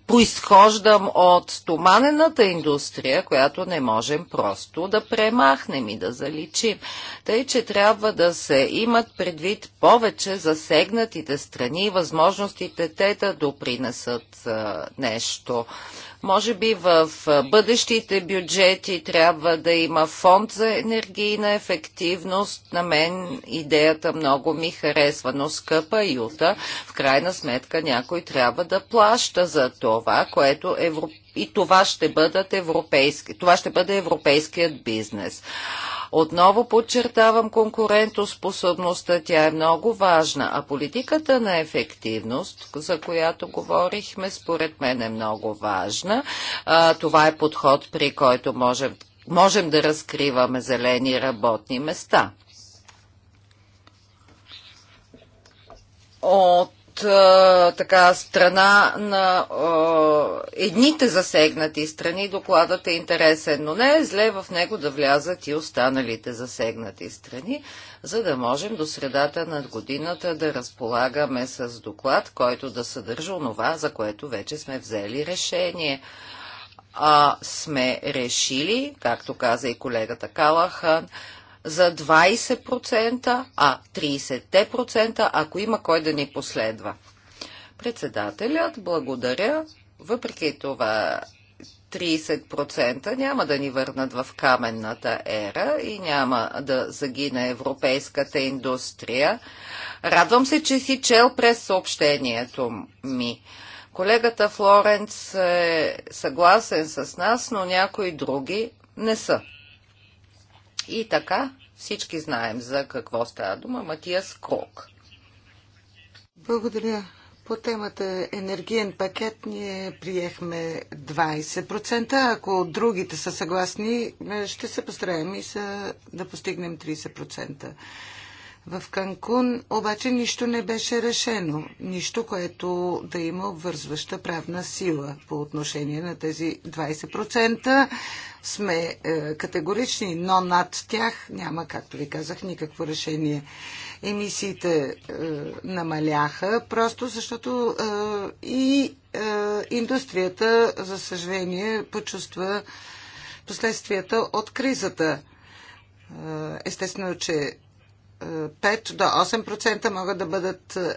произхождам от стоманената индустрия, която не можем просто да премахнем и да заличим. Тъй, че трябва да се имат предвид повече засегнатите страни и възможностите те да допринесат нещо. Може би в бъдещите бюджети трябва да има фонд за енергийна ефективност. На мен идеята много ми харесва, но скъпа юта. В крайна сметка някой трябва да плаща за това, което европ... и това ще, бъдат европейски... това ще бъде европейският бизнес. Отново подчертавам конкурентоспособността, тя е много важна, а политиката на ефективност, за която говорихме, според мен е много важна. А, това е подход, при който можем, можем да разкриваме зелени работни места. От от а, така страна на а, едните засегнати страни докладът е интересен, но не е зле в него да влязат и останалите засегнати страни, за да можем до средата на годината да разполагаме с доклад, който да съдържа онова, за което вече сме взели решение. А сме решили, както каза и колегата Калахан, за 20%, а 30%, ако има кой да ни последва. Председателят, благодаря. Въпреки това 30% няма да ни върнат в каменната ера и няма да загине европейската индустрия. Радвам се, че си чел през съобщението ми. Колегата Флоренц е съгласен с нас, но някои други не са. И така всички знаем за какво става дума. Матиас Крок. Благодаря. По темата енергиен пакет ние приехме 20%. Ако другите са съгласни, ще се постараем и са да постигнем 30%. В Канкун обаче нищо не беше решено, нищо, което да има обвързваща правна сила по отношение на тези 20%. Сме е, категорични, но над тях няма, както ви казах, никакво решение. Емисиите е, намаляха, просто защото е, и е, индустрията, за съжаление, почувства последствията от кризата. Е, естествено, че 5 до 8% могат да бъдат е,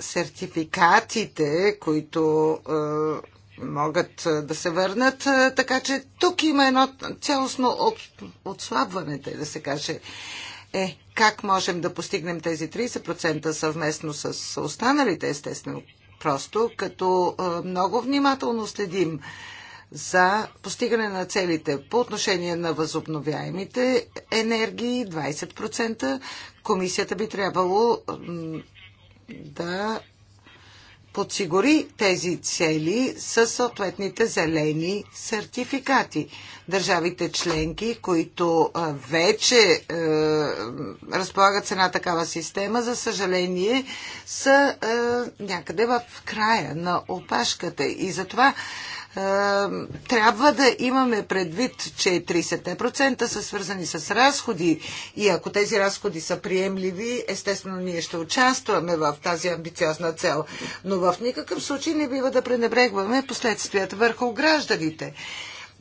сертификатите, които е, могат е, да се върнат. Така че тук има едно цялостно отслабване, да се каже. Е, как можем да постигнем тези 30% съвместно с останалите, естествено, просто като много внимателно следим за постигане на целите по отношение на възобновяемите енергии 20%, комисията би трябвало да подсигури тези цели с съответните зелени сертификати. Държавите членки, които вече е, разполагат с една такава система, за съжаление, са е, някъде в края на опашката. И затова трябва да имаме предвид, че 30% са свързани с разходи и ако тези разходи са приемливи, естествено ние ще участваме в тази амбициозна цел. Но в никакъв случай не бива да пренебрегваме последствията върху гражданите.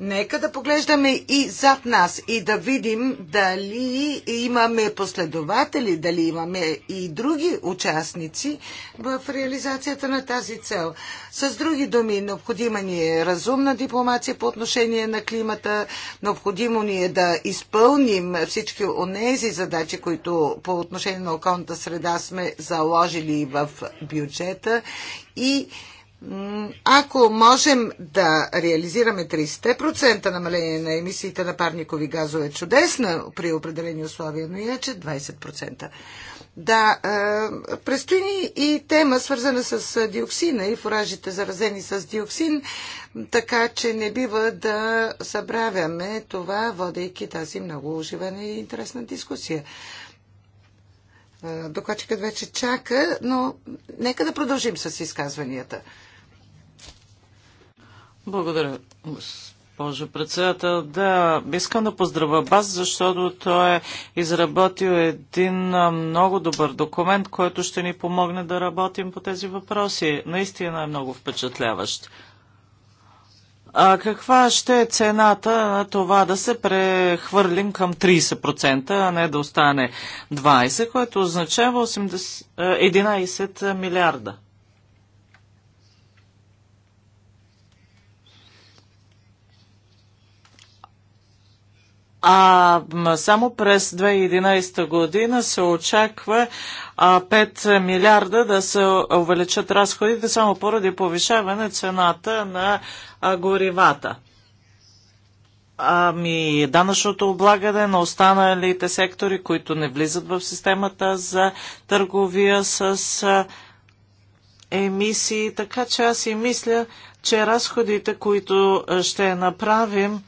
Нека да поглеждаме и зад нас и да видим дали имаме последователи, дали имаме и други участници в реализацията на тази цел. С други думи, необходима ни е разумна дипломация по отношение на климата, необходимо ни е да изпълним всички онези задачи, които по отношение на околната среда сме заложили в бюджета и ако можем да реализираме 30% намаление на емисиите на парникови газове, чудесно при определени условия, но иначе 20%. Да, е, предстои ни и тема свързана с е, диоксина и фуражите заразени с диоксин, така че не бива да събравяме това, водейки тази много оживена и интересна дискусия. Е, докладчикът вече чака, но нека да продължим с изказванията. Благодаря, госпожо председател. Да, искам да поздравя Бас, защото той е изработил един много добър документ, който ще ни помогне да работим по тези въпроси. Наистина е много впечатляващ. А каква ще е цената на това да се прехвърлим към 30%, а не да остане 20%, което означава 80, 11 милиарда? А само през 2011 година се очаква 5 милиарда да се увеличат разходите само поради повишаване цената на горивата. Ами, данъчното облагане на останалите сектори, които не влизат в системата за търговия с емисии. Така че аз и мисля, че разходите, които ще направим,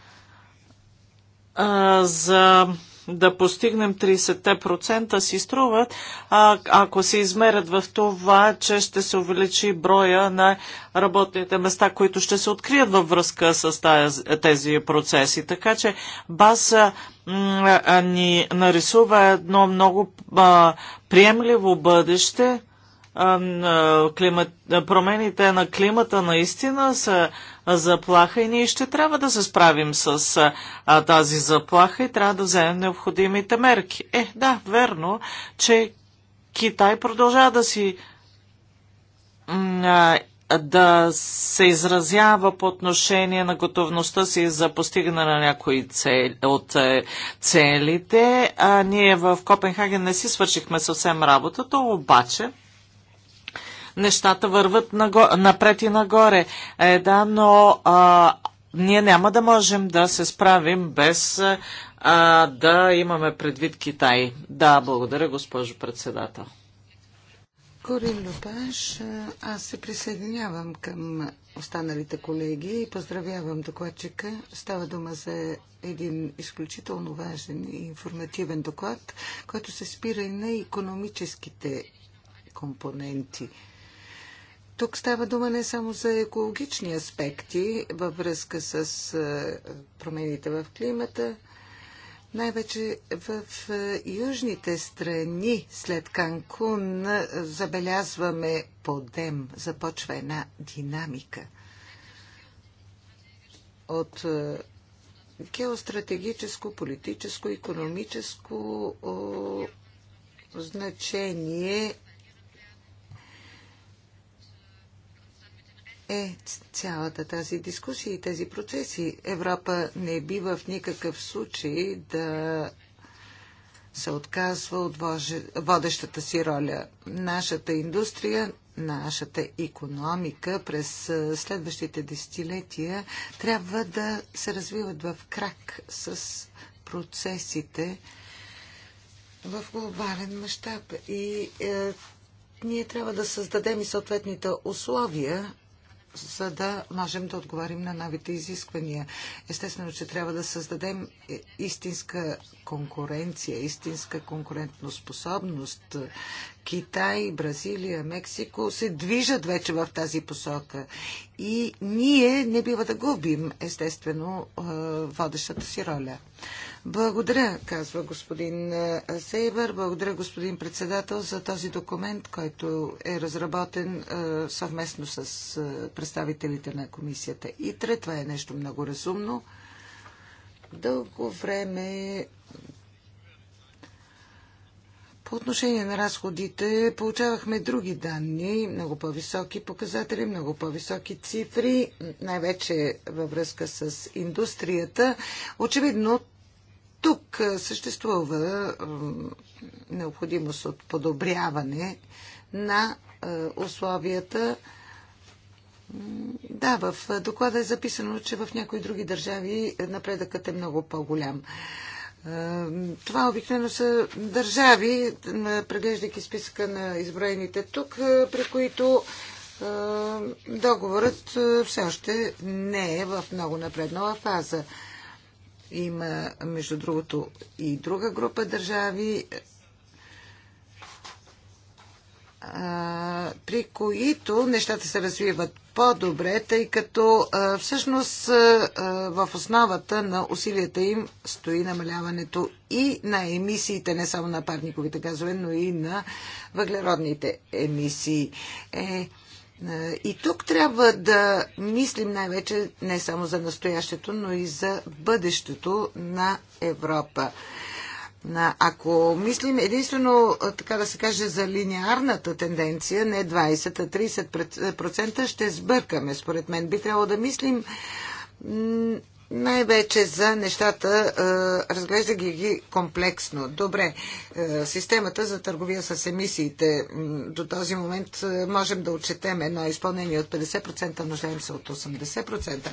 а, за да постигнем 30% си струват, а, ако се измерят в това, че ще се увеличи броя на работните места, които ще се открият във връзка с тези процеси. Така че база ни нарисува едно много а, приемливо бъдеще. А, климат, промените на климата наистина са заплаха и ние ще трябва да се справим с а, тази заплаха и трябва да вземем необходимите мерки. Е, да, верно, че Китай продължава да си да се изразява по отношение на готовността си за постигане на някои цели, от е, целите. А ние в Копенхаген не си свършихме съвсем работата, обаче нещата върват напред и нагоре. Е, да, но а, ние няма да можем да се справим без а, да имаме предвид Китай. Да, благодаря, госпожо председател. Корин Лопаш, аз се присъединявам към останалите колеги и поздравявам докладчика. Става дума за един изключително важен и информативен доклад, който се спира и на економическите компоненти тук става дума не само за екологични аспекти във връзка с промените в климата, най-вече в южните страни след Канкун забелязваме подем, започва една динамика от геостратегическо, политическо, економическо значение е цялата тази дискусия и тези процеси. Европа не би в никакъв случай да се отказва от водещата си роля. Нашата индустрия, нашата економика през следващите десетилетия трябва да се развиват в крак с процесите в глобален мащаб. И е, ние трябва да създадем и съответните условия за да можем да отговорим на новите изисквания. Естествено, че трябва да създадем е, истинска конкуренция, истинска конкурентноспособност Китай, Бразилия, Мексико се движат вече в тази посока. И ние не бива да губим, естествено, водещата си роля. Благодаря, казва господин Сейбър. Благодаря, господин председател, за този документ, който е разработен съвместно с представителите на комисията ИТРЕ. Това е нещо много разумно. Дълго време по отношение на разходите получавахме други данни, много по-високи показатели, много по-високи цифри, най-вече във връзка с индустрията. Очевидно, тук съществува необходимост от подобряване на условията. Да, в доклада е записано, че в някои други държави напредъкът е много по-голям. Е, това обикновено са държави, преглеждайки списъка на изброените тук, е, при които е, договорът все още не е в много напреднала фаза. Има, между другото, и друга група държави, при които нещата се развиват по-добре, тъй като всъщност в основата на усилията им стои намаляването и на емисиите, не само на парниковите газове, но и на въглеродните емисии. Е, и тук трябва да мислим най-вече не само за настоящето, но и за бъдещето на Европа. Ако мислим единствено, така да се каже, за линеарната тенденция, не 20-30%, ще сбъркаме, според мен. Би трябвало да мислим най-вече за нещата, разглежда ги, ги комплексно. Добре, системата за търговия с емисиите. До този момент можем да отчетем едно изпълнение от 50%, нуждаем се от 80%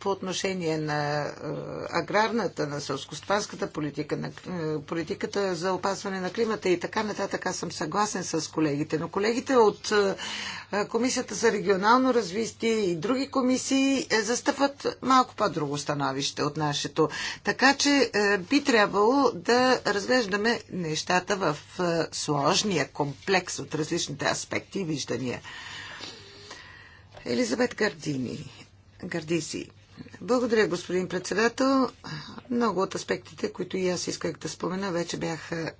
по отношение на аграрната, на селскостопанската политика, на политиката за опазване на климата и така нататък, аз съм съгласен с колегите. Но колегите от Комисията за регионално развитие и други комисии е, застъпват малко по-друго становище от нашето. Така че е, би трябвало да разглеждаме нещата в е, сложния комплекс от различните аспекти и виждания. Елизабет Гардини Гардиси. Благодаря, господин председател. Много от аспектите, които и аз исках да спомена, вече бяха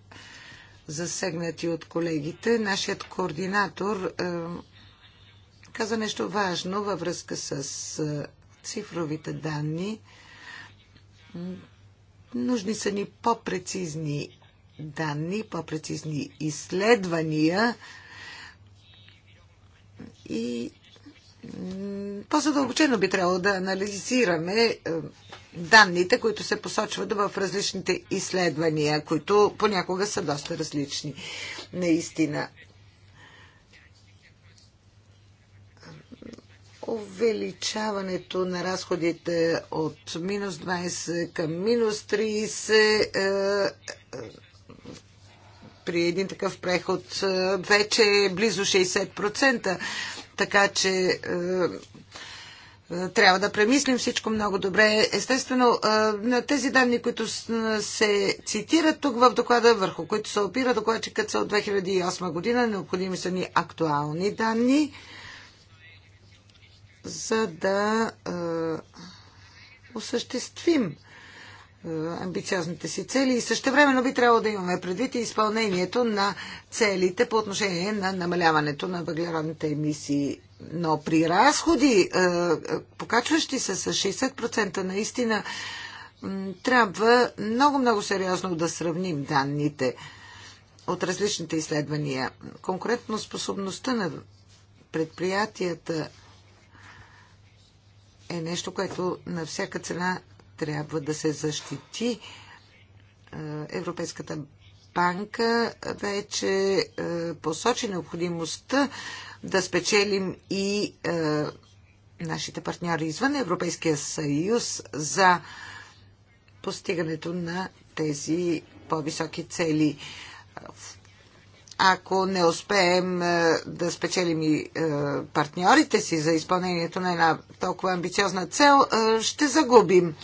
засегнати от колегите. Нашият координатор е, каза нещо важно във връзка с е, цифровите данни. Нужни са ни по-прецизни данни, по-прецизни изследвания и по-задълбочено би трябвало да анализираме е, данните, които се посочват в различните изследвания, които понякога са доста различни. Наистина. Увеличаването на разходите от минус 20 към минус 30 е, е, при един такъв преход вече е близо 60% така че е, е, трябва да премислим всичко много добре. Естествено, е, на тези данни, които се цитират тук в доклада, върху които се опира докладчикът са от 2008 година, необходими са ни актуални данни, за да осъществим е, амбициозните си цели и също времено би трябвало да имаме предвид и изпълнението на целите по отношение на намаляването на въглеродните емисии. Но при разходи, е, е, покачващи се с 60%, наистина трябва много-много сериозно да сравним данните от различните изследвания. Конкретно способността на предприятията е нещо, което на всяка цена трябва да се защити. Е, Европейската банка вече е, посочи необходимостта да спечелим и е, нашите партньори извън Европейския съюз за постигането на тези по-високи цели. Ако не успеем да спечелим и партньорите си за изпълнението на една толкова амбициозна цел, ще загубим.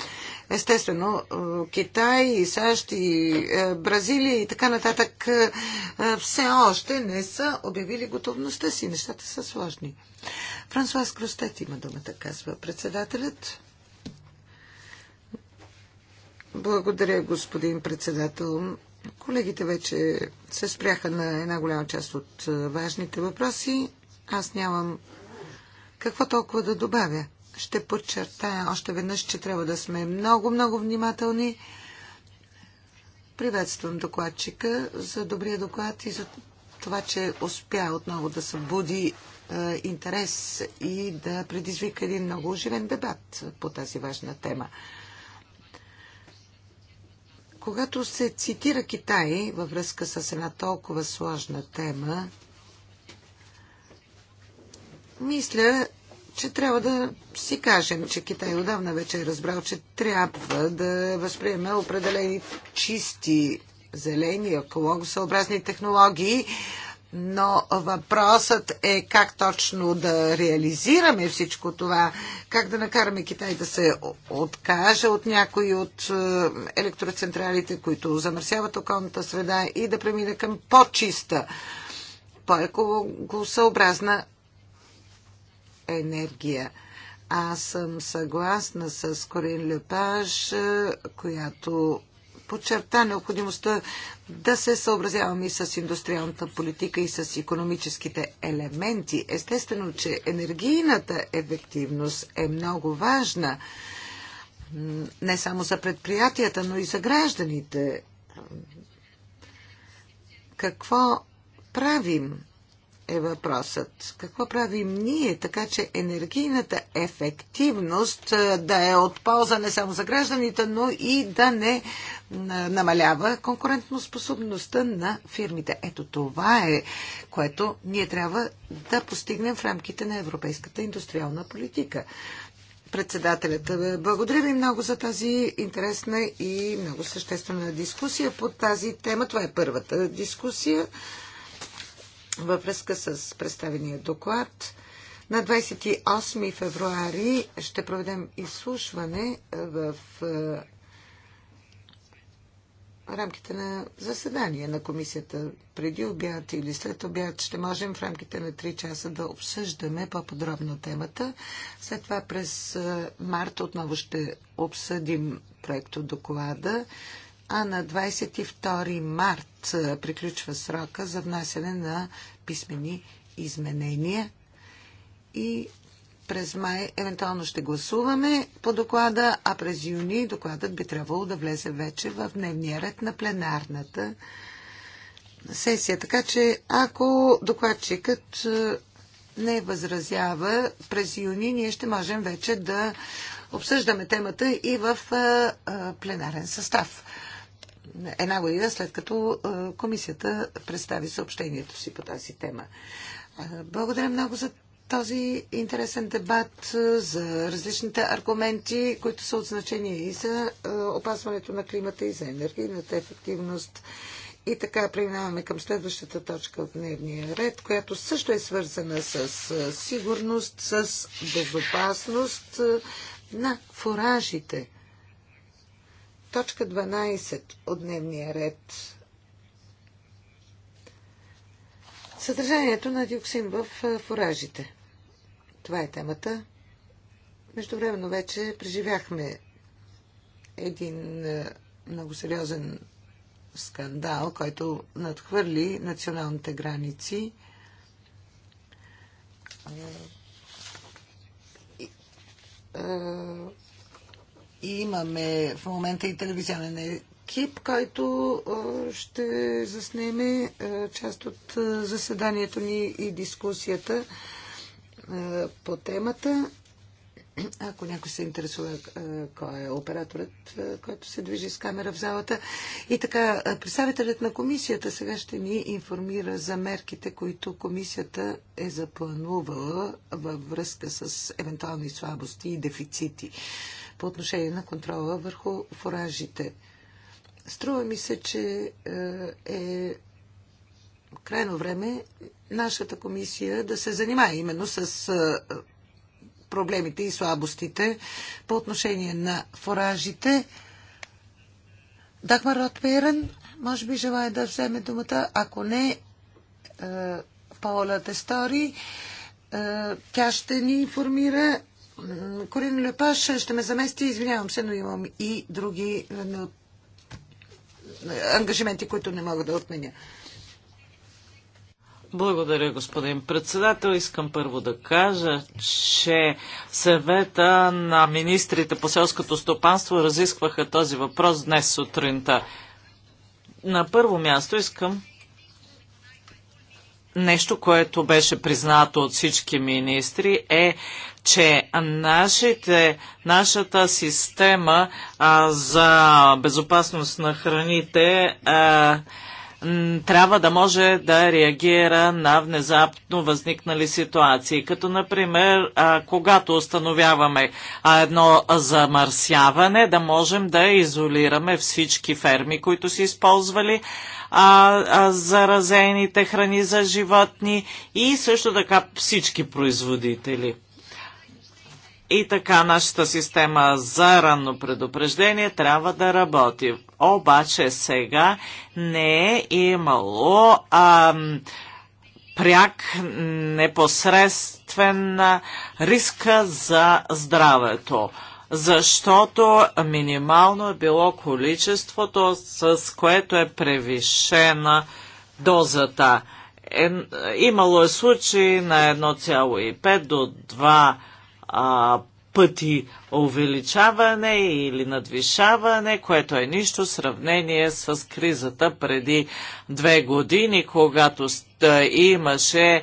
Естествено, е, Китай и САЩ и е, Бразилия и така нататък е, все още не са обявили готовността си. Нещата са сложни. Франсуаз Кростет има думата, казва председателят. Благодаря, господин председател. Колегите вече се спряха на една голяма част от важните въпроси. Аз нямам какво толкова да добавя ще подчертая още веднъж, че трябва да сме много, много внимателни. Приветствам докладчика за добрия доклад и за това, че успя отново да събуди е, интерес и да предизвика един много оживен дебат по тази важна тема. Когато се цитира Китай във връзка с една толкова сложна тема, мисля, че трябва да си кажем, че Китай отдавна вече е разбрал, че трябва да възприеме определени чисти зелени, екологосъобразни технологии, но въпросът е как точно да реализираме всичко това, как да накараме Китай да се откаже от някои от е, електроцентралите, които замърсяват околната среда и да премине към по-чиста, по-екологосъобразна енергия. Аз съм съгласна с Корин Лепаж, която подчерта необходимостта да се съобразяваме и с индустриалната политика и с економическите елементи. Естествено, че енергийната ефективност е много важна не само за предприятията, но и за гражданите. Какво правим? е въпросът. Какво правим ние, така че енергийната ефективност да е от полза не само за гражданите, но и да не намалява конкурентоспособността на фирмите. Ето това е, което ние трябва да постигнем в рамките на европейската индустриална политика. Председателят, благодаря ви много за тази интересна и много съществена дискусия по тази тема. Това е първата дискусия във връзка с представения доклад. На 28 февруари ще проведем изслушване в рамките на заседание на комисията преди обяд или след обяд ще можем в рамките на 3 часа да обсъждаме по-подробно темата. След това през март отново ще обсъдим проекто доклада а на 22 март приключва срока за внасяне на писмени изменения и през май евентуално ще гласуваме по доклада, а през юни докладът би трябвало да влезе вече в дневния ред на пленарната сесия. Така че ако докладчикът не възразява, през юни ние ще можем вече да обсъждаме темата и в пленарен състав една година след като комисията представи съобщението си по тази тема. Благодаря много за този интересен дебат, за различните аргументи, които са от значение и за опазването на климата, и за енергийната ефективност. И така преминаваме към следващата точка от дневния ред, която също е свързана с сигурност, с безопасност на фуражите. Точка 12 от дневния ред. Съдържанието на диоксин в фуражите. Това е темата. Междувременно вече преживяхме един много сериозен скандал, който надхвърли националните граници. И имаме в момента и телевизионен екип, който ще заснеме част от заседанието ни и дискусията по темата. Ако някой се интересува кой е операторът, който се движи с камера в залата. И така, представителят на комисията сега ще ни информира за мерките, които комисията е запланувала във връзка с евентуални слабости и дефицити по отношение на контрола върху фуражите. Струва ми се, че е, е крайно време нашата комисия да се занимае именно с е, проблемите и слабостите по отношение на фуражите. Дагмар Ротвейрен, може би желая да вземе думата. Ако не, е, Паола Тестори, тя ще ни информира Корин Лепаш ще ме замести, извинявам се, но имам и други е, е, ангажименти, които не мога да отменя. Благодаря, господин председател. Искам първо да кажа, че съвета на министрите по селското стопанство разискваха този въпрос днес сутринта. На първо място искам нещо, което беше признато от всички министри, е, че нашите, нашата система а, за безопасност на храните а, трябва да може да реагира на внезапно възникнали ситуации. Като, например, когато установяваме едно замърсяване, да можем да изолираме всички ферми, които са използвали а, а, заразените храни за животни и също така всички производители. И така нашата система за ранно предупреждение трябва да работи. Обаче сега не е имало а, пряк, непосредствен риск за здравето защото минимално е било количеството, с което е превишена дозата. Е, имало е случаи на 1,5 до 2 а, пъти увеличаване или надвишаване, което е нищо в сравнение с кризата преди две години, когато имаше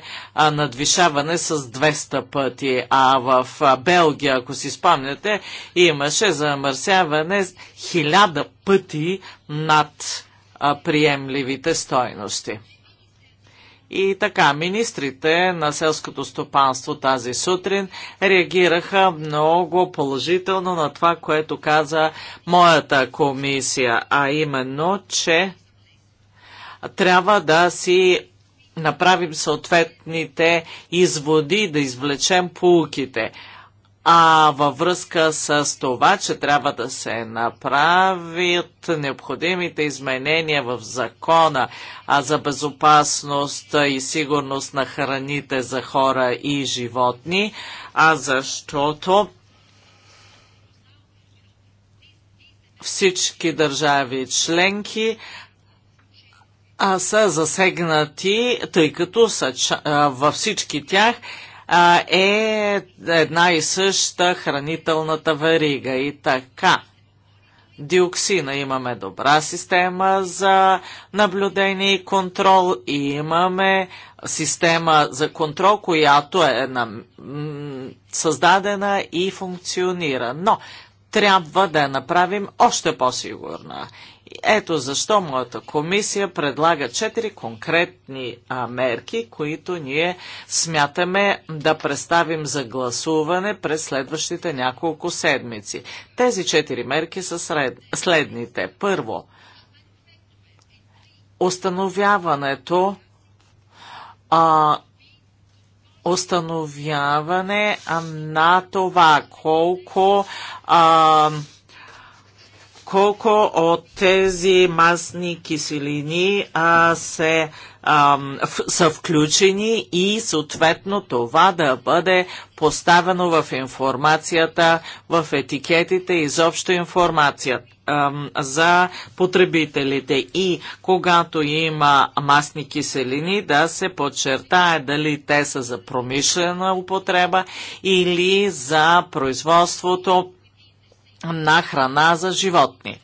надвишаване с 200 пъти, а в Белгия, ако си спомняте, имаше замърсяване с 1000 пъти над приемливите стойности. И така, министрите на селското стопанство тази сутрин реагираха много положително на това, което каза моята комисия, а именно, че трябва да си направим съответните изводи, да извлечем полуките а във връзка с това, че трябва да се направят необходимите изменения в закона а за безопасност и сигурност на храните за хора и животни, а защото всички държави членки а са засегнати, тъй като са, а, във всички тях е една и съща хранителната верига и така. Диоксина имаме добра система за наблюдение и контрол и имаме система за контрол, която е на, създадена и функционира. Но трябва да я направим още по-сигурна. Ето защо моята комисия предлага четири конкретни а, мерки, които ние смятаме да представим за гласуване през следващите няколко седмици. Тези четири мерки са сред... следните. Първо, установяването а, установяване на това колко а, колко от тези масни киселини а, се а, са включени и съответно това да бъде поставено в информацията, в етикетите, изобщо информацията за потребителите и когато има масни киселини да се подчертае дали те са за промишлена употреба или за производството на храна за животни.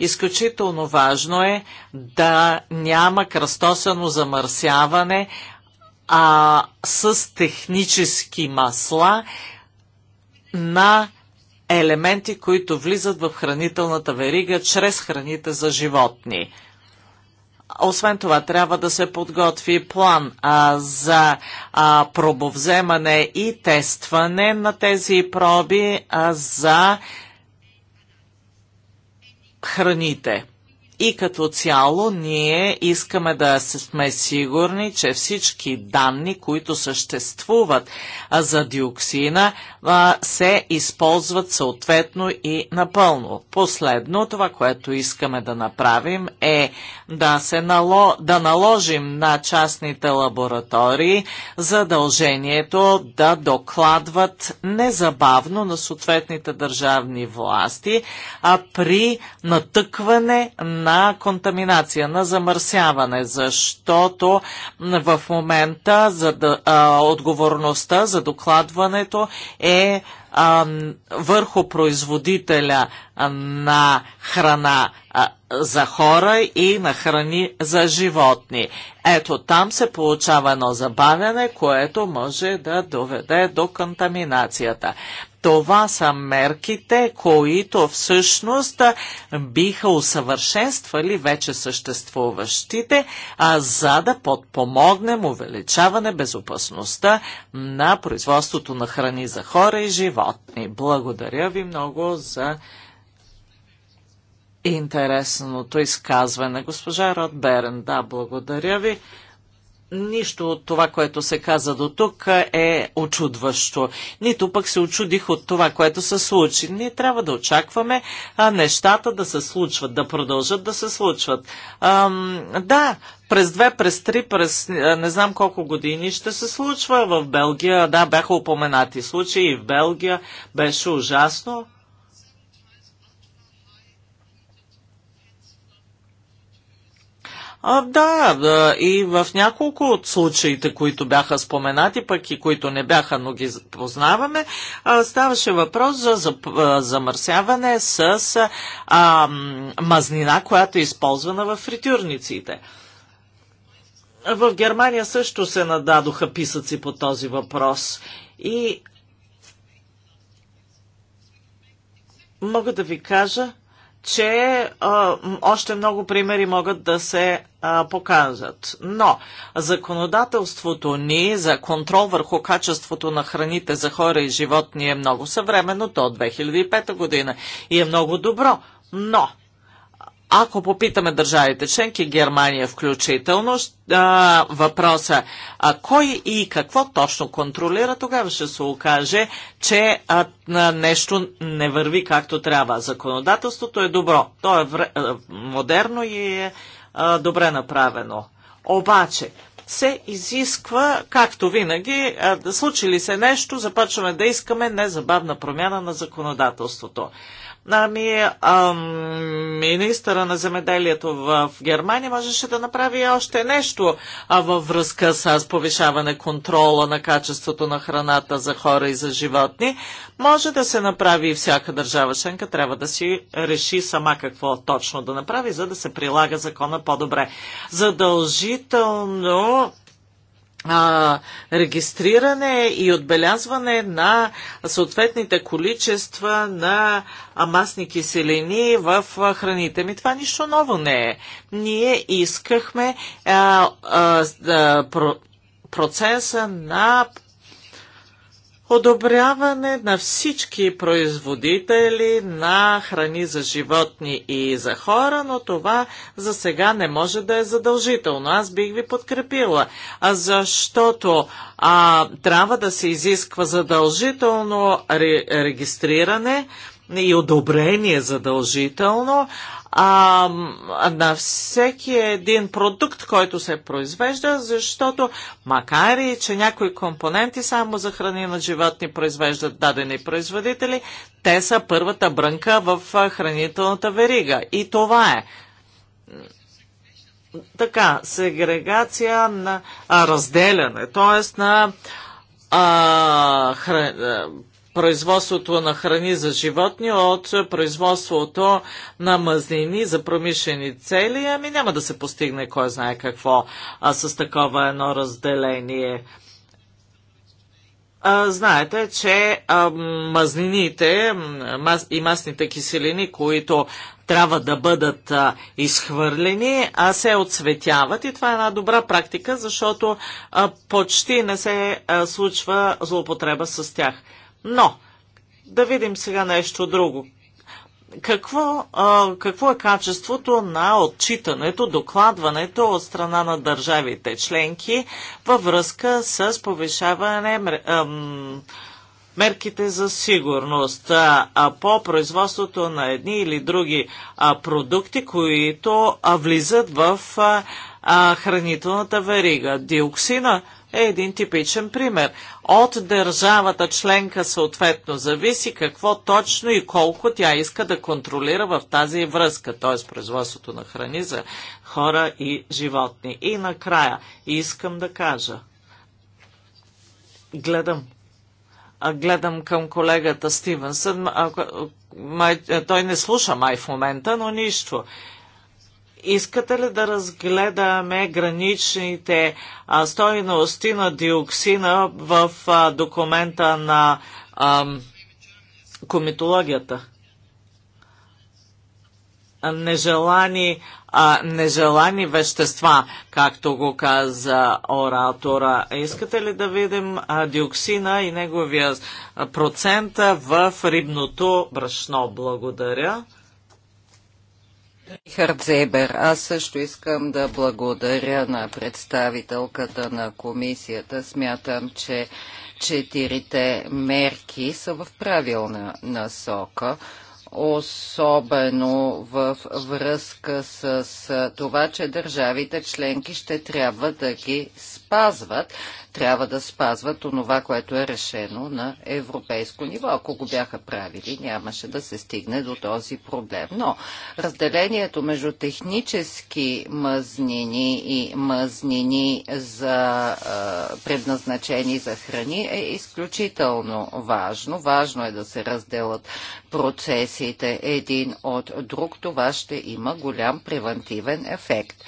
Изключително важно е да няма кръстосано замърсяване а, с технически масла на елементи, които влизат в хранителната верига чрез храните за животни. Освен това, трябва да се подготви план а, за а, пробовземане и тестване на тези проби а, за храните. И като цяло ние искаме да сме сигурни, че всички данни, които съществуват за диоксина, се използват съответно и напълно. Последно, това, което искаме да направим е да, се нало... да наложим на частните лаборатории задължението да докладват незабавно на съответните държавни власти а при натъкване на на контаминация, на замърсяване, защото в момента за да, а, отговорността за докладването е а, върху производителя на храна а, за хора и на храни за животни. Ето там се получава едно забавяне, което може да доведе до контаминацията. Това са мерките, които всъщност биха усъвършенствали вече съществуващите, а за да подпомогнем увеличаване безопасността на производството на храни за хора и животни. Благодаря ви много за интересното изказване. Госпожа Род Берен, да, благодаря ви. Нищо от това, което се каза до тук е очудващо. Нито пък се очудих от това, което се случи. Ние трябва да очакваме а, нещата да се случват, да продължат да се случват. А, да, през две, през три, през не знам колко години ще се случва в Белгия. Да, бяха упоменати случаи и в Белгия. Беше ужасно. А, да, да, и в няколко от случаите, които бяха споменати, пък и които не бяха, но ги познаваме, а, ставаше въпрос за замърсяване с а, мазнина, която е използвана в фритюрниците. В Германия също се нададоха писъци по този въпрос. И мога да ви кажа, че а, още много примери могат да се а, показват. Но законодателството ни за контрол върху качеството на храните за хора и животни е много съвременно, то от 2005 година и е много добро. Но ако попитаме държавите членки, Германия включително, а, въпроса а кой и какво точно контролира, тогава ще се окаже, че а, нещо не върви както трябва. Законодателството е добро. То е модерно и е а, добре направено. Обаче, се изисква, както винаги, случи ли се нещо, започваме да искаме незабавна промяна на законодателството. Ами, ам, министъра на земеделието в Германия можеше да направи още нещо а във връзка с повишаване контрола на качеството на храната за хора и за животни. Може да се направи и всяка държава членка трябва да си реши сама какво точно да направи, за да се прилага закона по-добре. Задължително а, регистриране и отбелязване на съответните количества на масни киселини в храните. Ми това нищо ново не е. Ние искахме а, а, а, процеса на одобряване на всички производители на храни за животни и за хора, но това за сега не може да е задължително. Аз бих ви подкрепила, защото а, трябва да се изисква задължително ре, регистриране и одобрение задължително, а, на всеки един продукт, който се произвежда, защото макар и, че някои компоненти само за храни на животни произвеждат дадени производители, те са първата брънка в хранителната верига. И това е. Така, сегрегация на а, разделяне, т.е. на а, хран, производството на храни за животни от производството на мазнини за промишлени цели, ами няма да се постигне кой знае какво а с такова едно разделение. А, знаете, че а, мазнините мас, и масните киселини, които трябва да бъдат а, изхвърлени, а се отцветяват и това е една добра практика, защото а, почти не се а, случва злоупотреба с тях. Но, да видим сега нещо друго. Какво, а, какво е качеството на отчитането, докладването от страна на държавите членки във връзка с повишаване ам, мерките за сигурност а, а по производството на едни или други а, продукти, които а, влизат в а, а, хранителната верига? Диоксина, е един типичен пример. От държавата членка съответно зависи какво точно и колко тя иска да контролира в тази връзка, т.е. производството на храни за хора и животни. И накрая искам да кажа. Гледам гледам към колегата Стивенсън. той не слуша май в момента, но нищо. Искате ли да разгледаме граничните а, стойности на диоксина в а, документа на а, комитологията? Нежелани, а, нежелани вещества, както го каза оратора. Искате ли да видим а, диоксина и неговия процент в рибното брашно? Благодаря. Рихард Зебер, аз също искам да благодаря на представителката на комисията. Смятам, че четирите мерки са в правилна насока особено в връзка с това, че държавите членки ще трябва да ги спрят спазват, трябва да спазват онова, което е решено на европейско ниво. Ако го бяха правили, нямаше да се стигне до този проблем. Но разделението между технически мъзнини и мъзнини за предназначени за храни е изключително важно. Важно е да се разделят процесите един от друг. Това ще има голям превентивен ефект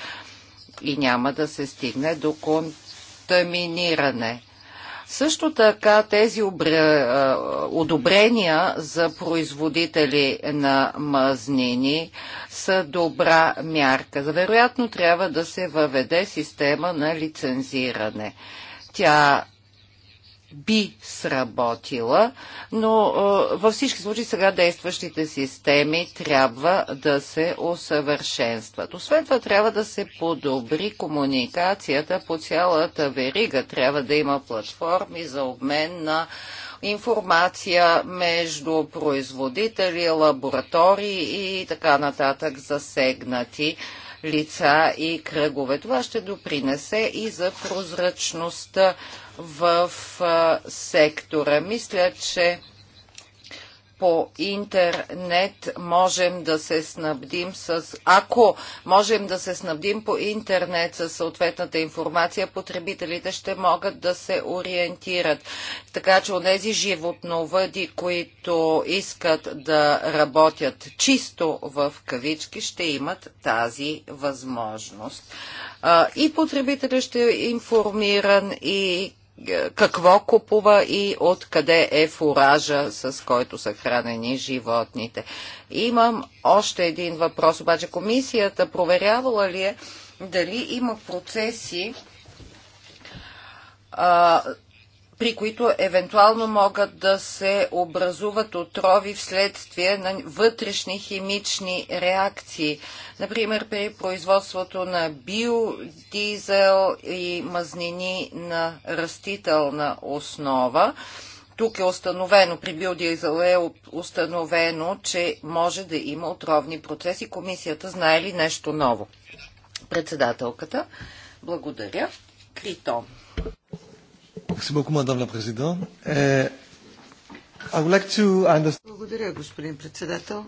и няма да се стигне до контакт контаминиране. Също така тези одобрения за производители на мазнини са добра мярка. Вероятно трябва да се въведе система на лицензиране. Тя би сработила, но във всички случаи сега действащите системи трябва да се усъвършенстват. Освен това трябва да се подобри комуникацията по цялата верига. Трябва да има платформи за обмен на информация между производители, лаборатории и така нататък засегнати лица и кръгове. Това ще допринесе и за прозрачността в сектора. Мисля, че по интернет можем да се снабдим с... Ако можем да се снабдим по интернет с съответната информация, потребителите ще могат да се ориентират. Така че онези животновъди, които искат да работят чисто в кавички, ще имат тази възможност. И потребителят ще е информиран, и е, какво купува и откъде е фуража, с който са хранени животните. Имам още един въпрос, обаче комисията проверявала ли е дали има процеси а, при които евентуално могат да се образуват отрови вследствие на вътрешни химични реакции. Например, при производството на биодизел и мазнини на растителна основа. Тук е установено, при биодизел е установено, че може да има отровни процеси. Комисията знае ли нещо ново? Председателката. Благодаря. Крито, Eh, Благодаря, господин председател.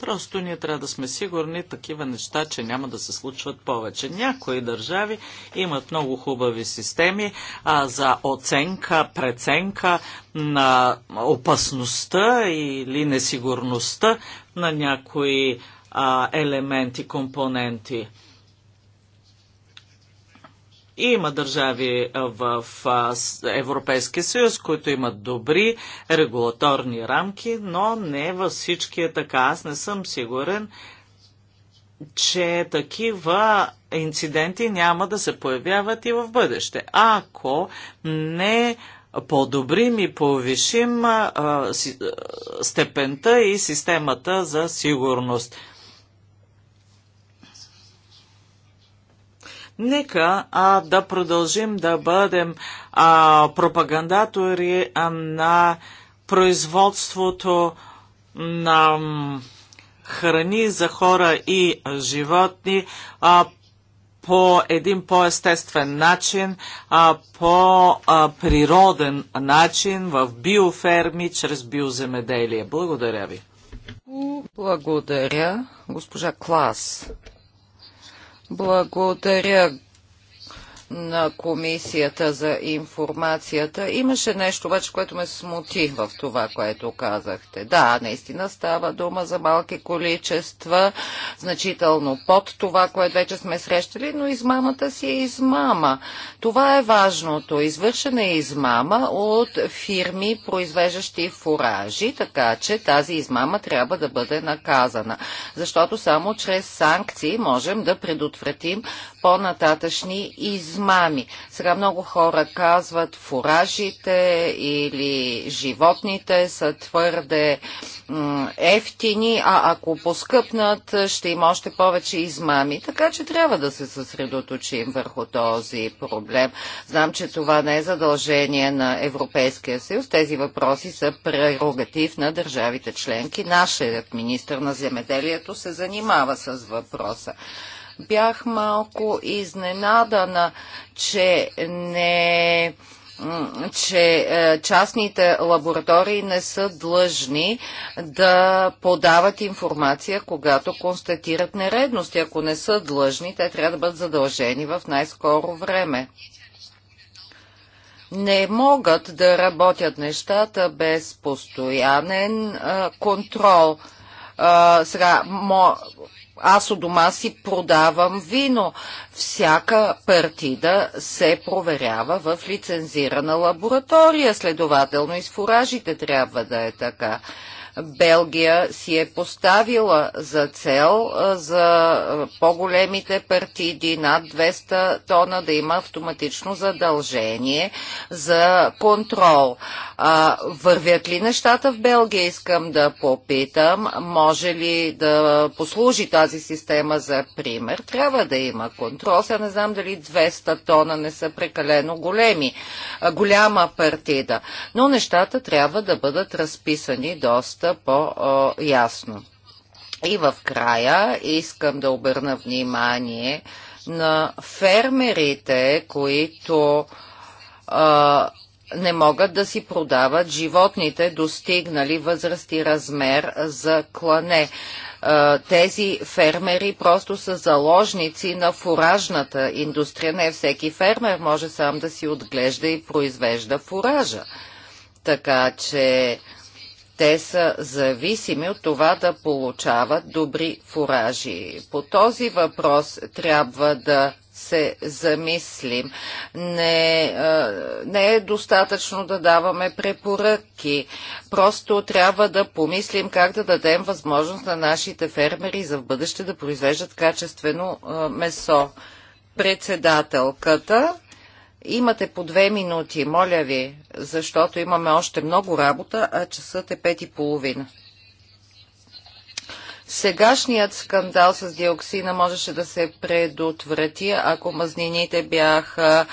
Просто ние трябва да сме сигурни такива неща, че няма да се случват повече. Някои държави имат много хубави системи а, за оценка, преценка на опасността или несигурността на някои а, елементи, компоненти. Има държави в Европейския съюз, които имат добри регулаторни рамки, но не във всички е така. Аз не съм сигурен, че такива инциденти няма да се появяват и в бъдеще. Ако не подобрим и повишим степента и системата за сигурност. Нека а, да продължим да бъдем а, пропагандатори а, на производството на храни за хора и животни а, по един по-естествен начин, а, по а, природен начин в биоферми чрез биоземеделие. Благодаря ви. Благодаря, госпожа Клас. Благодаря, на Комисията за информацията. Имаше нещо обаче, което ме смути в това, което казахте. Да, наистина става дума за малки количества, значително под това, което вече сме срещали, но измамата си е измама. Това е важното. Извършена е измама от фирми, произвеждащи фуражи, така че тази измама трябва да бъде наказана. Защото само чрез санкции можем да предотвратим по-нататъчни измами. Сега много хора казват фуражите или животните са твърде ефтини, а ако поскъпнат, ще има още повече измами. Така че трябва да се съсредоточим върху този проблем. Знам, че това не е задължение на Европейския съюз. Тези въпроси са прерогатив на държавите членки. Нашият министр на земеделието се занимава с въпроса. Бях малко изненадана, че не че е, частните лаборатории не са длъжни да подават информация, когато констатират нередности. Ако не са длъжни, те трябва да бъдат задължени в най-скоро време. Не могат да работят нещата без постоянен е, контрол. Е, сега, аз у дома си продавам вино. Всяка партида се проверява в лицензирана лаборатория. Следователно и с фуражите трябва да е така. Белгия си е поставила за цел за по-големите партиди над 200 тона да има автоматично задължение за контрол. вървят ли нещата в Белгия, искам да попитам. Може ли да послужи тази система за пример? Трябва да има контрол. Сега не знам дали 200 тона не са прекалено големи, голяма партида. Но нещата трябва да бъдат разписани доста доста по-ясно. И в края искам да обърна внимание на фермерите, които а, не могат да си продават животните, достигнали възраст и размер за клане. Тези фермери просто са заложници на фуражната индустрия. Не всеки фермер може сам да си отглежда и произвежда фуража. Така че те са зависими от това да получават добри фуражи. По този въпрос трябва да се замислим. Не, не е достатъчно да даваме препоръки. Просто трябва да помислим как да дадем възможност на нашите фермери за в бъдеще да произвеждат качествено месо. Председателката Имате по две минути, моля ви, защото имаме още много работа, а часът е пет и половина. Сегашният скандал с диоксина можеше да се предотврати, ако мазнините бяха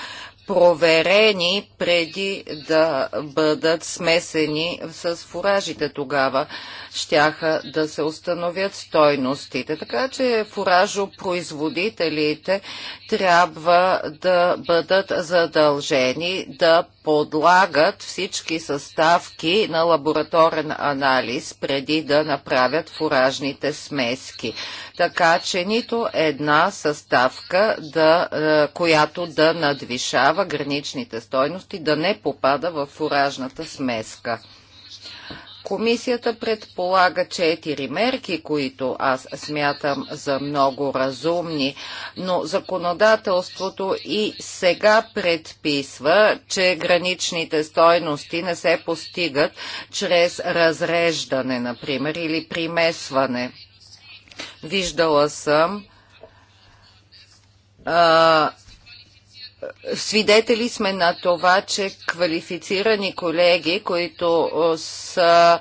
проверени преди да бъдат смесени с фуражите тогава щяха да се установят стойностите. Така че фуражопроизводителите трябва да бъдат задължени да подлагат всички съставки на лабораторен анализ преди да направят фуражните смески. Така че нито една съставка, да, е, която да надвишава граничните стойности, да не попада в фуражната смеска. Комисията предполага четири мерки, които аз смятам за много разумни, но законодателството и сега предписва, че граничните стойности не се постигат чрез разреждане, например, или примесване. Виждала съм а, свидетели сме на това, че квалифицирани колеги, които са,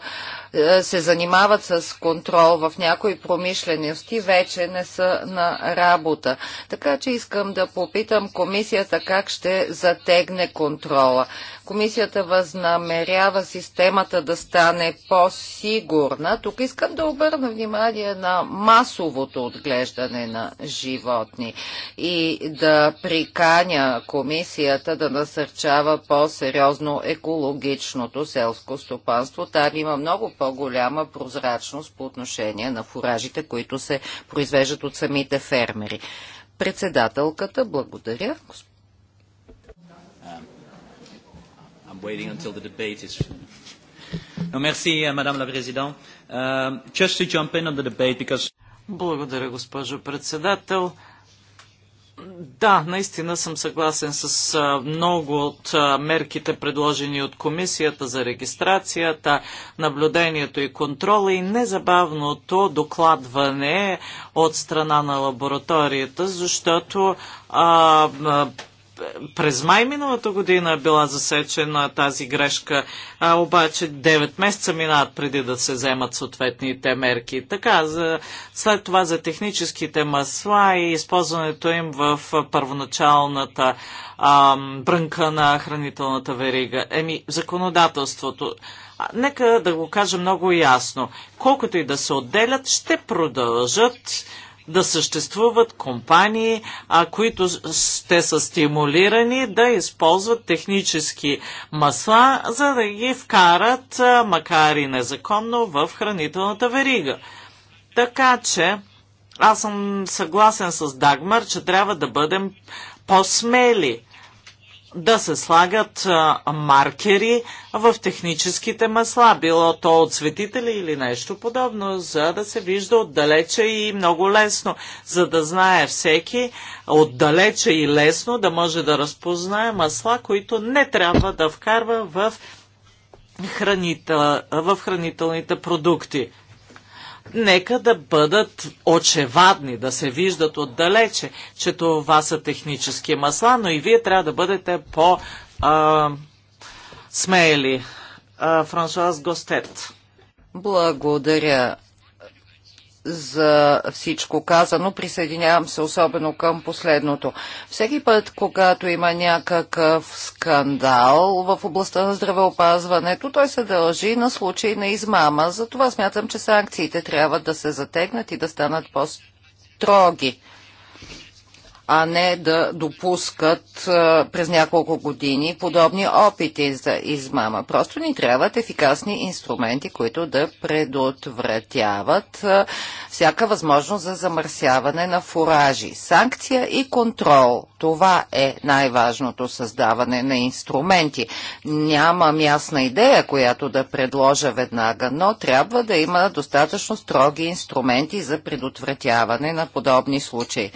се занимават с контрол в някои промишлености, вече не са на работа. Така че искам да попитам комисията как ще затегне контрола. Комисията възнамерява системата да стане по-сигурна. Тук искам да обърна внимание на масовото отглеждане на животни и да приканя комисията да насърчава по-сериозно екологичното селско стопанство. Там има много по-голяма прозрачност по отношение на фуражите, които се произвеждат от самите фермери. Председателката, благодаря. waiting until the debate is. No, merci, euh, Madame la Présidente. Uh, just to jump in on the debate because... Благодаря, госпожо председател. Да, наистина съм съгласен с много от мерките, предложени от комисията за регистрацията, наблюдението и контрола и незабавното докладване от страна на лабораторията, защото а, през май миналата година е била засечена тази грешка, а обаче 9 месеца минават преди да се вземат съответните мерки. Така, за, след това за техническите масла и използването им в първоначалната ам, брънка на хранителната верига. Еми, законодателството. А, нека да го кажа много ясно. Колкото и да се отделят, ще продължат да съществуват компании, а, които ще са стимулирани да използват технически масла, за да ги вкарат, а, макар и незаконно, в хранителната верига. Така че, аз съм съгласен с Дагмар, че трябва да бъдем по-смели да се слагат маркери в техническите масла, било то от светители или нещо подобно, за да се вижда отдалече и много лесно, за да знае всеки отдалече и лесно да може да разпознае масла, които не трябва да вкарва в, хранител, в хранителните продукти нека да бъдат очевадни, да се виждат отдалече, че това са технически масла, но и вие трябва да бъдете по смели. Франсуаз Гостет. Благодаря за всичко казано. Присъединявам се особено към последното. Всеки път, когато има някакъв скандал в областта на здравеопазването, той се дължи на случай на измама. Затова смятам, че санкциите трябва да се затегнат и да станат по-строги а не да допускат през няколко години подобни опити за измама. Просто ни трябват ефикасни инструменти, които да предотвратяват всяка възможност за замърсяване на фуражи. Санкция и контрол. Това е най-важното създаване на инструменти. Нямам ясна идея, която да предложа веднага, но трябва да има достатъчно строги инструменти за предотвратяване на подобни случаи.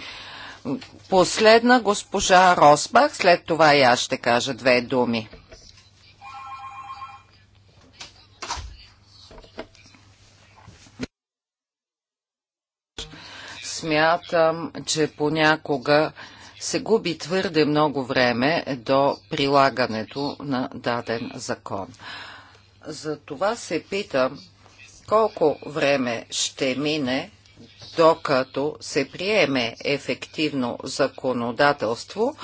Последна госпожа Росбах, след това и аз ще кажа две думи. Смятам, че понякога се губи твърде много време до прилагането на даден закон. За това се питам колко време ще мине, докато се приеме ефективно законодателство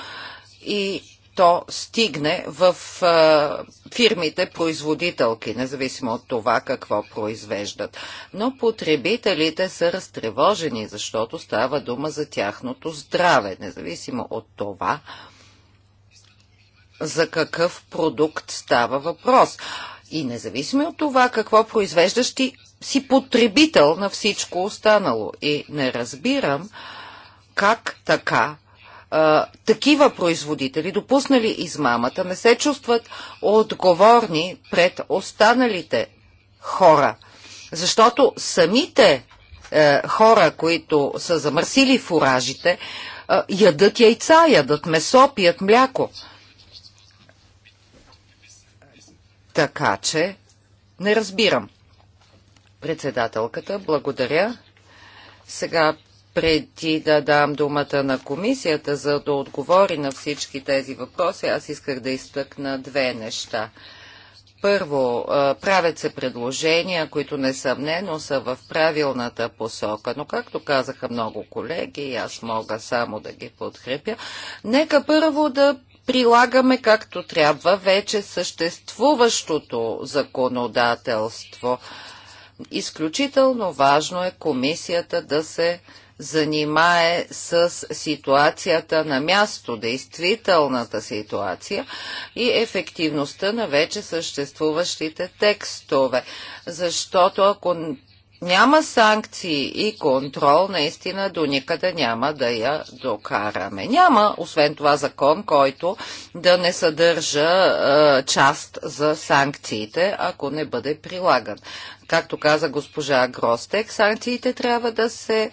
и то стигне в фирмите производителки, независимо от това какво произвеждат. Но потребителите са разтревожени, защото става дума за тяхното здраве, независимо от това за какъв продукт става въпрос. И независимо от това какво произвеждащи си потребител на всичко останало. И не разбирам как така а, такива производители, допуснали измамата, не се чувстват отговорни пред останалите хора. Защото самите е, хора, които са замърсили фуражите, е, ядат яйца, ядат месо, пият мляко. Така че не разбирам. Председателката, благодаря. Сега преди да дам думата на комисията, за да отговори на всички тези въпроси, аз исках да изтъкна две неща. Първо, правят се предложения, които несъмнено са в правилната посока, но както казаха много колеги, аз мога само да ги подкрепя, нека първо да прилагаме както трябва вече съществуващото законодателство. Изключително важно е комисията да се занимае с ситуацията на място, действителната ситуация и ефективността на вече съществуващите текстове. Защото ако няма санкции и контрол, наистина до никъде няма да я докараме. Няма, освен това, закон, който да не съдържа е, част за санкциите, ако не бъде прилаган както каза госпожа Гростек, санкциите трябва да се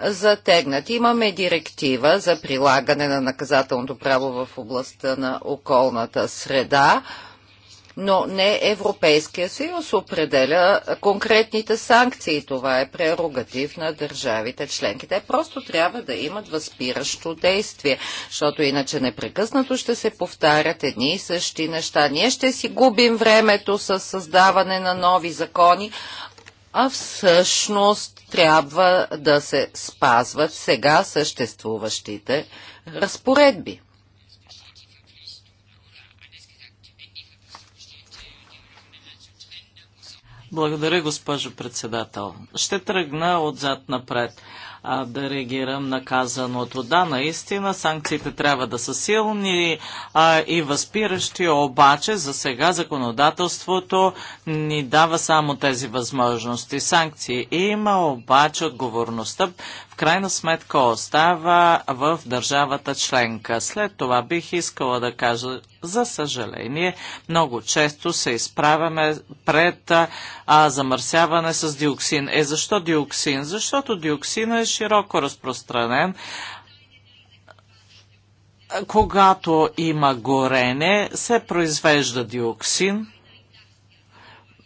затегнат. Имаме директива за прилагане на наказателното право в областта на околната среда но не Европейския съюз определя конкретните санкции. Това е прерогатив на държавите членки. Те просто трябва да имат възпиращо действие, защото иначе непрекъснато ще се повтарят едни и същи неща. Ние ще си губим времето с създаване на нови закони, а всъщност трябва да се спазват сега съществуващите разпоредби. Благодаря, госпожо председател. Ще тръгна отзад напред а, да реагирам на казаното. Да, наистина, санкциите трябва да са силни а, и възпиращи, обаче за сега законодателството ни дава само тези възможности. Санкции има, обаче отговорността, в крайна сметка остава в държавата членка. След това бих искала да кажа, за съжаление, много често се изправяме пред а, замърсяване с диоксин. Е, защо диоксин? Защото диоксин е широко разпространен когато има горене, се произвежда диоксин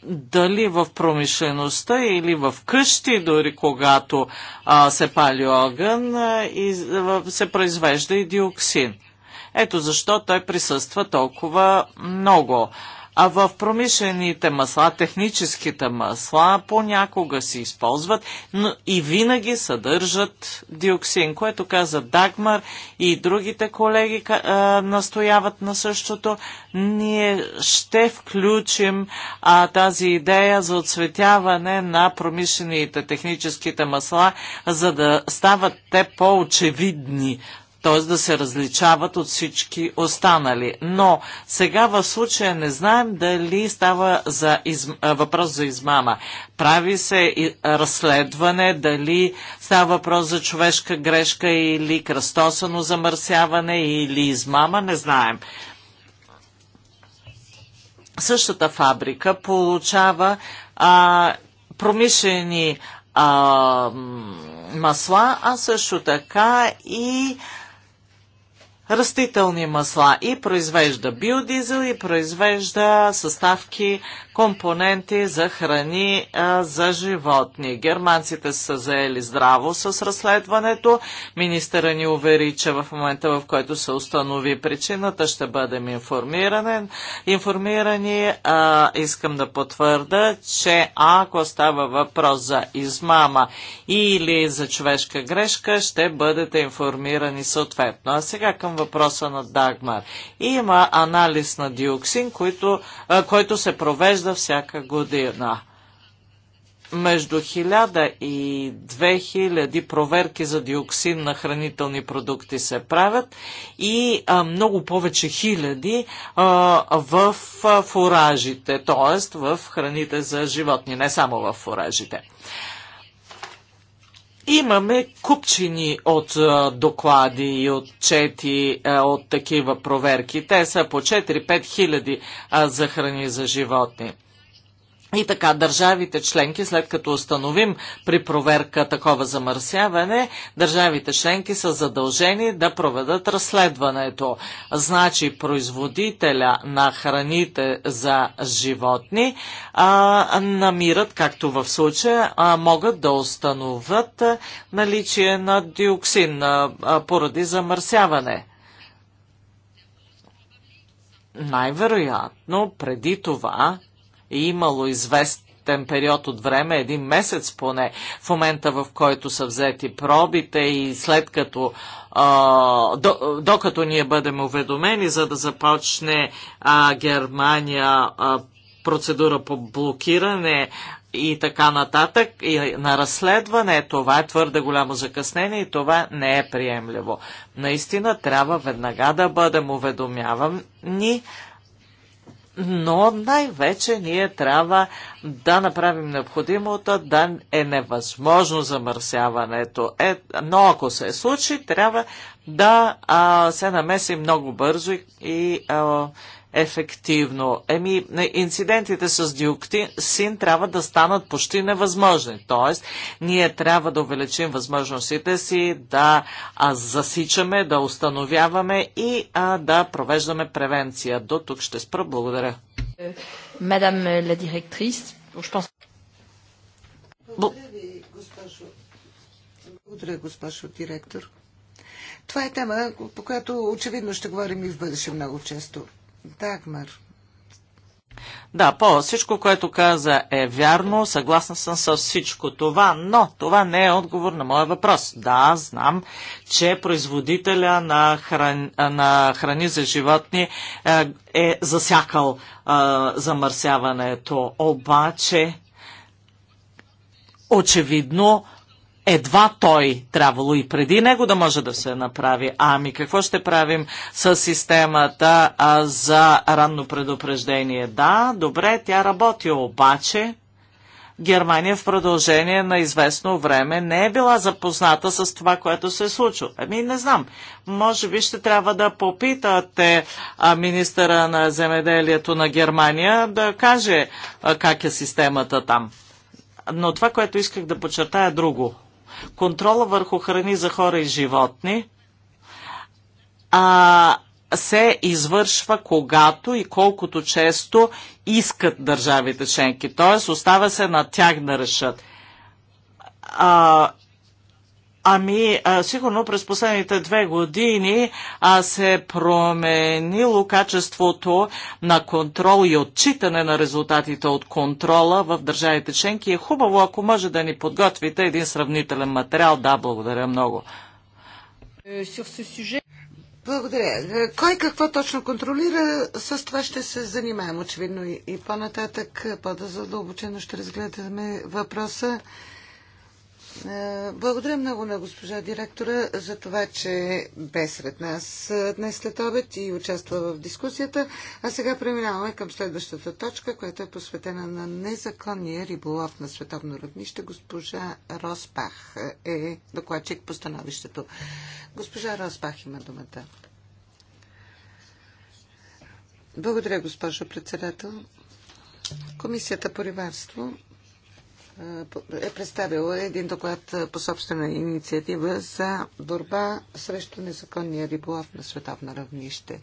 дали в промишлеността или в къщи, дори когато а, се пали огън, а, и, а, се произвежда и диоксин. Ето защо той присъства толкова много. А в промишлените масла, техническите масла понякога се използват, но и винаги съдържат диоксин, което каза Дагмар и другите колеги а, настояват на същото. Ние ще включим а, тази идея за отсветяване на промишлените техническите масла, за да стават те по-очевидни т.е. да се различават от всички останали. Но сега в случая не знаем дали става за из... въпрос за измама. Прави се и разследване дали става въпрос за човешка грешка или кръстосано замърсяване или измама, не знаем. Същата фабрика получава а, промишлени а, масла, а също така и растителни масла и произвежда биодизел и произвежда съставки компоненти за храни а, за животни. Германците са заели здраво с разследването. Министъра ни увери, че в момента, в който се установи причината, ще бъдем информирани. а, искам да потвърда, че ако става въпрос за измама или за човешка грешка, ще бъдете информирани съответно. А сега към въпроса на Дагмар. Има анализ на диоксин, който, а, който се провежда за всяка година. Между 1000 и 2000 проверки за диоксин на хранителни продукти се правят и а, много повече хиляди а, в а, фуражите, т.е. в храните за животни, не само в фуражите. Имаме купчини от доклади и отчети от такива проверки. Те са по 4-5 хиляди за храни за животни. И така, държавите членки, след като установим при проверка такова замърсяване, държавите членки са задължени да проведат разследването. Значи, производителя на храните за животни а, намират, както в случая, а, могат да установят наличие на диоксин а, а, поради замърсяване. Най-вероятно, преди това имало известен период от време, един месец поне, в момента в който са взети пробите и след като а, до, докато ние бъдем уведомени, за да започне а, Германия а, процедура по блокиране и така нататък, и на разследване, това е твърде голямо закъснение и това не е приемливо. Наистина трябва веднага да бъдем уведомявани но най-вече ние трябва да направим необходимото, да е невъзможно замърсяването. Е, но ако се случи, трябва да а, се намеси много бързо и, и а, ефективно. Еми, инцидентите с диоксин трябва да станат почти невъзможни. Тоест, ние трябва да увеличим възможностите си да а, засичаме, да установяваме и а, да провеждаме превенция. До тук ще спра. Благодаря. Мадам е, ла директрис, благодаря ви, госпожо. Благодаря, госпожо директор. Това е тема, по която очевидно ще говорим и в бъдеще много често. Дагмар. Да, по всичко, което каза е вярно, съгласна съм с всичко това, но това не е отговор на моя въпрос. Да, знам, че производителя на, хран... на храни за животни е, е засякал е, замърсяването, обаче очевидно едва той трябвало и преди него да може да се направи. Ами какво ще правим с системата а, за ранно предупреждение? Да, добре, тя работи, обаче Германия в продължение на известно време не е била запозната с това, което се е случило. Ами не знам. Може би ще трябва да попитате а, министъра на земеделието на Германия да каже а, как е системата там. Но това, което исках да подчертая е друго контрола върху храни за хора и животни а, се извършва когато и колкото често искат държавите членки. Т.е. остава се на тях да решат. А, Ами, а, сигурно през последните две години а, се е променило качеството на контрол и отчитане на резултатите от контрола в държавите членки. Е хубаво, ако може да ни подготвите един сравнителен материал. Да, благодаря много. Е, благодаря. Е, кой какво точно контролира, с това ще се занимаем очевидно и, и по-нататък, по-задълбочено ще разгледаме въпроса. Е, благодаря много на госпожа директора за това, че бе сред нас е, днес след обед и участва в дискусията. А сега преминаваме към следващата точка, която е посветена на незаконния риболов на световно равнище. Госпожа Роспах е докладчик по становището. Госпожа Роспах има думата. Благодаря, госпожо председател. Комисията по рибарство е, е представила един доклад е, по собствена инициатива за борба срещу незаконния риболов на световно равнище.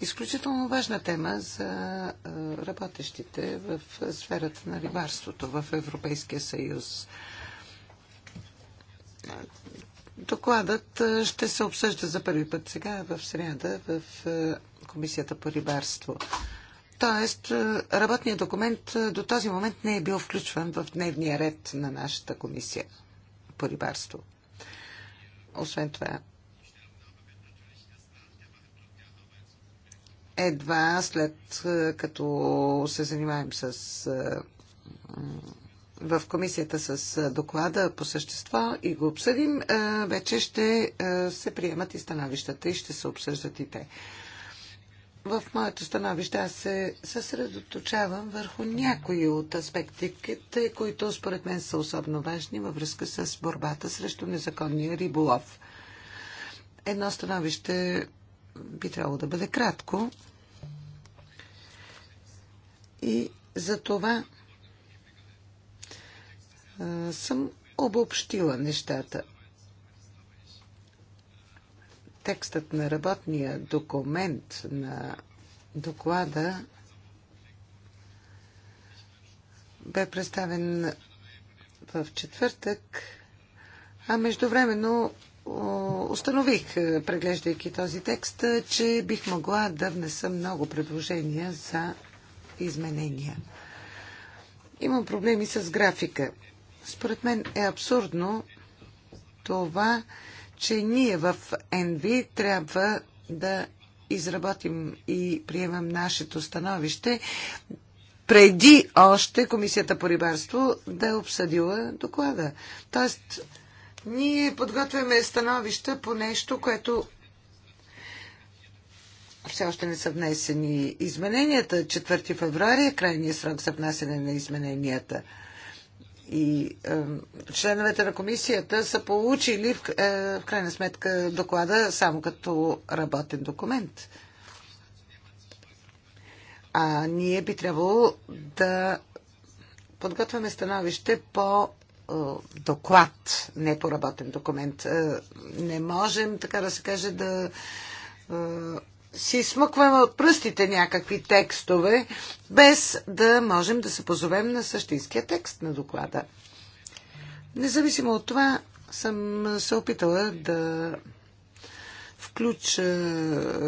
Изключително важна тема за е, работещите в сферата на рибарството в Европейския съюз. Докладът ще се обсъжда за първи път сега в среда в Комисията по рибарство. Тоест, е, работният документ е, до този момент не е бил включван в дневния ред на нашата комисия по рибарство. Освен това, едва след е, като се занимаем с в комисията с доклада по същество и го обсъдим, вече ще се приемат и становищата и ще се обсъждат и те в моето становище аз се съсредоточавам върху някои от аспектите, които според мен са особено важни във връзка с борбата срещу незаконния риболов. Едно становище би трябвало да бъде кратко и за това съм обобщила нещата. Текстът на работния документ на доклада бе представен в четвъртък, а междувременно установих, преглеждайки този текст, че бих могла да внеса много предложения за изменения. Имам проблеми с графика. Според мен е абсурдно това, че ние в НВ трябва да изработим и приемам нашето становище, преди още Комисията по рибарство да е обсъдила доклада. Тоест, ние подготвяме становища по нещо, което все още не са внесени измененията. 4 февруари е крайният срок за внасяне на измененията. И е, членовете на комисията са получили в, е, в крайна сметка доклада само като работен документ. А ние би трябвало да подготвяме становище по е, доклад, не по работен документ. Е, не можем, така да се каже, да е, си смъкваме от пръстите някакви текстове, без да можем да се позовем на същинския текст на доклада. Независимо от това, съм се опитала да включа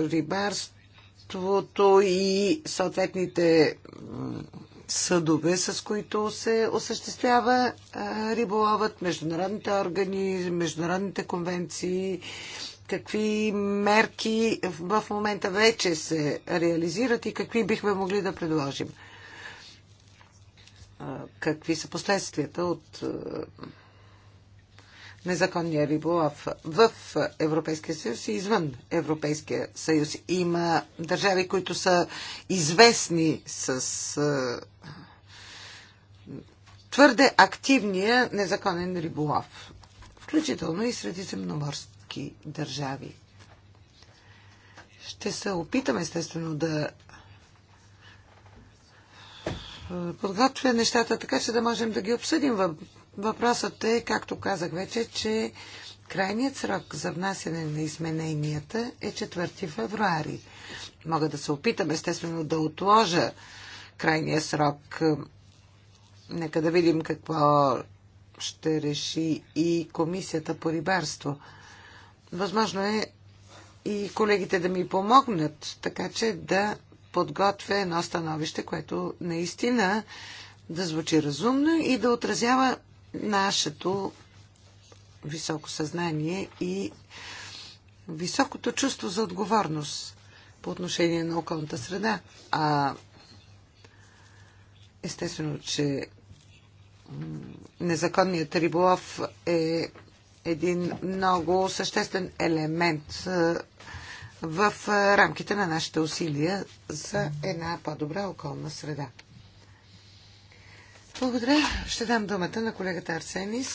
рибарството и съответните съдове, с които се осъществява риболовът, международните органи, международните конвенции, какви мерки в момента вече се реализират и какви бихме могли да предложим. Какви са последствията от незаконния риболов в Европейския съюз и извън Европейския съюз. Има държави, които са известни с твърде активния незаконен риболов, включително и средиземноморски всички държави. Ще се опитам естествено да подготвя нещата така, че да можем да ги обсъдим. Въпросът е, както казах вече, че крайният срок за внасяне на измененията е 4 февруари. Мога да се опитам естествено да отложа крайния срок. Нека да видим какво ще реши и комисията по рибарство. Възможно е и колегите да ми помогнат, така че да подготвя едно становище, което наистина да звучи разумно и да отразява нашето високо съзнание и високото чувство за отговорност по отношение на околната среда. А естествено, че незаконният риболов е един много съществен елемент е, в е, рамките на нашите усилия за една по-добра околна среда. Благодаря. Ще дам думата на колегата Арсенис.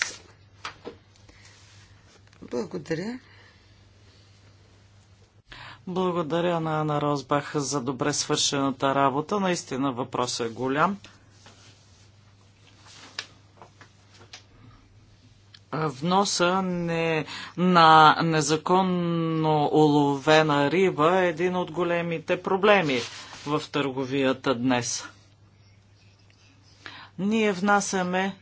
Благодаря. Благодаря на Ана Розбах за добре свършената работа. Наистина въпросът е голям. вноса не, на незаконно уловена риба е един от големите проблеми в търговията днес. Ние внасяме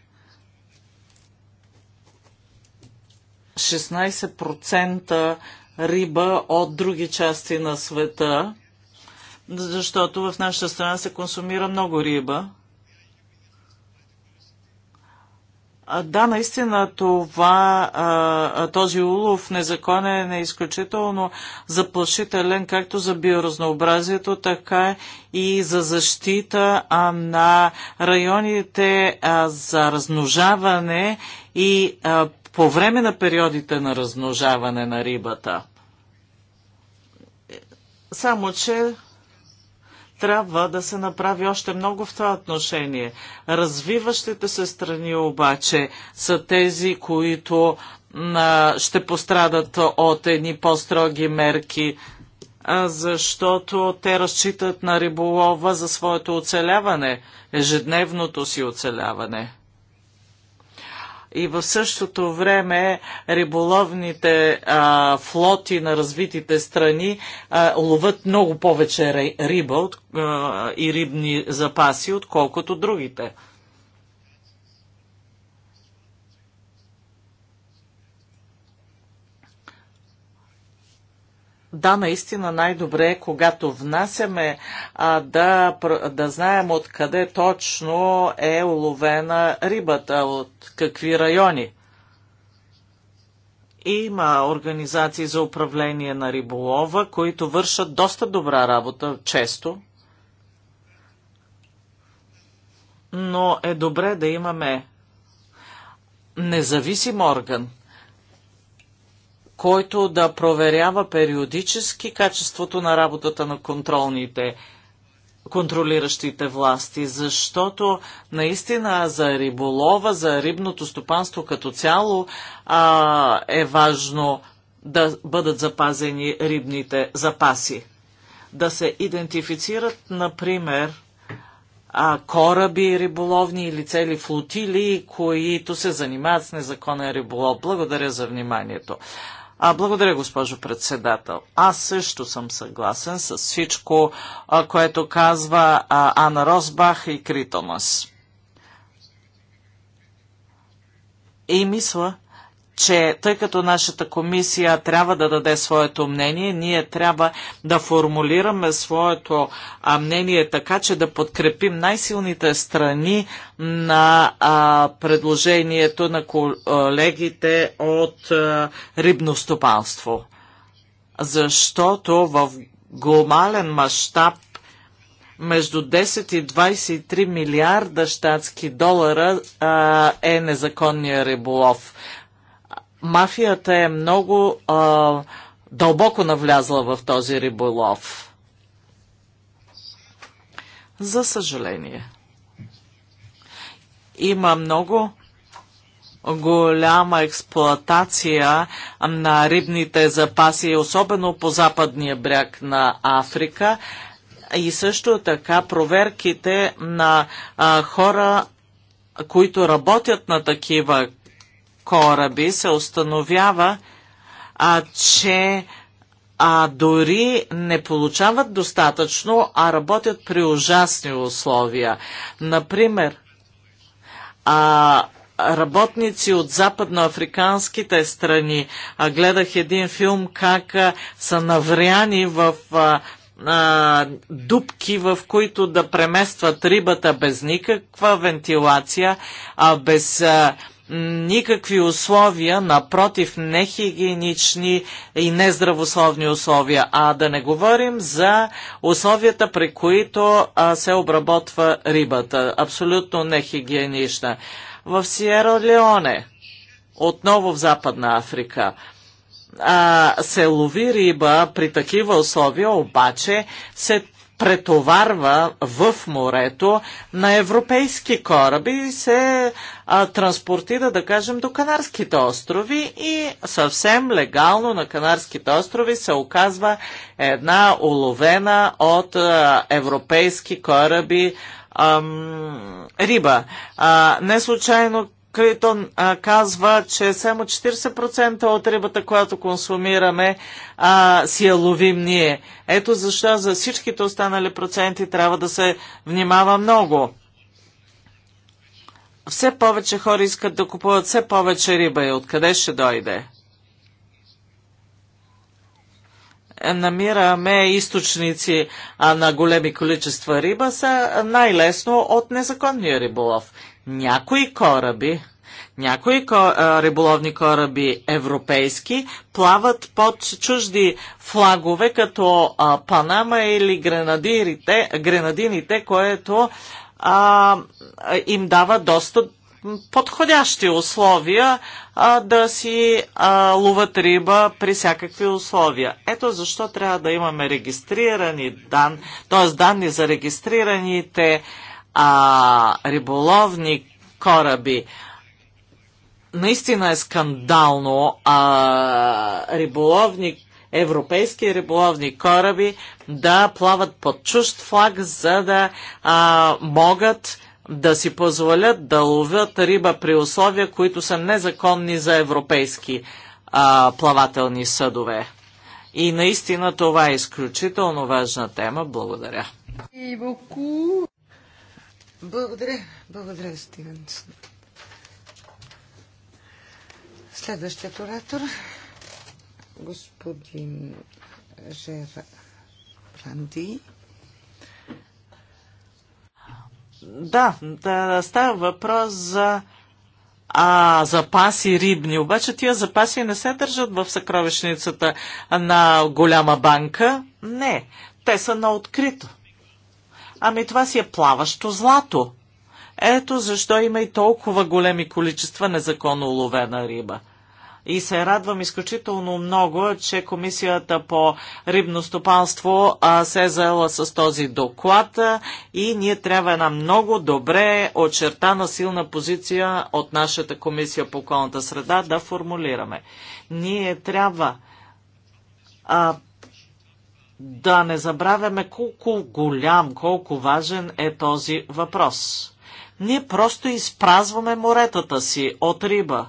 16% риба от други части на света, защото в нашата страна се консумира много риба. Да, наистина това, този улов незаконен е изключително заплашителен както за биоразнообразието, така и за защита на районите за размножаване и по време на периодите на размножаване на рибата. Само, че трябва да се направи още много в това отношение. Развиващите се страни обаче са тези, които ще пострадат от едни по-строги мерки, защото те разчитат на риболова за своето оцеляване, ежедневното си оцеляване и в същото време риболовните а, флоти на развитите страни а, ловят много повече риба от, а, и рибни запаси, отколкото другите. да, наистина най-добре е, когато внасяме, а, да, да знаем откъде точно е уловена рибата, от какви райони. Има организации за управление на риболова, които вършат доста добра работа, често. Но е добре да имаме независим орган – който да проверява периодически качеството на работата на контролните контролиращите власти, защото наистина за риболова, за рибното стопанство като цяло а, е важно да бъдат запазени рибните запаси. Да се идентифицират, например, а, кораби риболовни или цели флотили, които се занимават с незаконен риболов. Благодаря за вниманието. А, благодаря, госпожо председател. Аз също съм съгласен с всичко, а, което казва а, Анна Росбах и Критомас. И мисля, че тъй като нашата комисия трябва да даде своето мнение, ние трябва да формулираме своето мнение така, че да подкрепим най-силните страни на а, предложението на колегите от рибно стопанство. Защото в глобален мащаб между 10 и 23 милиарда щатски долара а, е незаконния риболов мафията е много а, дълбоко навлязла в този риболов. За съжаление. Има много голяма експлоатация на рибните запаси, особено по западния бряг на Африка и също така проверките на а, хора, които работят на такива кораби се установява, а, че а дори не получават достатъчно, а работят при ужасни условия. Например, а, работници от западноафриканските страни. А, гледах един филм как а, са навряни в а, а, дубки, в които да преместват рибата без никаква вентилация, а без а, никакви условия, напротив, нехигиенични и нездравословни условия, а да не говорим за условията, при които а, се обработва рибата. Абсолютно нехигиенична. В Сиера Леоне, отново в Западна Африка, а, се лови риба при такива условия, обаче се претоварва в морето на европейски кораби и се а, транспортира, да кажем, до Канарските острови и съвсем легално на Канарските острови се оказва една уловена от а, европейски кораби ам, риба. А, не случайно Клитон а, казва, че само 40% от рибата, която консумираме, а, си я ловим ние. Ето защо за всичките останали проценти трябва да се внимава много. Все повече хора искат да купуват все повече риба и откъде ще дойде? Е, намираме източници на големи количества риба са най-лесно от незаконния риболов някои кораби, някои риболовни кораби европейски плават под чужди флагове, като Панама или гренадирите, гренадините, което а, им дава доста подходящи условия а, да си а, луват риба при всякакви условия. Ето защо трябва да имаме регистрирани дан, т.е. данни за регистрираните а, а, риболовни кораби. Наистина е скандално а, риболовни, европейски риболовни кораби да плават под чужд флаг, за да а, могат да си позволят да ловят риба при условия, които са незаконни за европейски а, плавателни съдове. И наистина това е изключително важна тема. Благодаря. Благодаря. Благодаря, Стивен. Следващият оратор, господин Жера Ранди. Да, да, става въпрос за а, запаси рибни. Обаче тия запаси не се държат в съкровищницата на голяма банка. Не, те са на открито. Ами това си е плаващо злато. Ето защо има и толкова големи количества незаконно уловена риба. И се радвам изключително много, че Комисията по рибно стопанство се е заела с този доклад и ние трябва една много добре очертана силна позиция от нашата Комисия по околната среда да формулираме. Ние трябва а, да не забравяме колко голям, колко важен е този въпрос. Ние просто изпразваме моретата си от риба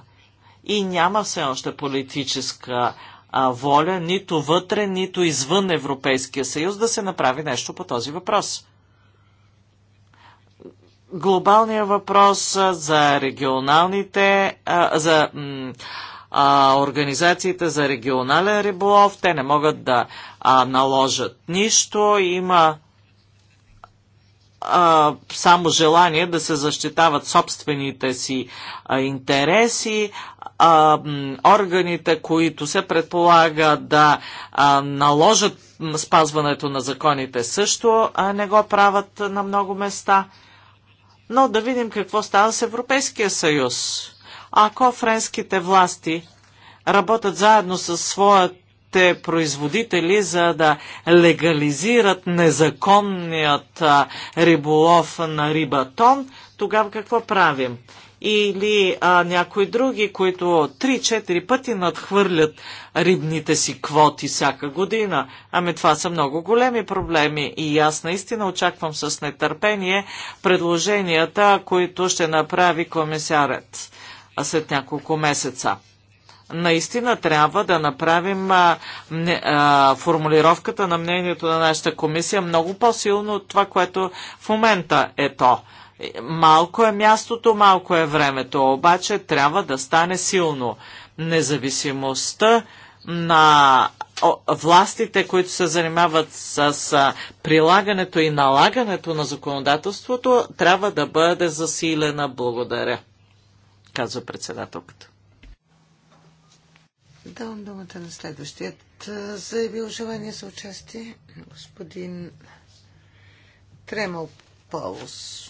и няма все още политическа а, воля нито вътре, нито извън Европейския съюз да се направи нещо по този въпрос. Глобалният въпрос за регионалните, а, за а, организациите за регионален риболов, те не могат да а, наложат нищо. Има а, само желание да се защитават собствените си а, интереси. А, органите, които се предполага да а, наложат спазването на законите също а, не го правят на много места. Но да видим какво става с Европейския съюз. Ако френските власти работят заедно с своите производители, за да легализират незаконният риболов на рибатон, тогава какво правим? Или а, някои други, които 3-4 пъти надхвърлят рибните си квоти всяка година. Ами това са много големи проблеми и аз наистина очаквам с нетърпение предложенията, които ще направи комисарят след няколко месеца. Наистина трябва да направим а, не, а, формулировката на мнението на нашата комисия много по-силно от това, което в момента е то. Малко е мястото, малко е времето, обаче трябва да стане силно. Независимостта на властите, които се занимават с прилагането и налагането на законодателството, трябва да бъде засилена. Благодаря казва председателката. Давам думата на следващият заявил желание за участие, господин Тремал Паус.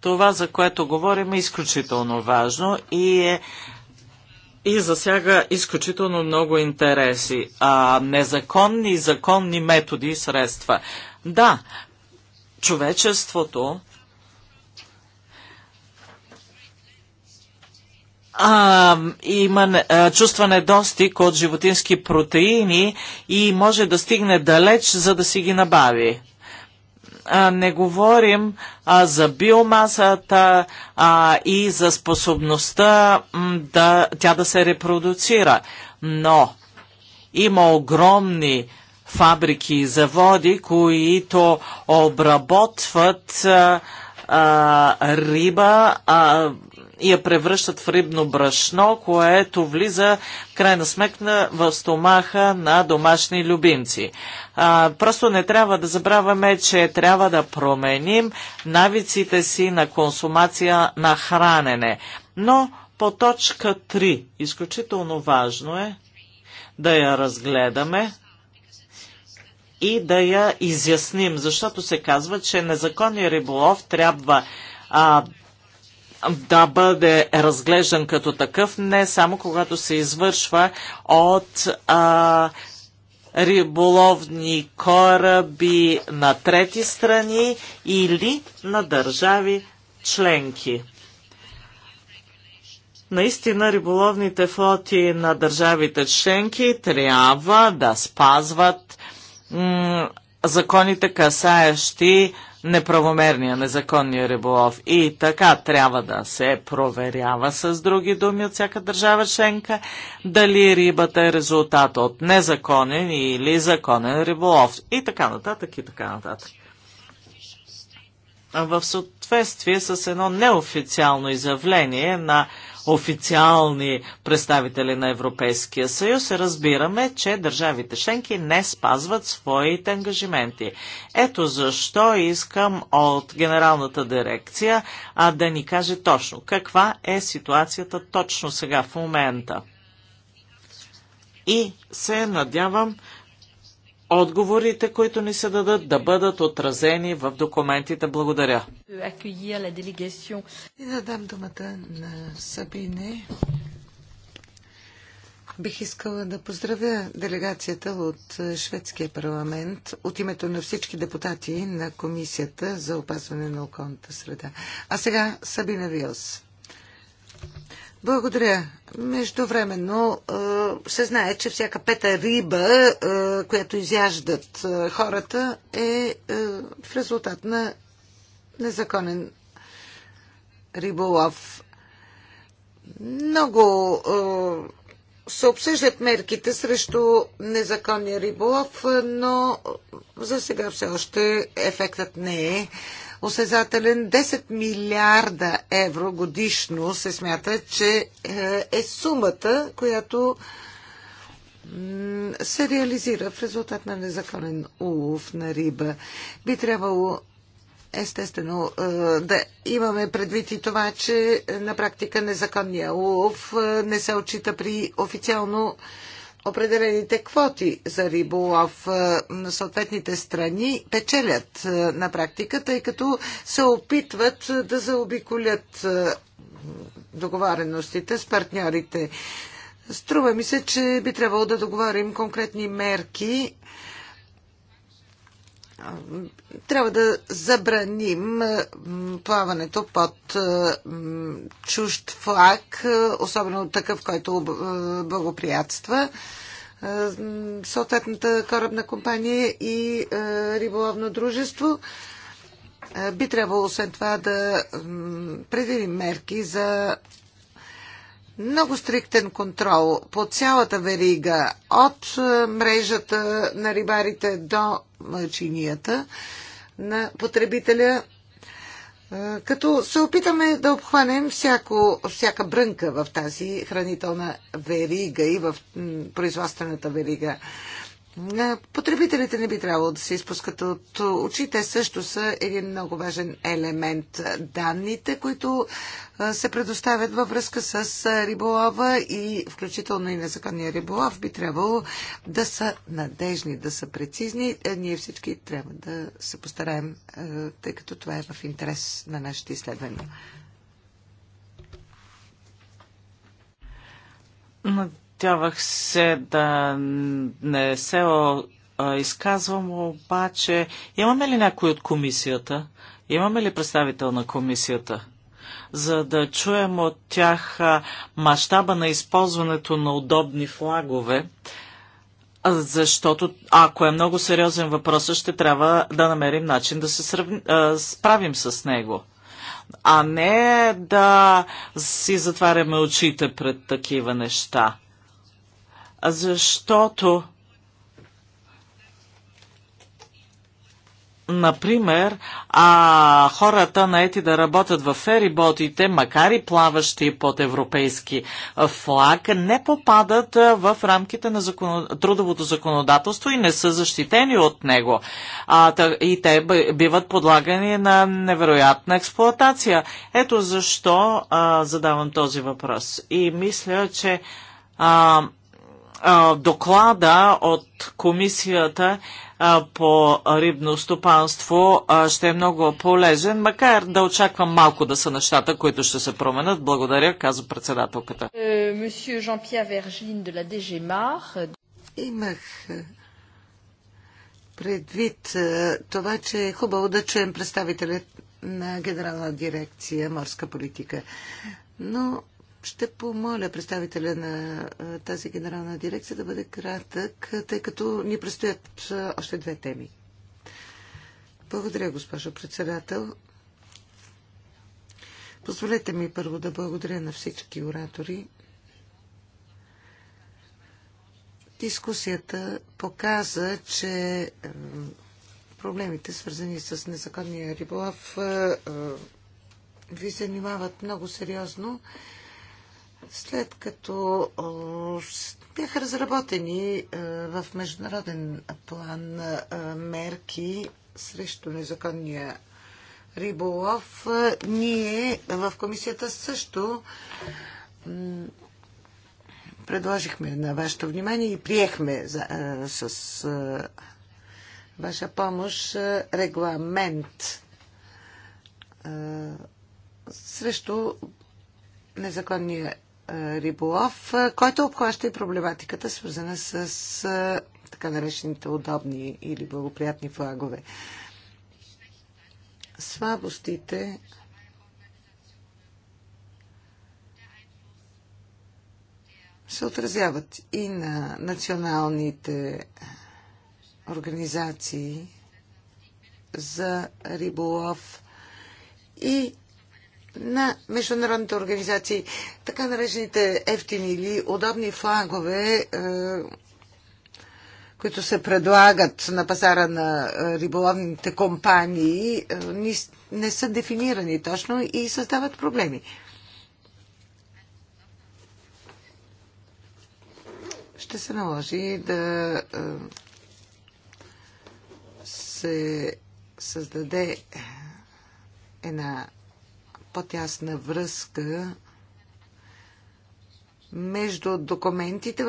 Това, за което говорим, е изключително важно и е и засяга изключително много интереси. А, незаконни и законни методи и средства. Да, човечеството а, има а, чувства недостиг от животински протеини и може да стигне далеч, за да си ги набави. А, не говорим а, за биомасата а, и за способността да, тя да се репродуцира. Но има огромни фабрики и заводи, които обработват а, а, риба, а, я превръщат в рибно брашно, което влиза в крайна сметка в стомаха на домашни любимци. А, просто не трябва да забравяме, че трябва да променим навиците си на консумация на хранене. Но по точка 3 изключително важно е да я разгледаме и да я изясним, защото се казва, че незаконния риболов трябва а, да бъде разглеждан като такъв, не само когато се извършва от а, риболовни кораби на трети страни или на държави членки. Наистина риболовните флоти на държавите членки трябва да спазват законите касаещи неправомерния, незаконния риболов. И така трябва да се проверява с други думи от всяка държава членка, дали рибата е резултат от незаконен или законен риболов. И така нататък, и така нататък. В съответствие с едно неофициално изявление на официални представители на Европейския съюз, разбираме, че държавите членки не спазват своите ангажименти. Ето защо искам от Генералната дирекция а да ни каже точно каква е ситуацията точно сега в момента. И се надявам, отговорите, които ни се дадат, да бъдат отразени в документите. Благодаря. И да дам думата на Сабине. Бих искала да поздравя делегацията от Шведския парламент от името на всички депутати на Комисията за опазване на околната среда. А сега Сабина Вилс. Благодаря. Междувременно се знае, че всяка пета риба, която изяждат хората, е в резултат на незаконен риболов. Много се обсъждат мерките срещу незаконния риболов, но за сега все още ефектът не е осезателен. 10 милиарда евро годишно се смята, че е, е сумата, която се реализира в резултат на незаконен улов на риба. Би трябвало естествено е, да имаме предвид и това, че на практика незаконния улов е, не се отчита при официално определените квоти за риболов е, на съответните страни печелят е, на практика, тъй като се опитват е, да заобиколят договореностите с партньорите. Струва ми се, че би трябвало да договорим конкретни мерки трябва да забраним плаването под чужд флаг, е, особено такъв, който е, благоприятства е, съответната корабна компания и риболовно дружество. Би трябвало, освен това, да предвидим мерки за много стриктен контрол по цялата верига, от мрежата на рибарите до чинията на потребителя, като се опитаме да обхванем всяко, всяка брънка в тази хранителна верига и в производствената верига. Потребителите не би трябвало да се изпускат от очи. Те също са един много важен елемент. Данните, които се предоставят във връзка с риболова и включително и незаконния риболов, би трябвало да са надежни, да са прецизни. Е, ние всички трябва да се постараем, тъй като това е в интерес на нашите изследвания. Опитявах се да не се изказвам, обаче имаме ли някой от комисията? Имаме ли представител на комисията? За да чуем от тях мащаба на използването на удобни флагове, защото ако е много сериозен въпрос, ще трябва да намерим начин да се а, справим с него. А не да си затваряме очите пред такива неща защото например, а, хората наети да работят в фериботите, макар и плаващи под европейски флаг, не попадат в рамките на закон... трудовото законодателство и не са защитени от него. А, и те биват подлагани на невероятна експлоатация. Ето защо а, задавам този въпрос. И мисля, че а, доклада от комисията по рибно стопанство ще е много полезен, макар да очаквам малко да са нещата, които ще се променят. Благодаря, каза председателката. Е, Имах е, предвид е, това, че е хубаво да чуем представителят на Генерална дирекция морска политика. Но ще помоля представителя на тази генерална дирекция да бъде кратък, тъй като ни предстоят още две теми. Благодаря, госпожо председател. Позволете ми първо да благодаря на всички оратори. Дискусията показа, че проблемите, свързани с незаконния риболов, ви занимават много сериозно след като бяха разработени в международен план мерки срещу незаконния риболов, ние в комисията също предложихме на вашето внимание и приехме за, с ваша помощ регламент срещу незаконния риболов, който обхваща и проблематиката, свързана с така наречените удобни или благоприятни флагове. Слабостите се отразяват и на националните организации за риболов и на международните организации. Така наречените ефтини или удобни флагове, е, които се предлагат на пазара на е, риболовните компании, е, не са дефинирани точно и създават проблеми. Ще се наложи да се създаде една по-тясна връзка между документите,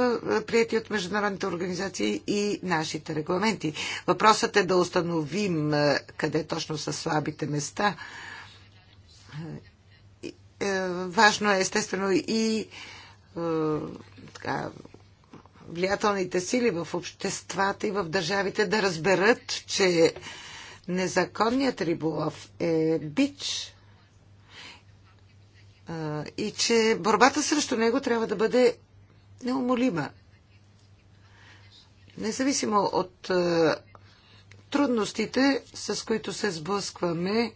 прияти от международните организации и нашите регламенти. Въпросът е да установим е, къде точно са слабите места. Е, е, важно е, естествено, и така, влиятелните сили в обществата и в държавите да разберат, че незаконният риболов е бич и че борбата срещу него трябва да бъде неумолима. Независимо от трудностите, с които се сблъскваме,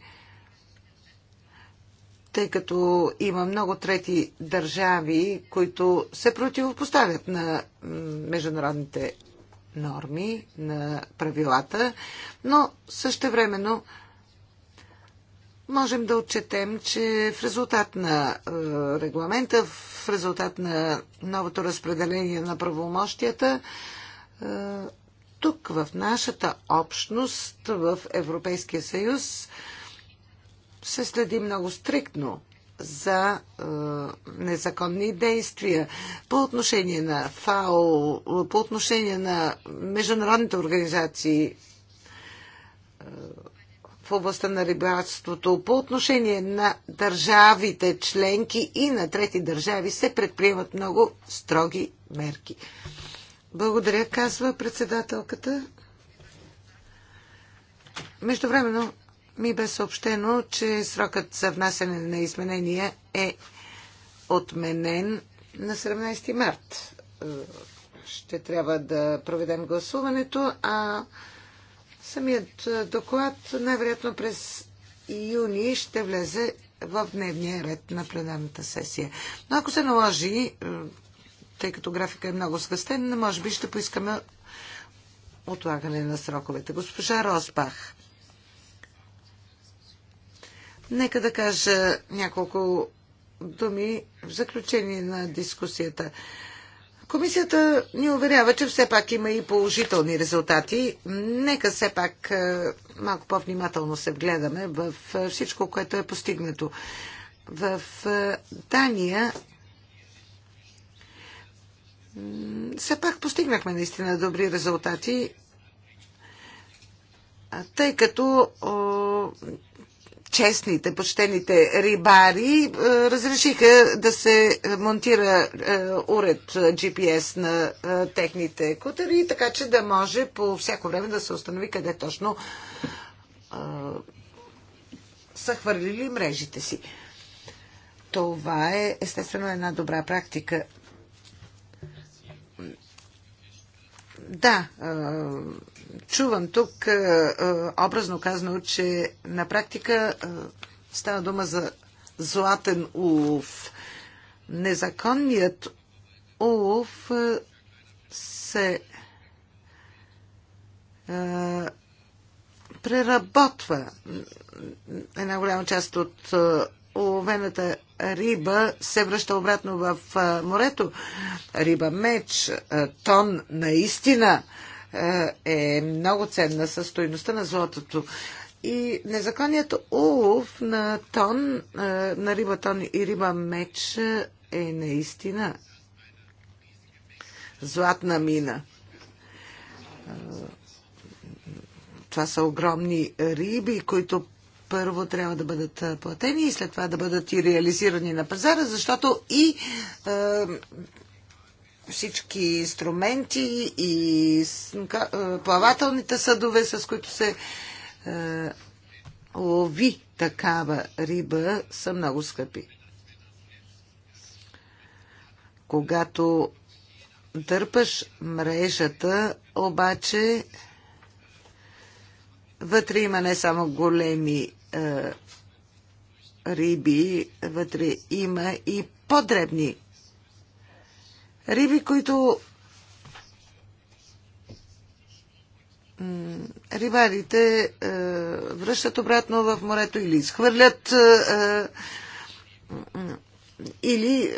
тъй като има много трети държави, които се противопоставят на международните норми, на правилата, но също времено можем да отчетем, че в резултат на е, регламента, в резултат на новото разпределение на правомощията, е, тук в нашата общност в Европейския съюз се следи много стриктно за е, незаконни действия по отношение на ФАО, по отношение на международните организации областта на рибарството по отношение на държавите членки и на трети държави се предприемат много строги мерки. Благодаря, казва председателката. Междувременно ми бе съобщено, че срокът за внасяне на изменения е отменен на 17 март. Ще трябва да проведем гласуването, а Самият доклад най-вероятно през юни ще влезе в дневния ред на пленарната сесия. Но ако се наложи, тъй като графика е много свестен, може би ще поискаме отлагане на сроковете. Госпожа Росбах, нека да кажа няколко думи в заключение на дискусията. Комисията ни уверява, че все пак има и положителни резултати. Нека все пак е, малко по-внимателно се вгледаме в е, всичко, което е постигнато. В е, Дания все пак постигнахме наистина добри резултати, тъй като честните, почтените рибари е, разрешиха да се монтира е, уред е, GPS на техните кутери, така че да може по всяко време да се установи къде точно са хвърлили мрежите си. Това е естествено една добра практика. Да, чувам тук, е, е, образно казано, че на практика е, става дума за златен улов. Незаконният улов се преработва. Една голяма част от уловената риба се връща обратно в морето. Риба меч, тон наистина е, е много ценна със стоиността на златото. И незаконният улов на тон, е, на риба тон и риба меч е наистина златна мина. Е, това са огромни риби, които първо трябва да бъдат платени и след това да бъдат и реализирани на пазара, защото и всички инструменти и е, плавателните съдове, с които се е, лови такава риба, са много скъпи. Когато дърпаш мрежата, обаче вътре има не само големи е, риби, вътре има и по-дребни Риби, които рибарите е, връщат обратно в морето или изхвърлят е, е или е,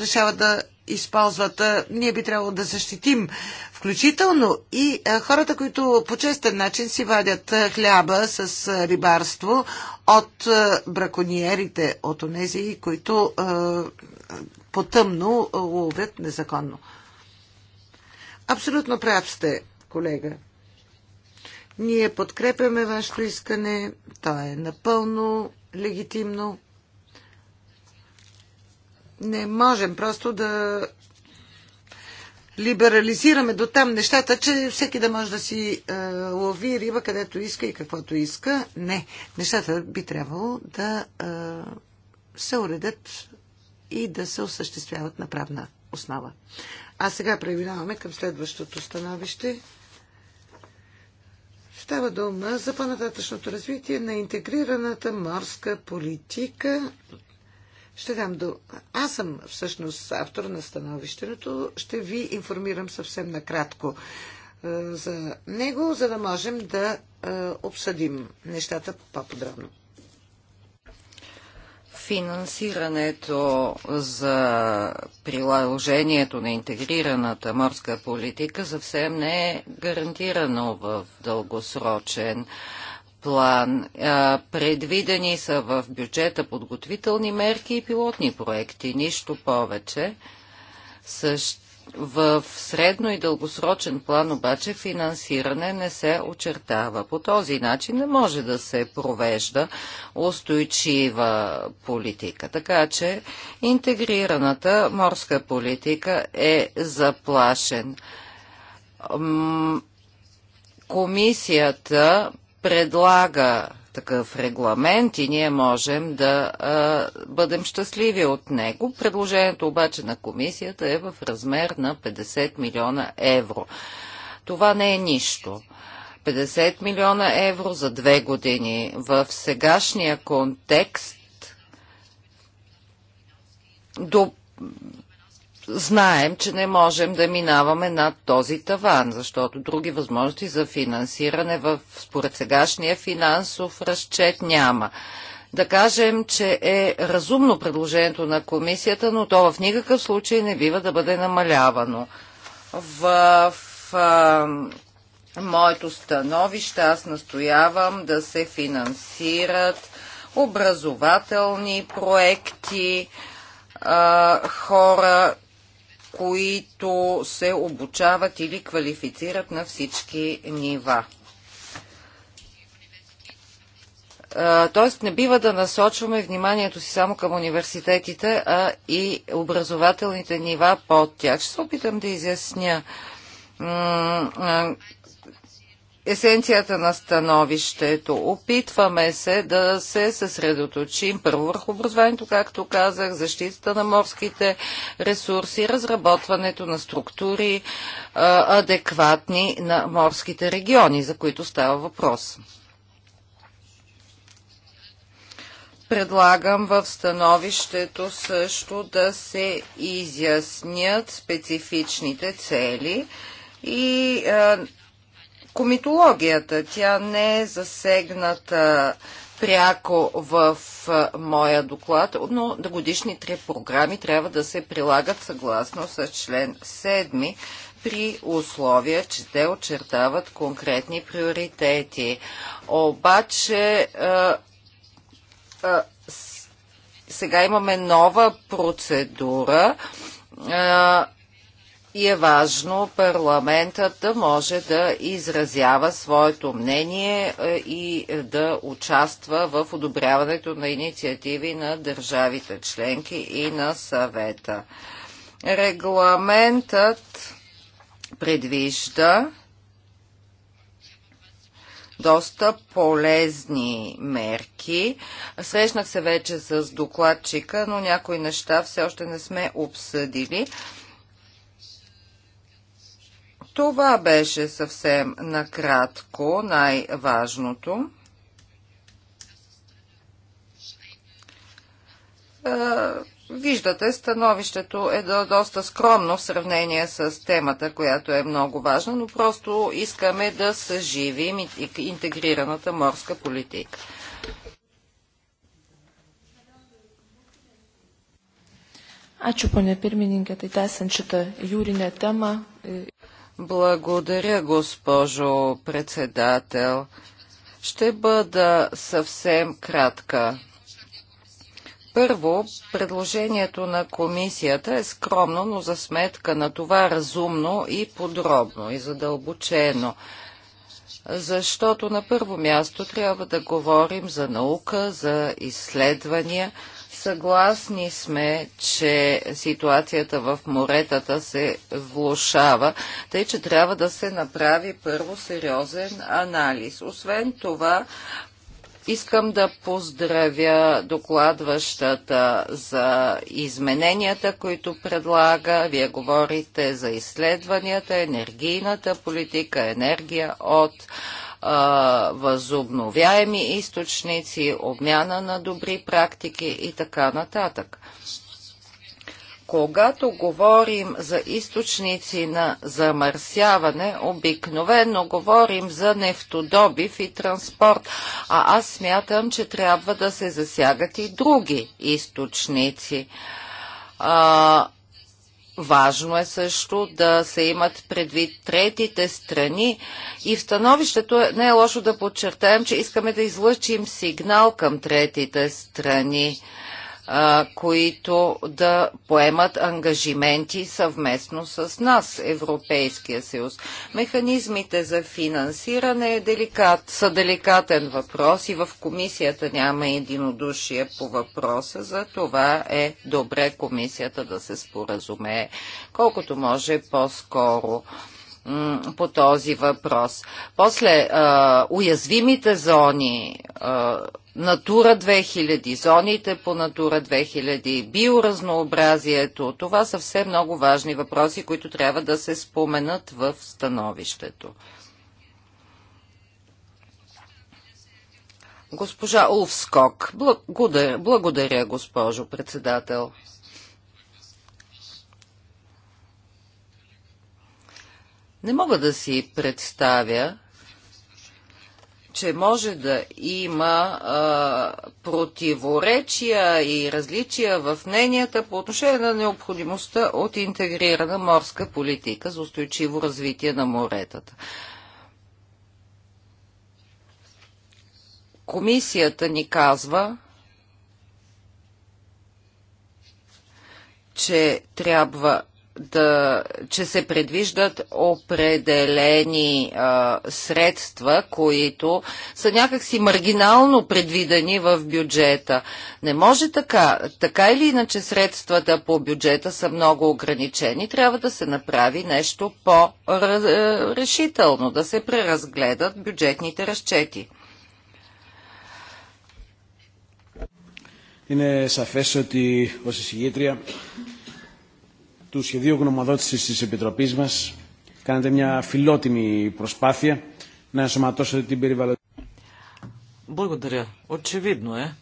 решават да използват. Е, ние би трябвало да защитим включително и е, хората, които по честен начин си вадят е, хляба с е, рибарство от е, браконьерите, от онези, които е, потъмно ловят незаконно. Абсолютно прав сте, колега. Ние подкрепяме вашето искане. То е напълно легитимно. Не можем просто да либерализираме до там нещата, че всеки да може да си е, лови риба където иска и каквото иска. Не. Нещата би трябвало да е, се уредят и да се осъществяват на правна основа. А сега преминаваме към следващото становище. Става дума за по-нататъчното развитие на интегрираната морска политика. Ще дам до... Аз съм всъщност автор на становището. Ще ви информирам съвсем накратко е, за него, за да можем да е, обсъдим нещата по-подробно финансирането за приложението на интегрираната морска политика съвсем не е гарантирано в дългосрочен план. Предвидени са в бюджета подготвителни мерки и пилотни проекти, нищо повече. Също в средно и дългосрочен план обаче финансиране не се очертава. По този начин не може да се провежда устойчива политика. Така че интегрираната морска политика е заплашен. Комисията предлага такъв регламент и ние можем да а, бъдем щастливи от него. Предложението обаче на комисията е в размер на 50 милиона евро. Това не е нищо. 50 милиона евро за две години. В сегашния контекст до знаем, че не можем да минаваме над този таван, защото други възможности за финансиране в, според сегашния финансов разчет няма. Да кажем, че е разумно предложението на комисията, но то в никакъв случай не бива да бъде намалявано. В, в а, моето становище аз настоявам да се финансират образователни проекти, а, хора, които се обучават или квалифицират на всички нива. Тоест не бива да насочваме вниманието си само към университетите, а и образователните нива под тях. Ще се опитам да изясня есенцията на становището. Опитваме се да се съсредоточим първо върху образованието, както казах, защитата на морските ресурси, разработването на структури а, адекватни на морските региони, за които става въпрос. Предлагам в становището също да се изяснят специфичните цели и а, комитологията. Тя не е засегната пряко в моя доклад, но годишните програми трябва да се прилагат съгласно с член 7 при условия, че те очертават конкретни приоритети. Обаче сега имаме нова процедура и е важно парламентът да може да изразява своето мнение е, и да участва в одобряването на инициативи на държавите членки и на съвета. Регламентът предвижда доста полезни мерки. Срещнах се вече с докладчика, но някои неща все още не сме обсъдили. Това беше съвсем накратко най-важното. Виждате, становището е доста скромно в сравнение с темата, която е много важна, но просто искаме да съживим интегрираната морска политика. Ačiū, ponė pirmininkė, tai tęsiant šitą jūrinę temą. Благодаря, госпожо председател. Ще бъда съвсем кратка. Първо, предложението на комисията е скромно, но за сметка на това разумно и подробно и задълбочено. Защото на първо място трябва да говорим за наука, за изследвания, Съгласни сме, че ситуацията в моретата се влушава, тъй че трябва да се направи първо сериозен анализ. Освен това, Искам да поздравя докладващата за измененията, които предлага. Вие говорите за изследванията, енергийната политика, енергия от възобновяеми източници, обмяна на добри практики и така нататък. Когато говорим за източници на замърсяване, обикновено говорим за нефтодобив и транспорт, а аз смятам, че трябва да се засягат и други източници. А, Важно е също да се имат предвид третите страни и в становището е- не е лошо да подчертаем, че искаме да излъчим сигнал към третите страни които да поемат ангажименти съвместно с нас, Европейския съюз. Механизмите за финансиране е деликат, са деликатен въпрос и в комисията няма единодушие по въпроса, за това е добре комисията да се споразумее колкото може по-скоро по този въпрос. После а, уязвимите зони, а, Натура 2000, зоните по Натура 2000, биоразнообразието, това са все много важни въпроси, които трябва да се споменат в становището. Госпожа Улфскок, благодаря, благодаря госпожо председател. Не мога да си представя, че може да има а, противоречия и различия в мненията по отношение на необходимостта от интегрирана морска политика за устойчиво развитие на моретата. Комисията ни казва, че трябва да, че се предвиждат определени а, средства, които са някакси маргинално предвидени в бюджета. Не може така. Така или иначе средствата по бюджета са много ограничени. Трябва да се направи нещо по-решително, да се преразгледат бюджетните разчети. Είναι σαφές ότι ως εισηγήτρια του σχεδίου γνωμοδότησης της Επιτροπής μας. Κάνετε μια φιλότιμη προσπάθεια να ενσωματώσετε την περιβαλλοντική. Благодаря. Очевидно е,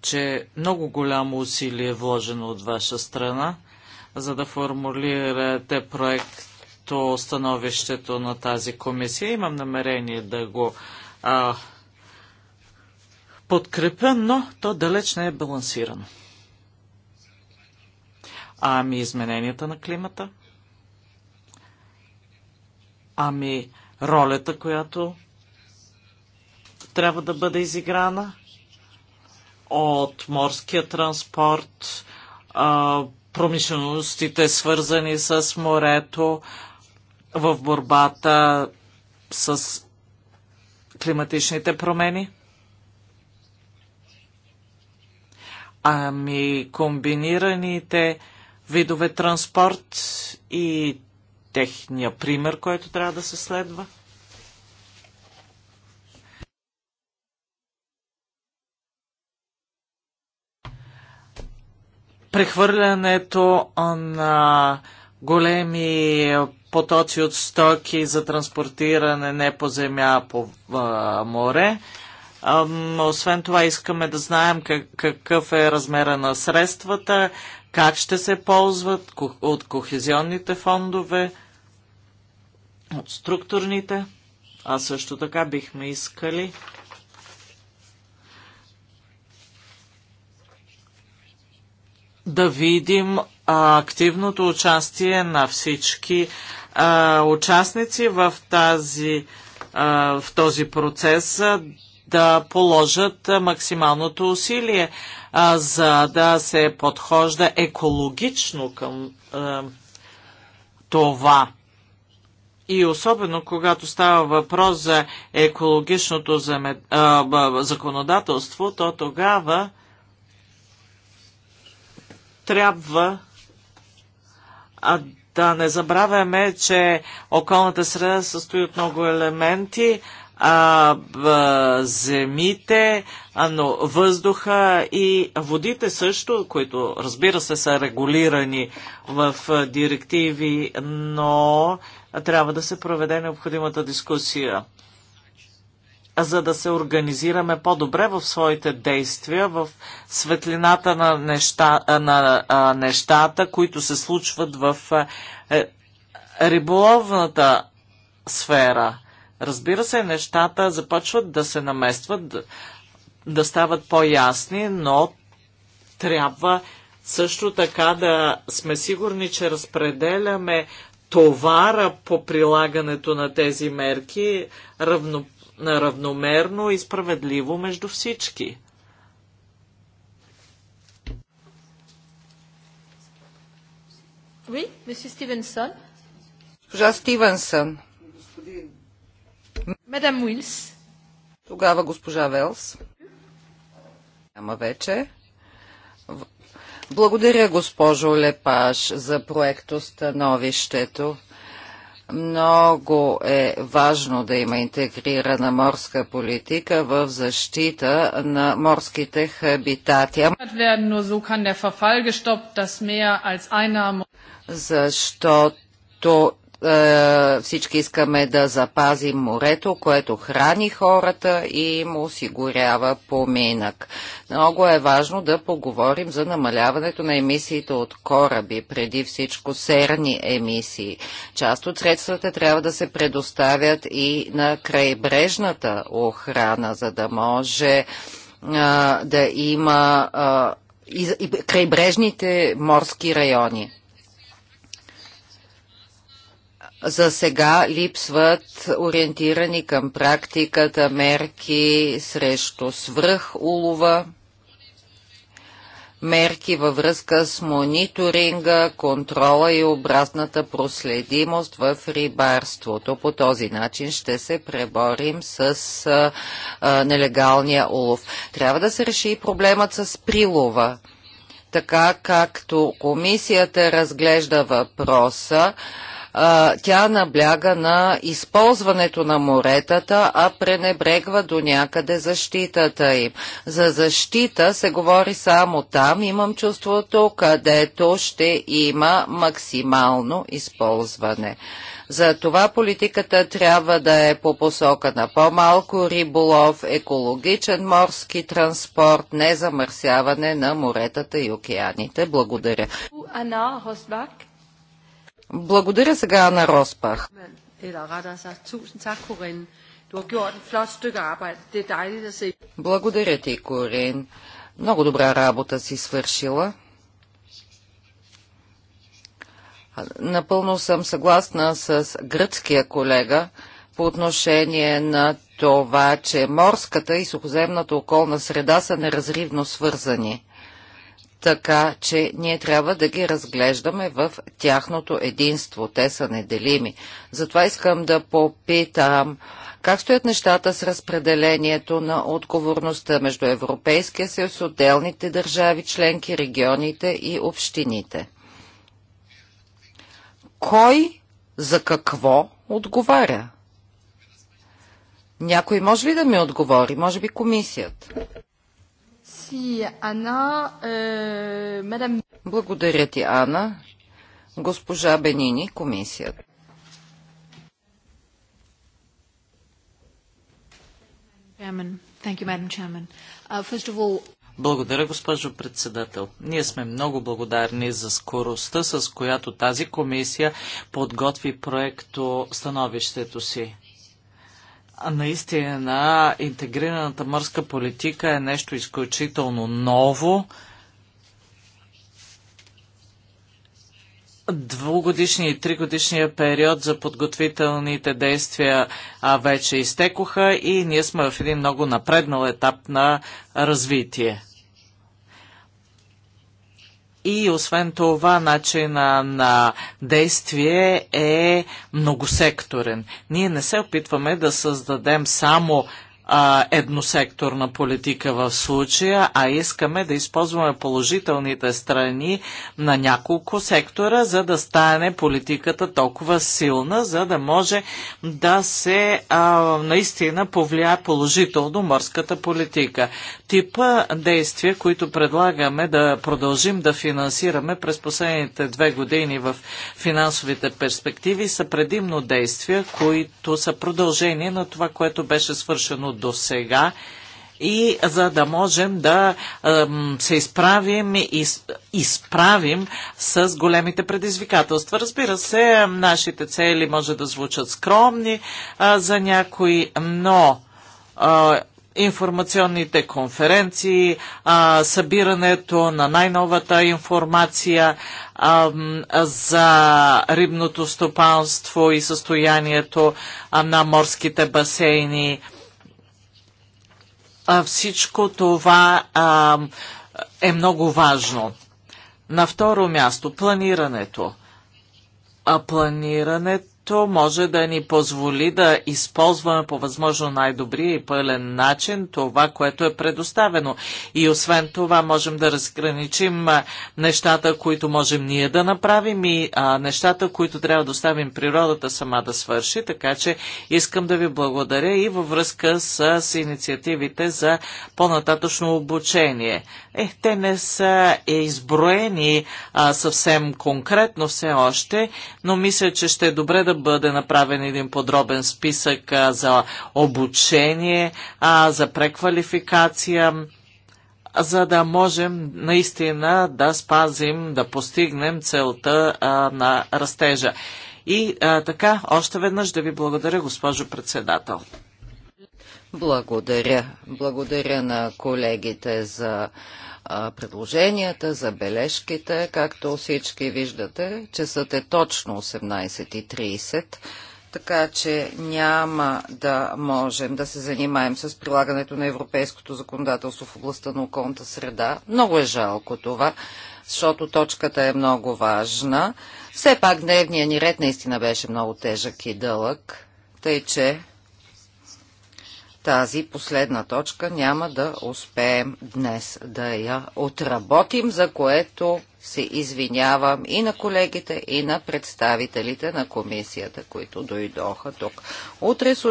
че много голямо усилие е вложено от ваша страна, за да формулирате проекто становището на тази комисия. Имам намерение да го а, подкрепя, но то далеч не е балансирано. Ами измененията на климата? Ами ролята, която трябва да бъде изиграна от морския транспорт, промишленостите свързани с морето в борбата с климатичните промени? Ами комбинираните видове транспорт и техния пример, който трябва да се следва? Прехвърлянето на големи потоци от стоки за транспортиране не по земя, а по а, море. А, освен това искаме да знаем как, какъв е размера на средствата, как ще се ползват от кохезионните фондове, от структурните, а също така бихме искали да видим а, активното участие на всички а, участници в, тази, а, в този процес, да положат максималното усилие, за да се подхожда екологично към това. И особено когато става въпрос за екологичното законодателство, то тогава трябва да не забравяме, че околната среда състои от много елементи, а, а, земите, а, но въздуха и водите също, които разбира се са регулирани в а, директиви, но а, трябва да се проведе необходимата дискусия за да се организираме по-добре в своите действия, в светлината на, неща, на а, нещата, които се случват в е, риболовната сфера. Разбира се, нещата започват да се наместват, да, стават по-ясни, но трябва също така да сме сигурни, че разпределяме товара по прилагането на тези мерки равно, равномерно и справедливо между всички. Oui, Госпожа Стивенсън. Мадам Уилс. Тогава госпожа Велс. Няма вече. Благодаря, госпожо Лепаш, за проекто становището. Много е важно да има интегрирана морска политика в защита на морските хабитати. Защото е, всички искаме да запазим морето, което храни хората и им осигурява поминък. Много е важно да поговорим за намаляването на емисиите от кораби, преди всичко серни емисии. Част от средствата трябва да се предоставят и на крайбрежната охрана, за да може а, да има а, и, и крайбрежните морски райони. За сега липсват ориентирани към практиката мерки срещу свръх улова, мерки във връзка с мониторинга, контрола и обратната проследимост в рибарството. По този начин ще се преборим с а, а, нелегалния улов. Трябва да се реши и проблемът с прилова. Така както комисията разглежда въпроса, тя набляга на използването на моретата, а пренебрегва до някъде защитата им. За защита се говори само там, имам чувството, където ще има максимално използване. За това политиката трябва да е по посока на по-малко риболов, екологичен морски транспорт, незамърсяване на моретата и океаните. Благодаря. Хосбак. Благодаря сега на Роспах. Er Благодаря ти, Корин. Много добра работа си свършила. Напълно съм съгласна с гръцкия колега по отношение на това, че морската и сухоземната околна среда са неразривно свързани така че ние трябва да ги разглеждаме в тяхното единство. Те са неделими. Затова искам да попитам как стоят нещата с разпределението на отговорността между Европейския съюз, отделните държави, членки, регионите и общините. Кой за какво отговаря? Някой може ли да ми отговори? Може би комисията. Merci, Anna. Euh, madame... Благодаря ти, Ана. Госпожа Бенини, комисията. Uh, Благодаря, госпожо председател. Ние сме много благодарни за скоростта, с която тази комисия подготви проекто становището си. Наистина, интегрираната морска политика е нещо изключително ново. двугодишния и тригодишния период за подготвителните действия а, вече изтекоха и ние сме в един много напреднал етап на развитие. И освен това, начина на действие е многосекторен. Ние не се опитваме да създадем само а, едносекторна политика в случая, а искаме да използваме положителните страни на няколко сектора, за да стане политиката толкова силна, за да може да се а, наистина повлияе положително морската политика. Типа действия, които предлагаме да продължим да финансираме през последните две години в финансовите перспективи, са предимно действия, които са продължение на това, което беше свършено до сега и за да можем да се изправим и изправим с големите предизвикателства. Разбира се, нашите цели може да звучат скромни за някои, но информационните конференции, събирането на най-новата информация за рибното стопанство и състоянието на морските басейни – всичко това а, е много важно. На второ място, планирането. А планирането то може да ни позволи да използваме по възможно най-добрия и пълен начин това, което е предоставено. И освен това можем да разграничим нещата, които можем ние да направим и а, нещата, които трябва да оставим природата сама да свърши. Така че искам да ви благодаря и във връзка с, с инициативите за по-нататъчно обучение. Е, те не са е, изброени а, съвсем конкретно все още, но мисля, че ще е добре да да бъде направен един подробен списък а, за обучение, а, за преквалификация, за да можем наистина да спазим, да постигнем целта а, на растежа. И а, така, още веднъж да ви благодаря, госпожо председател. Благодаря. Благодаря на колегите за предложенията, забележките, както всички виждате, часът е точно 18.30 така че няма да можем да се занимаем с прилагането на европейското законодателство в областта на околната среда. Много е жалко това, защото точката е много важна. Все пак дневният ни ред наистина беше много тежък и дълъг, тъй че тази последна точка няма да успеем днес да я отработим, за което се извинявам и на колегите, и на представителите на комисията, които дойдоха тук. Утре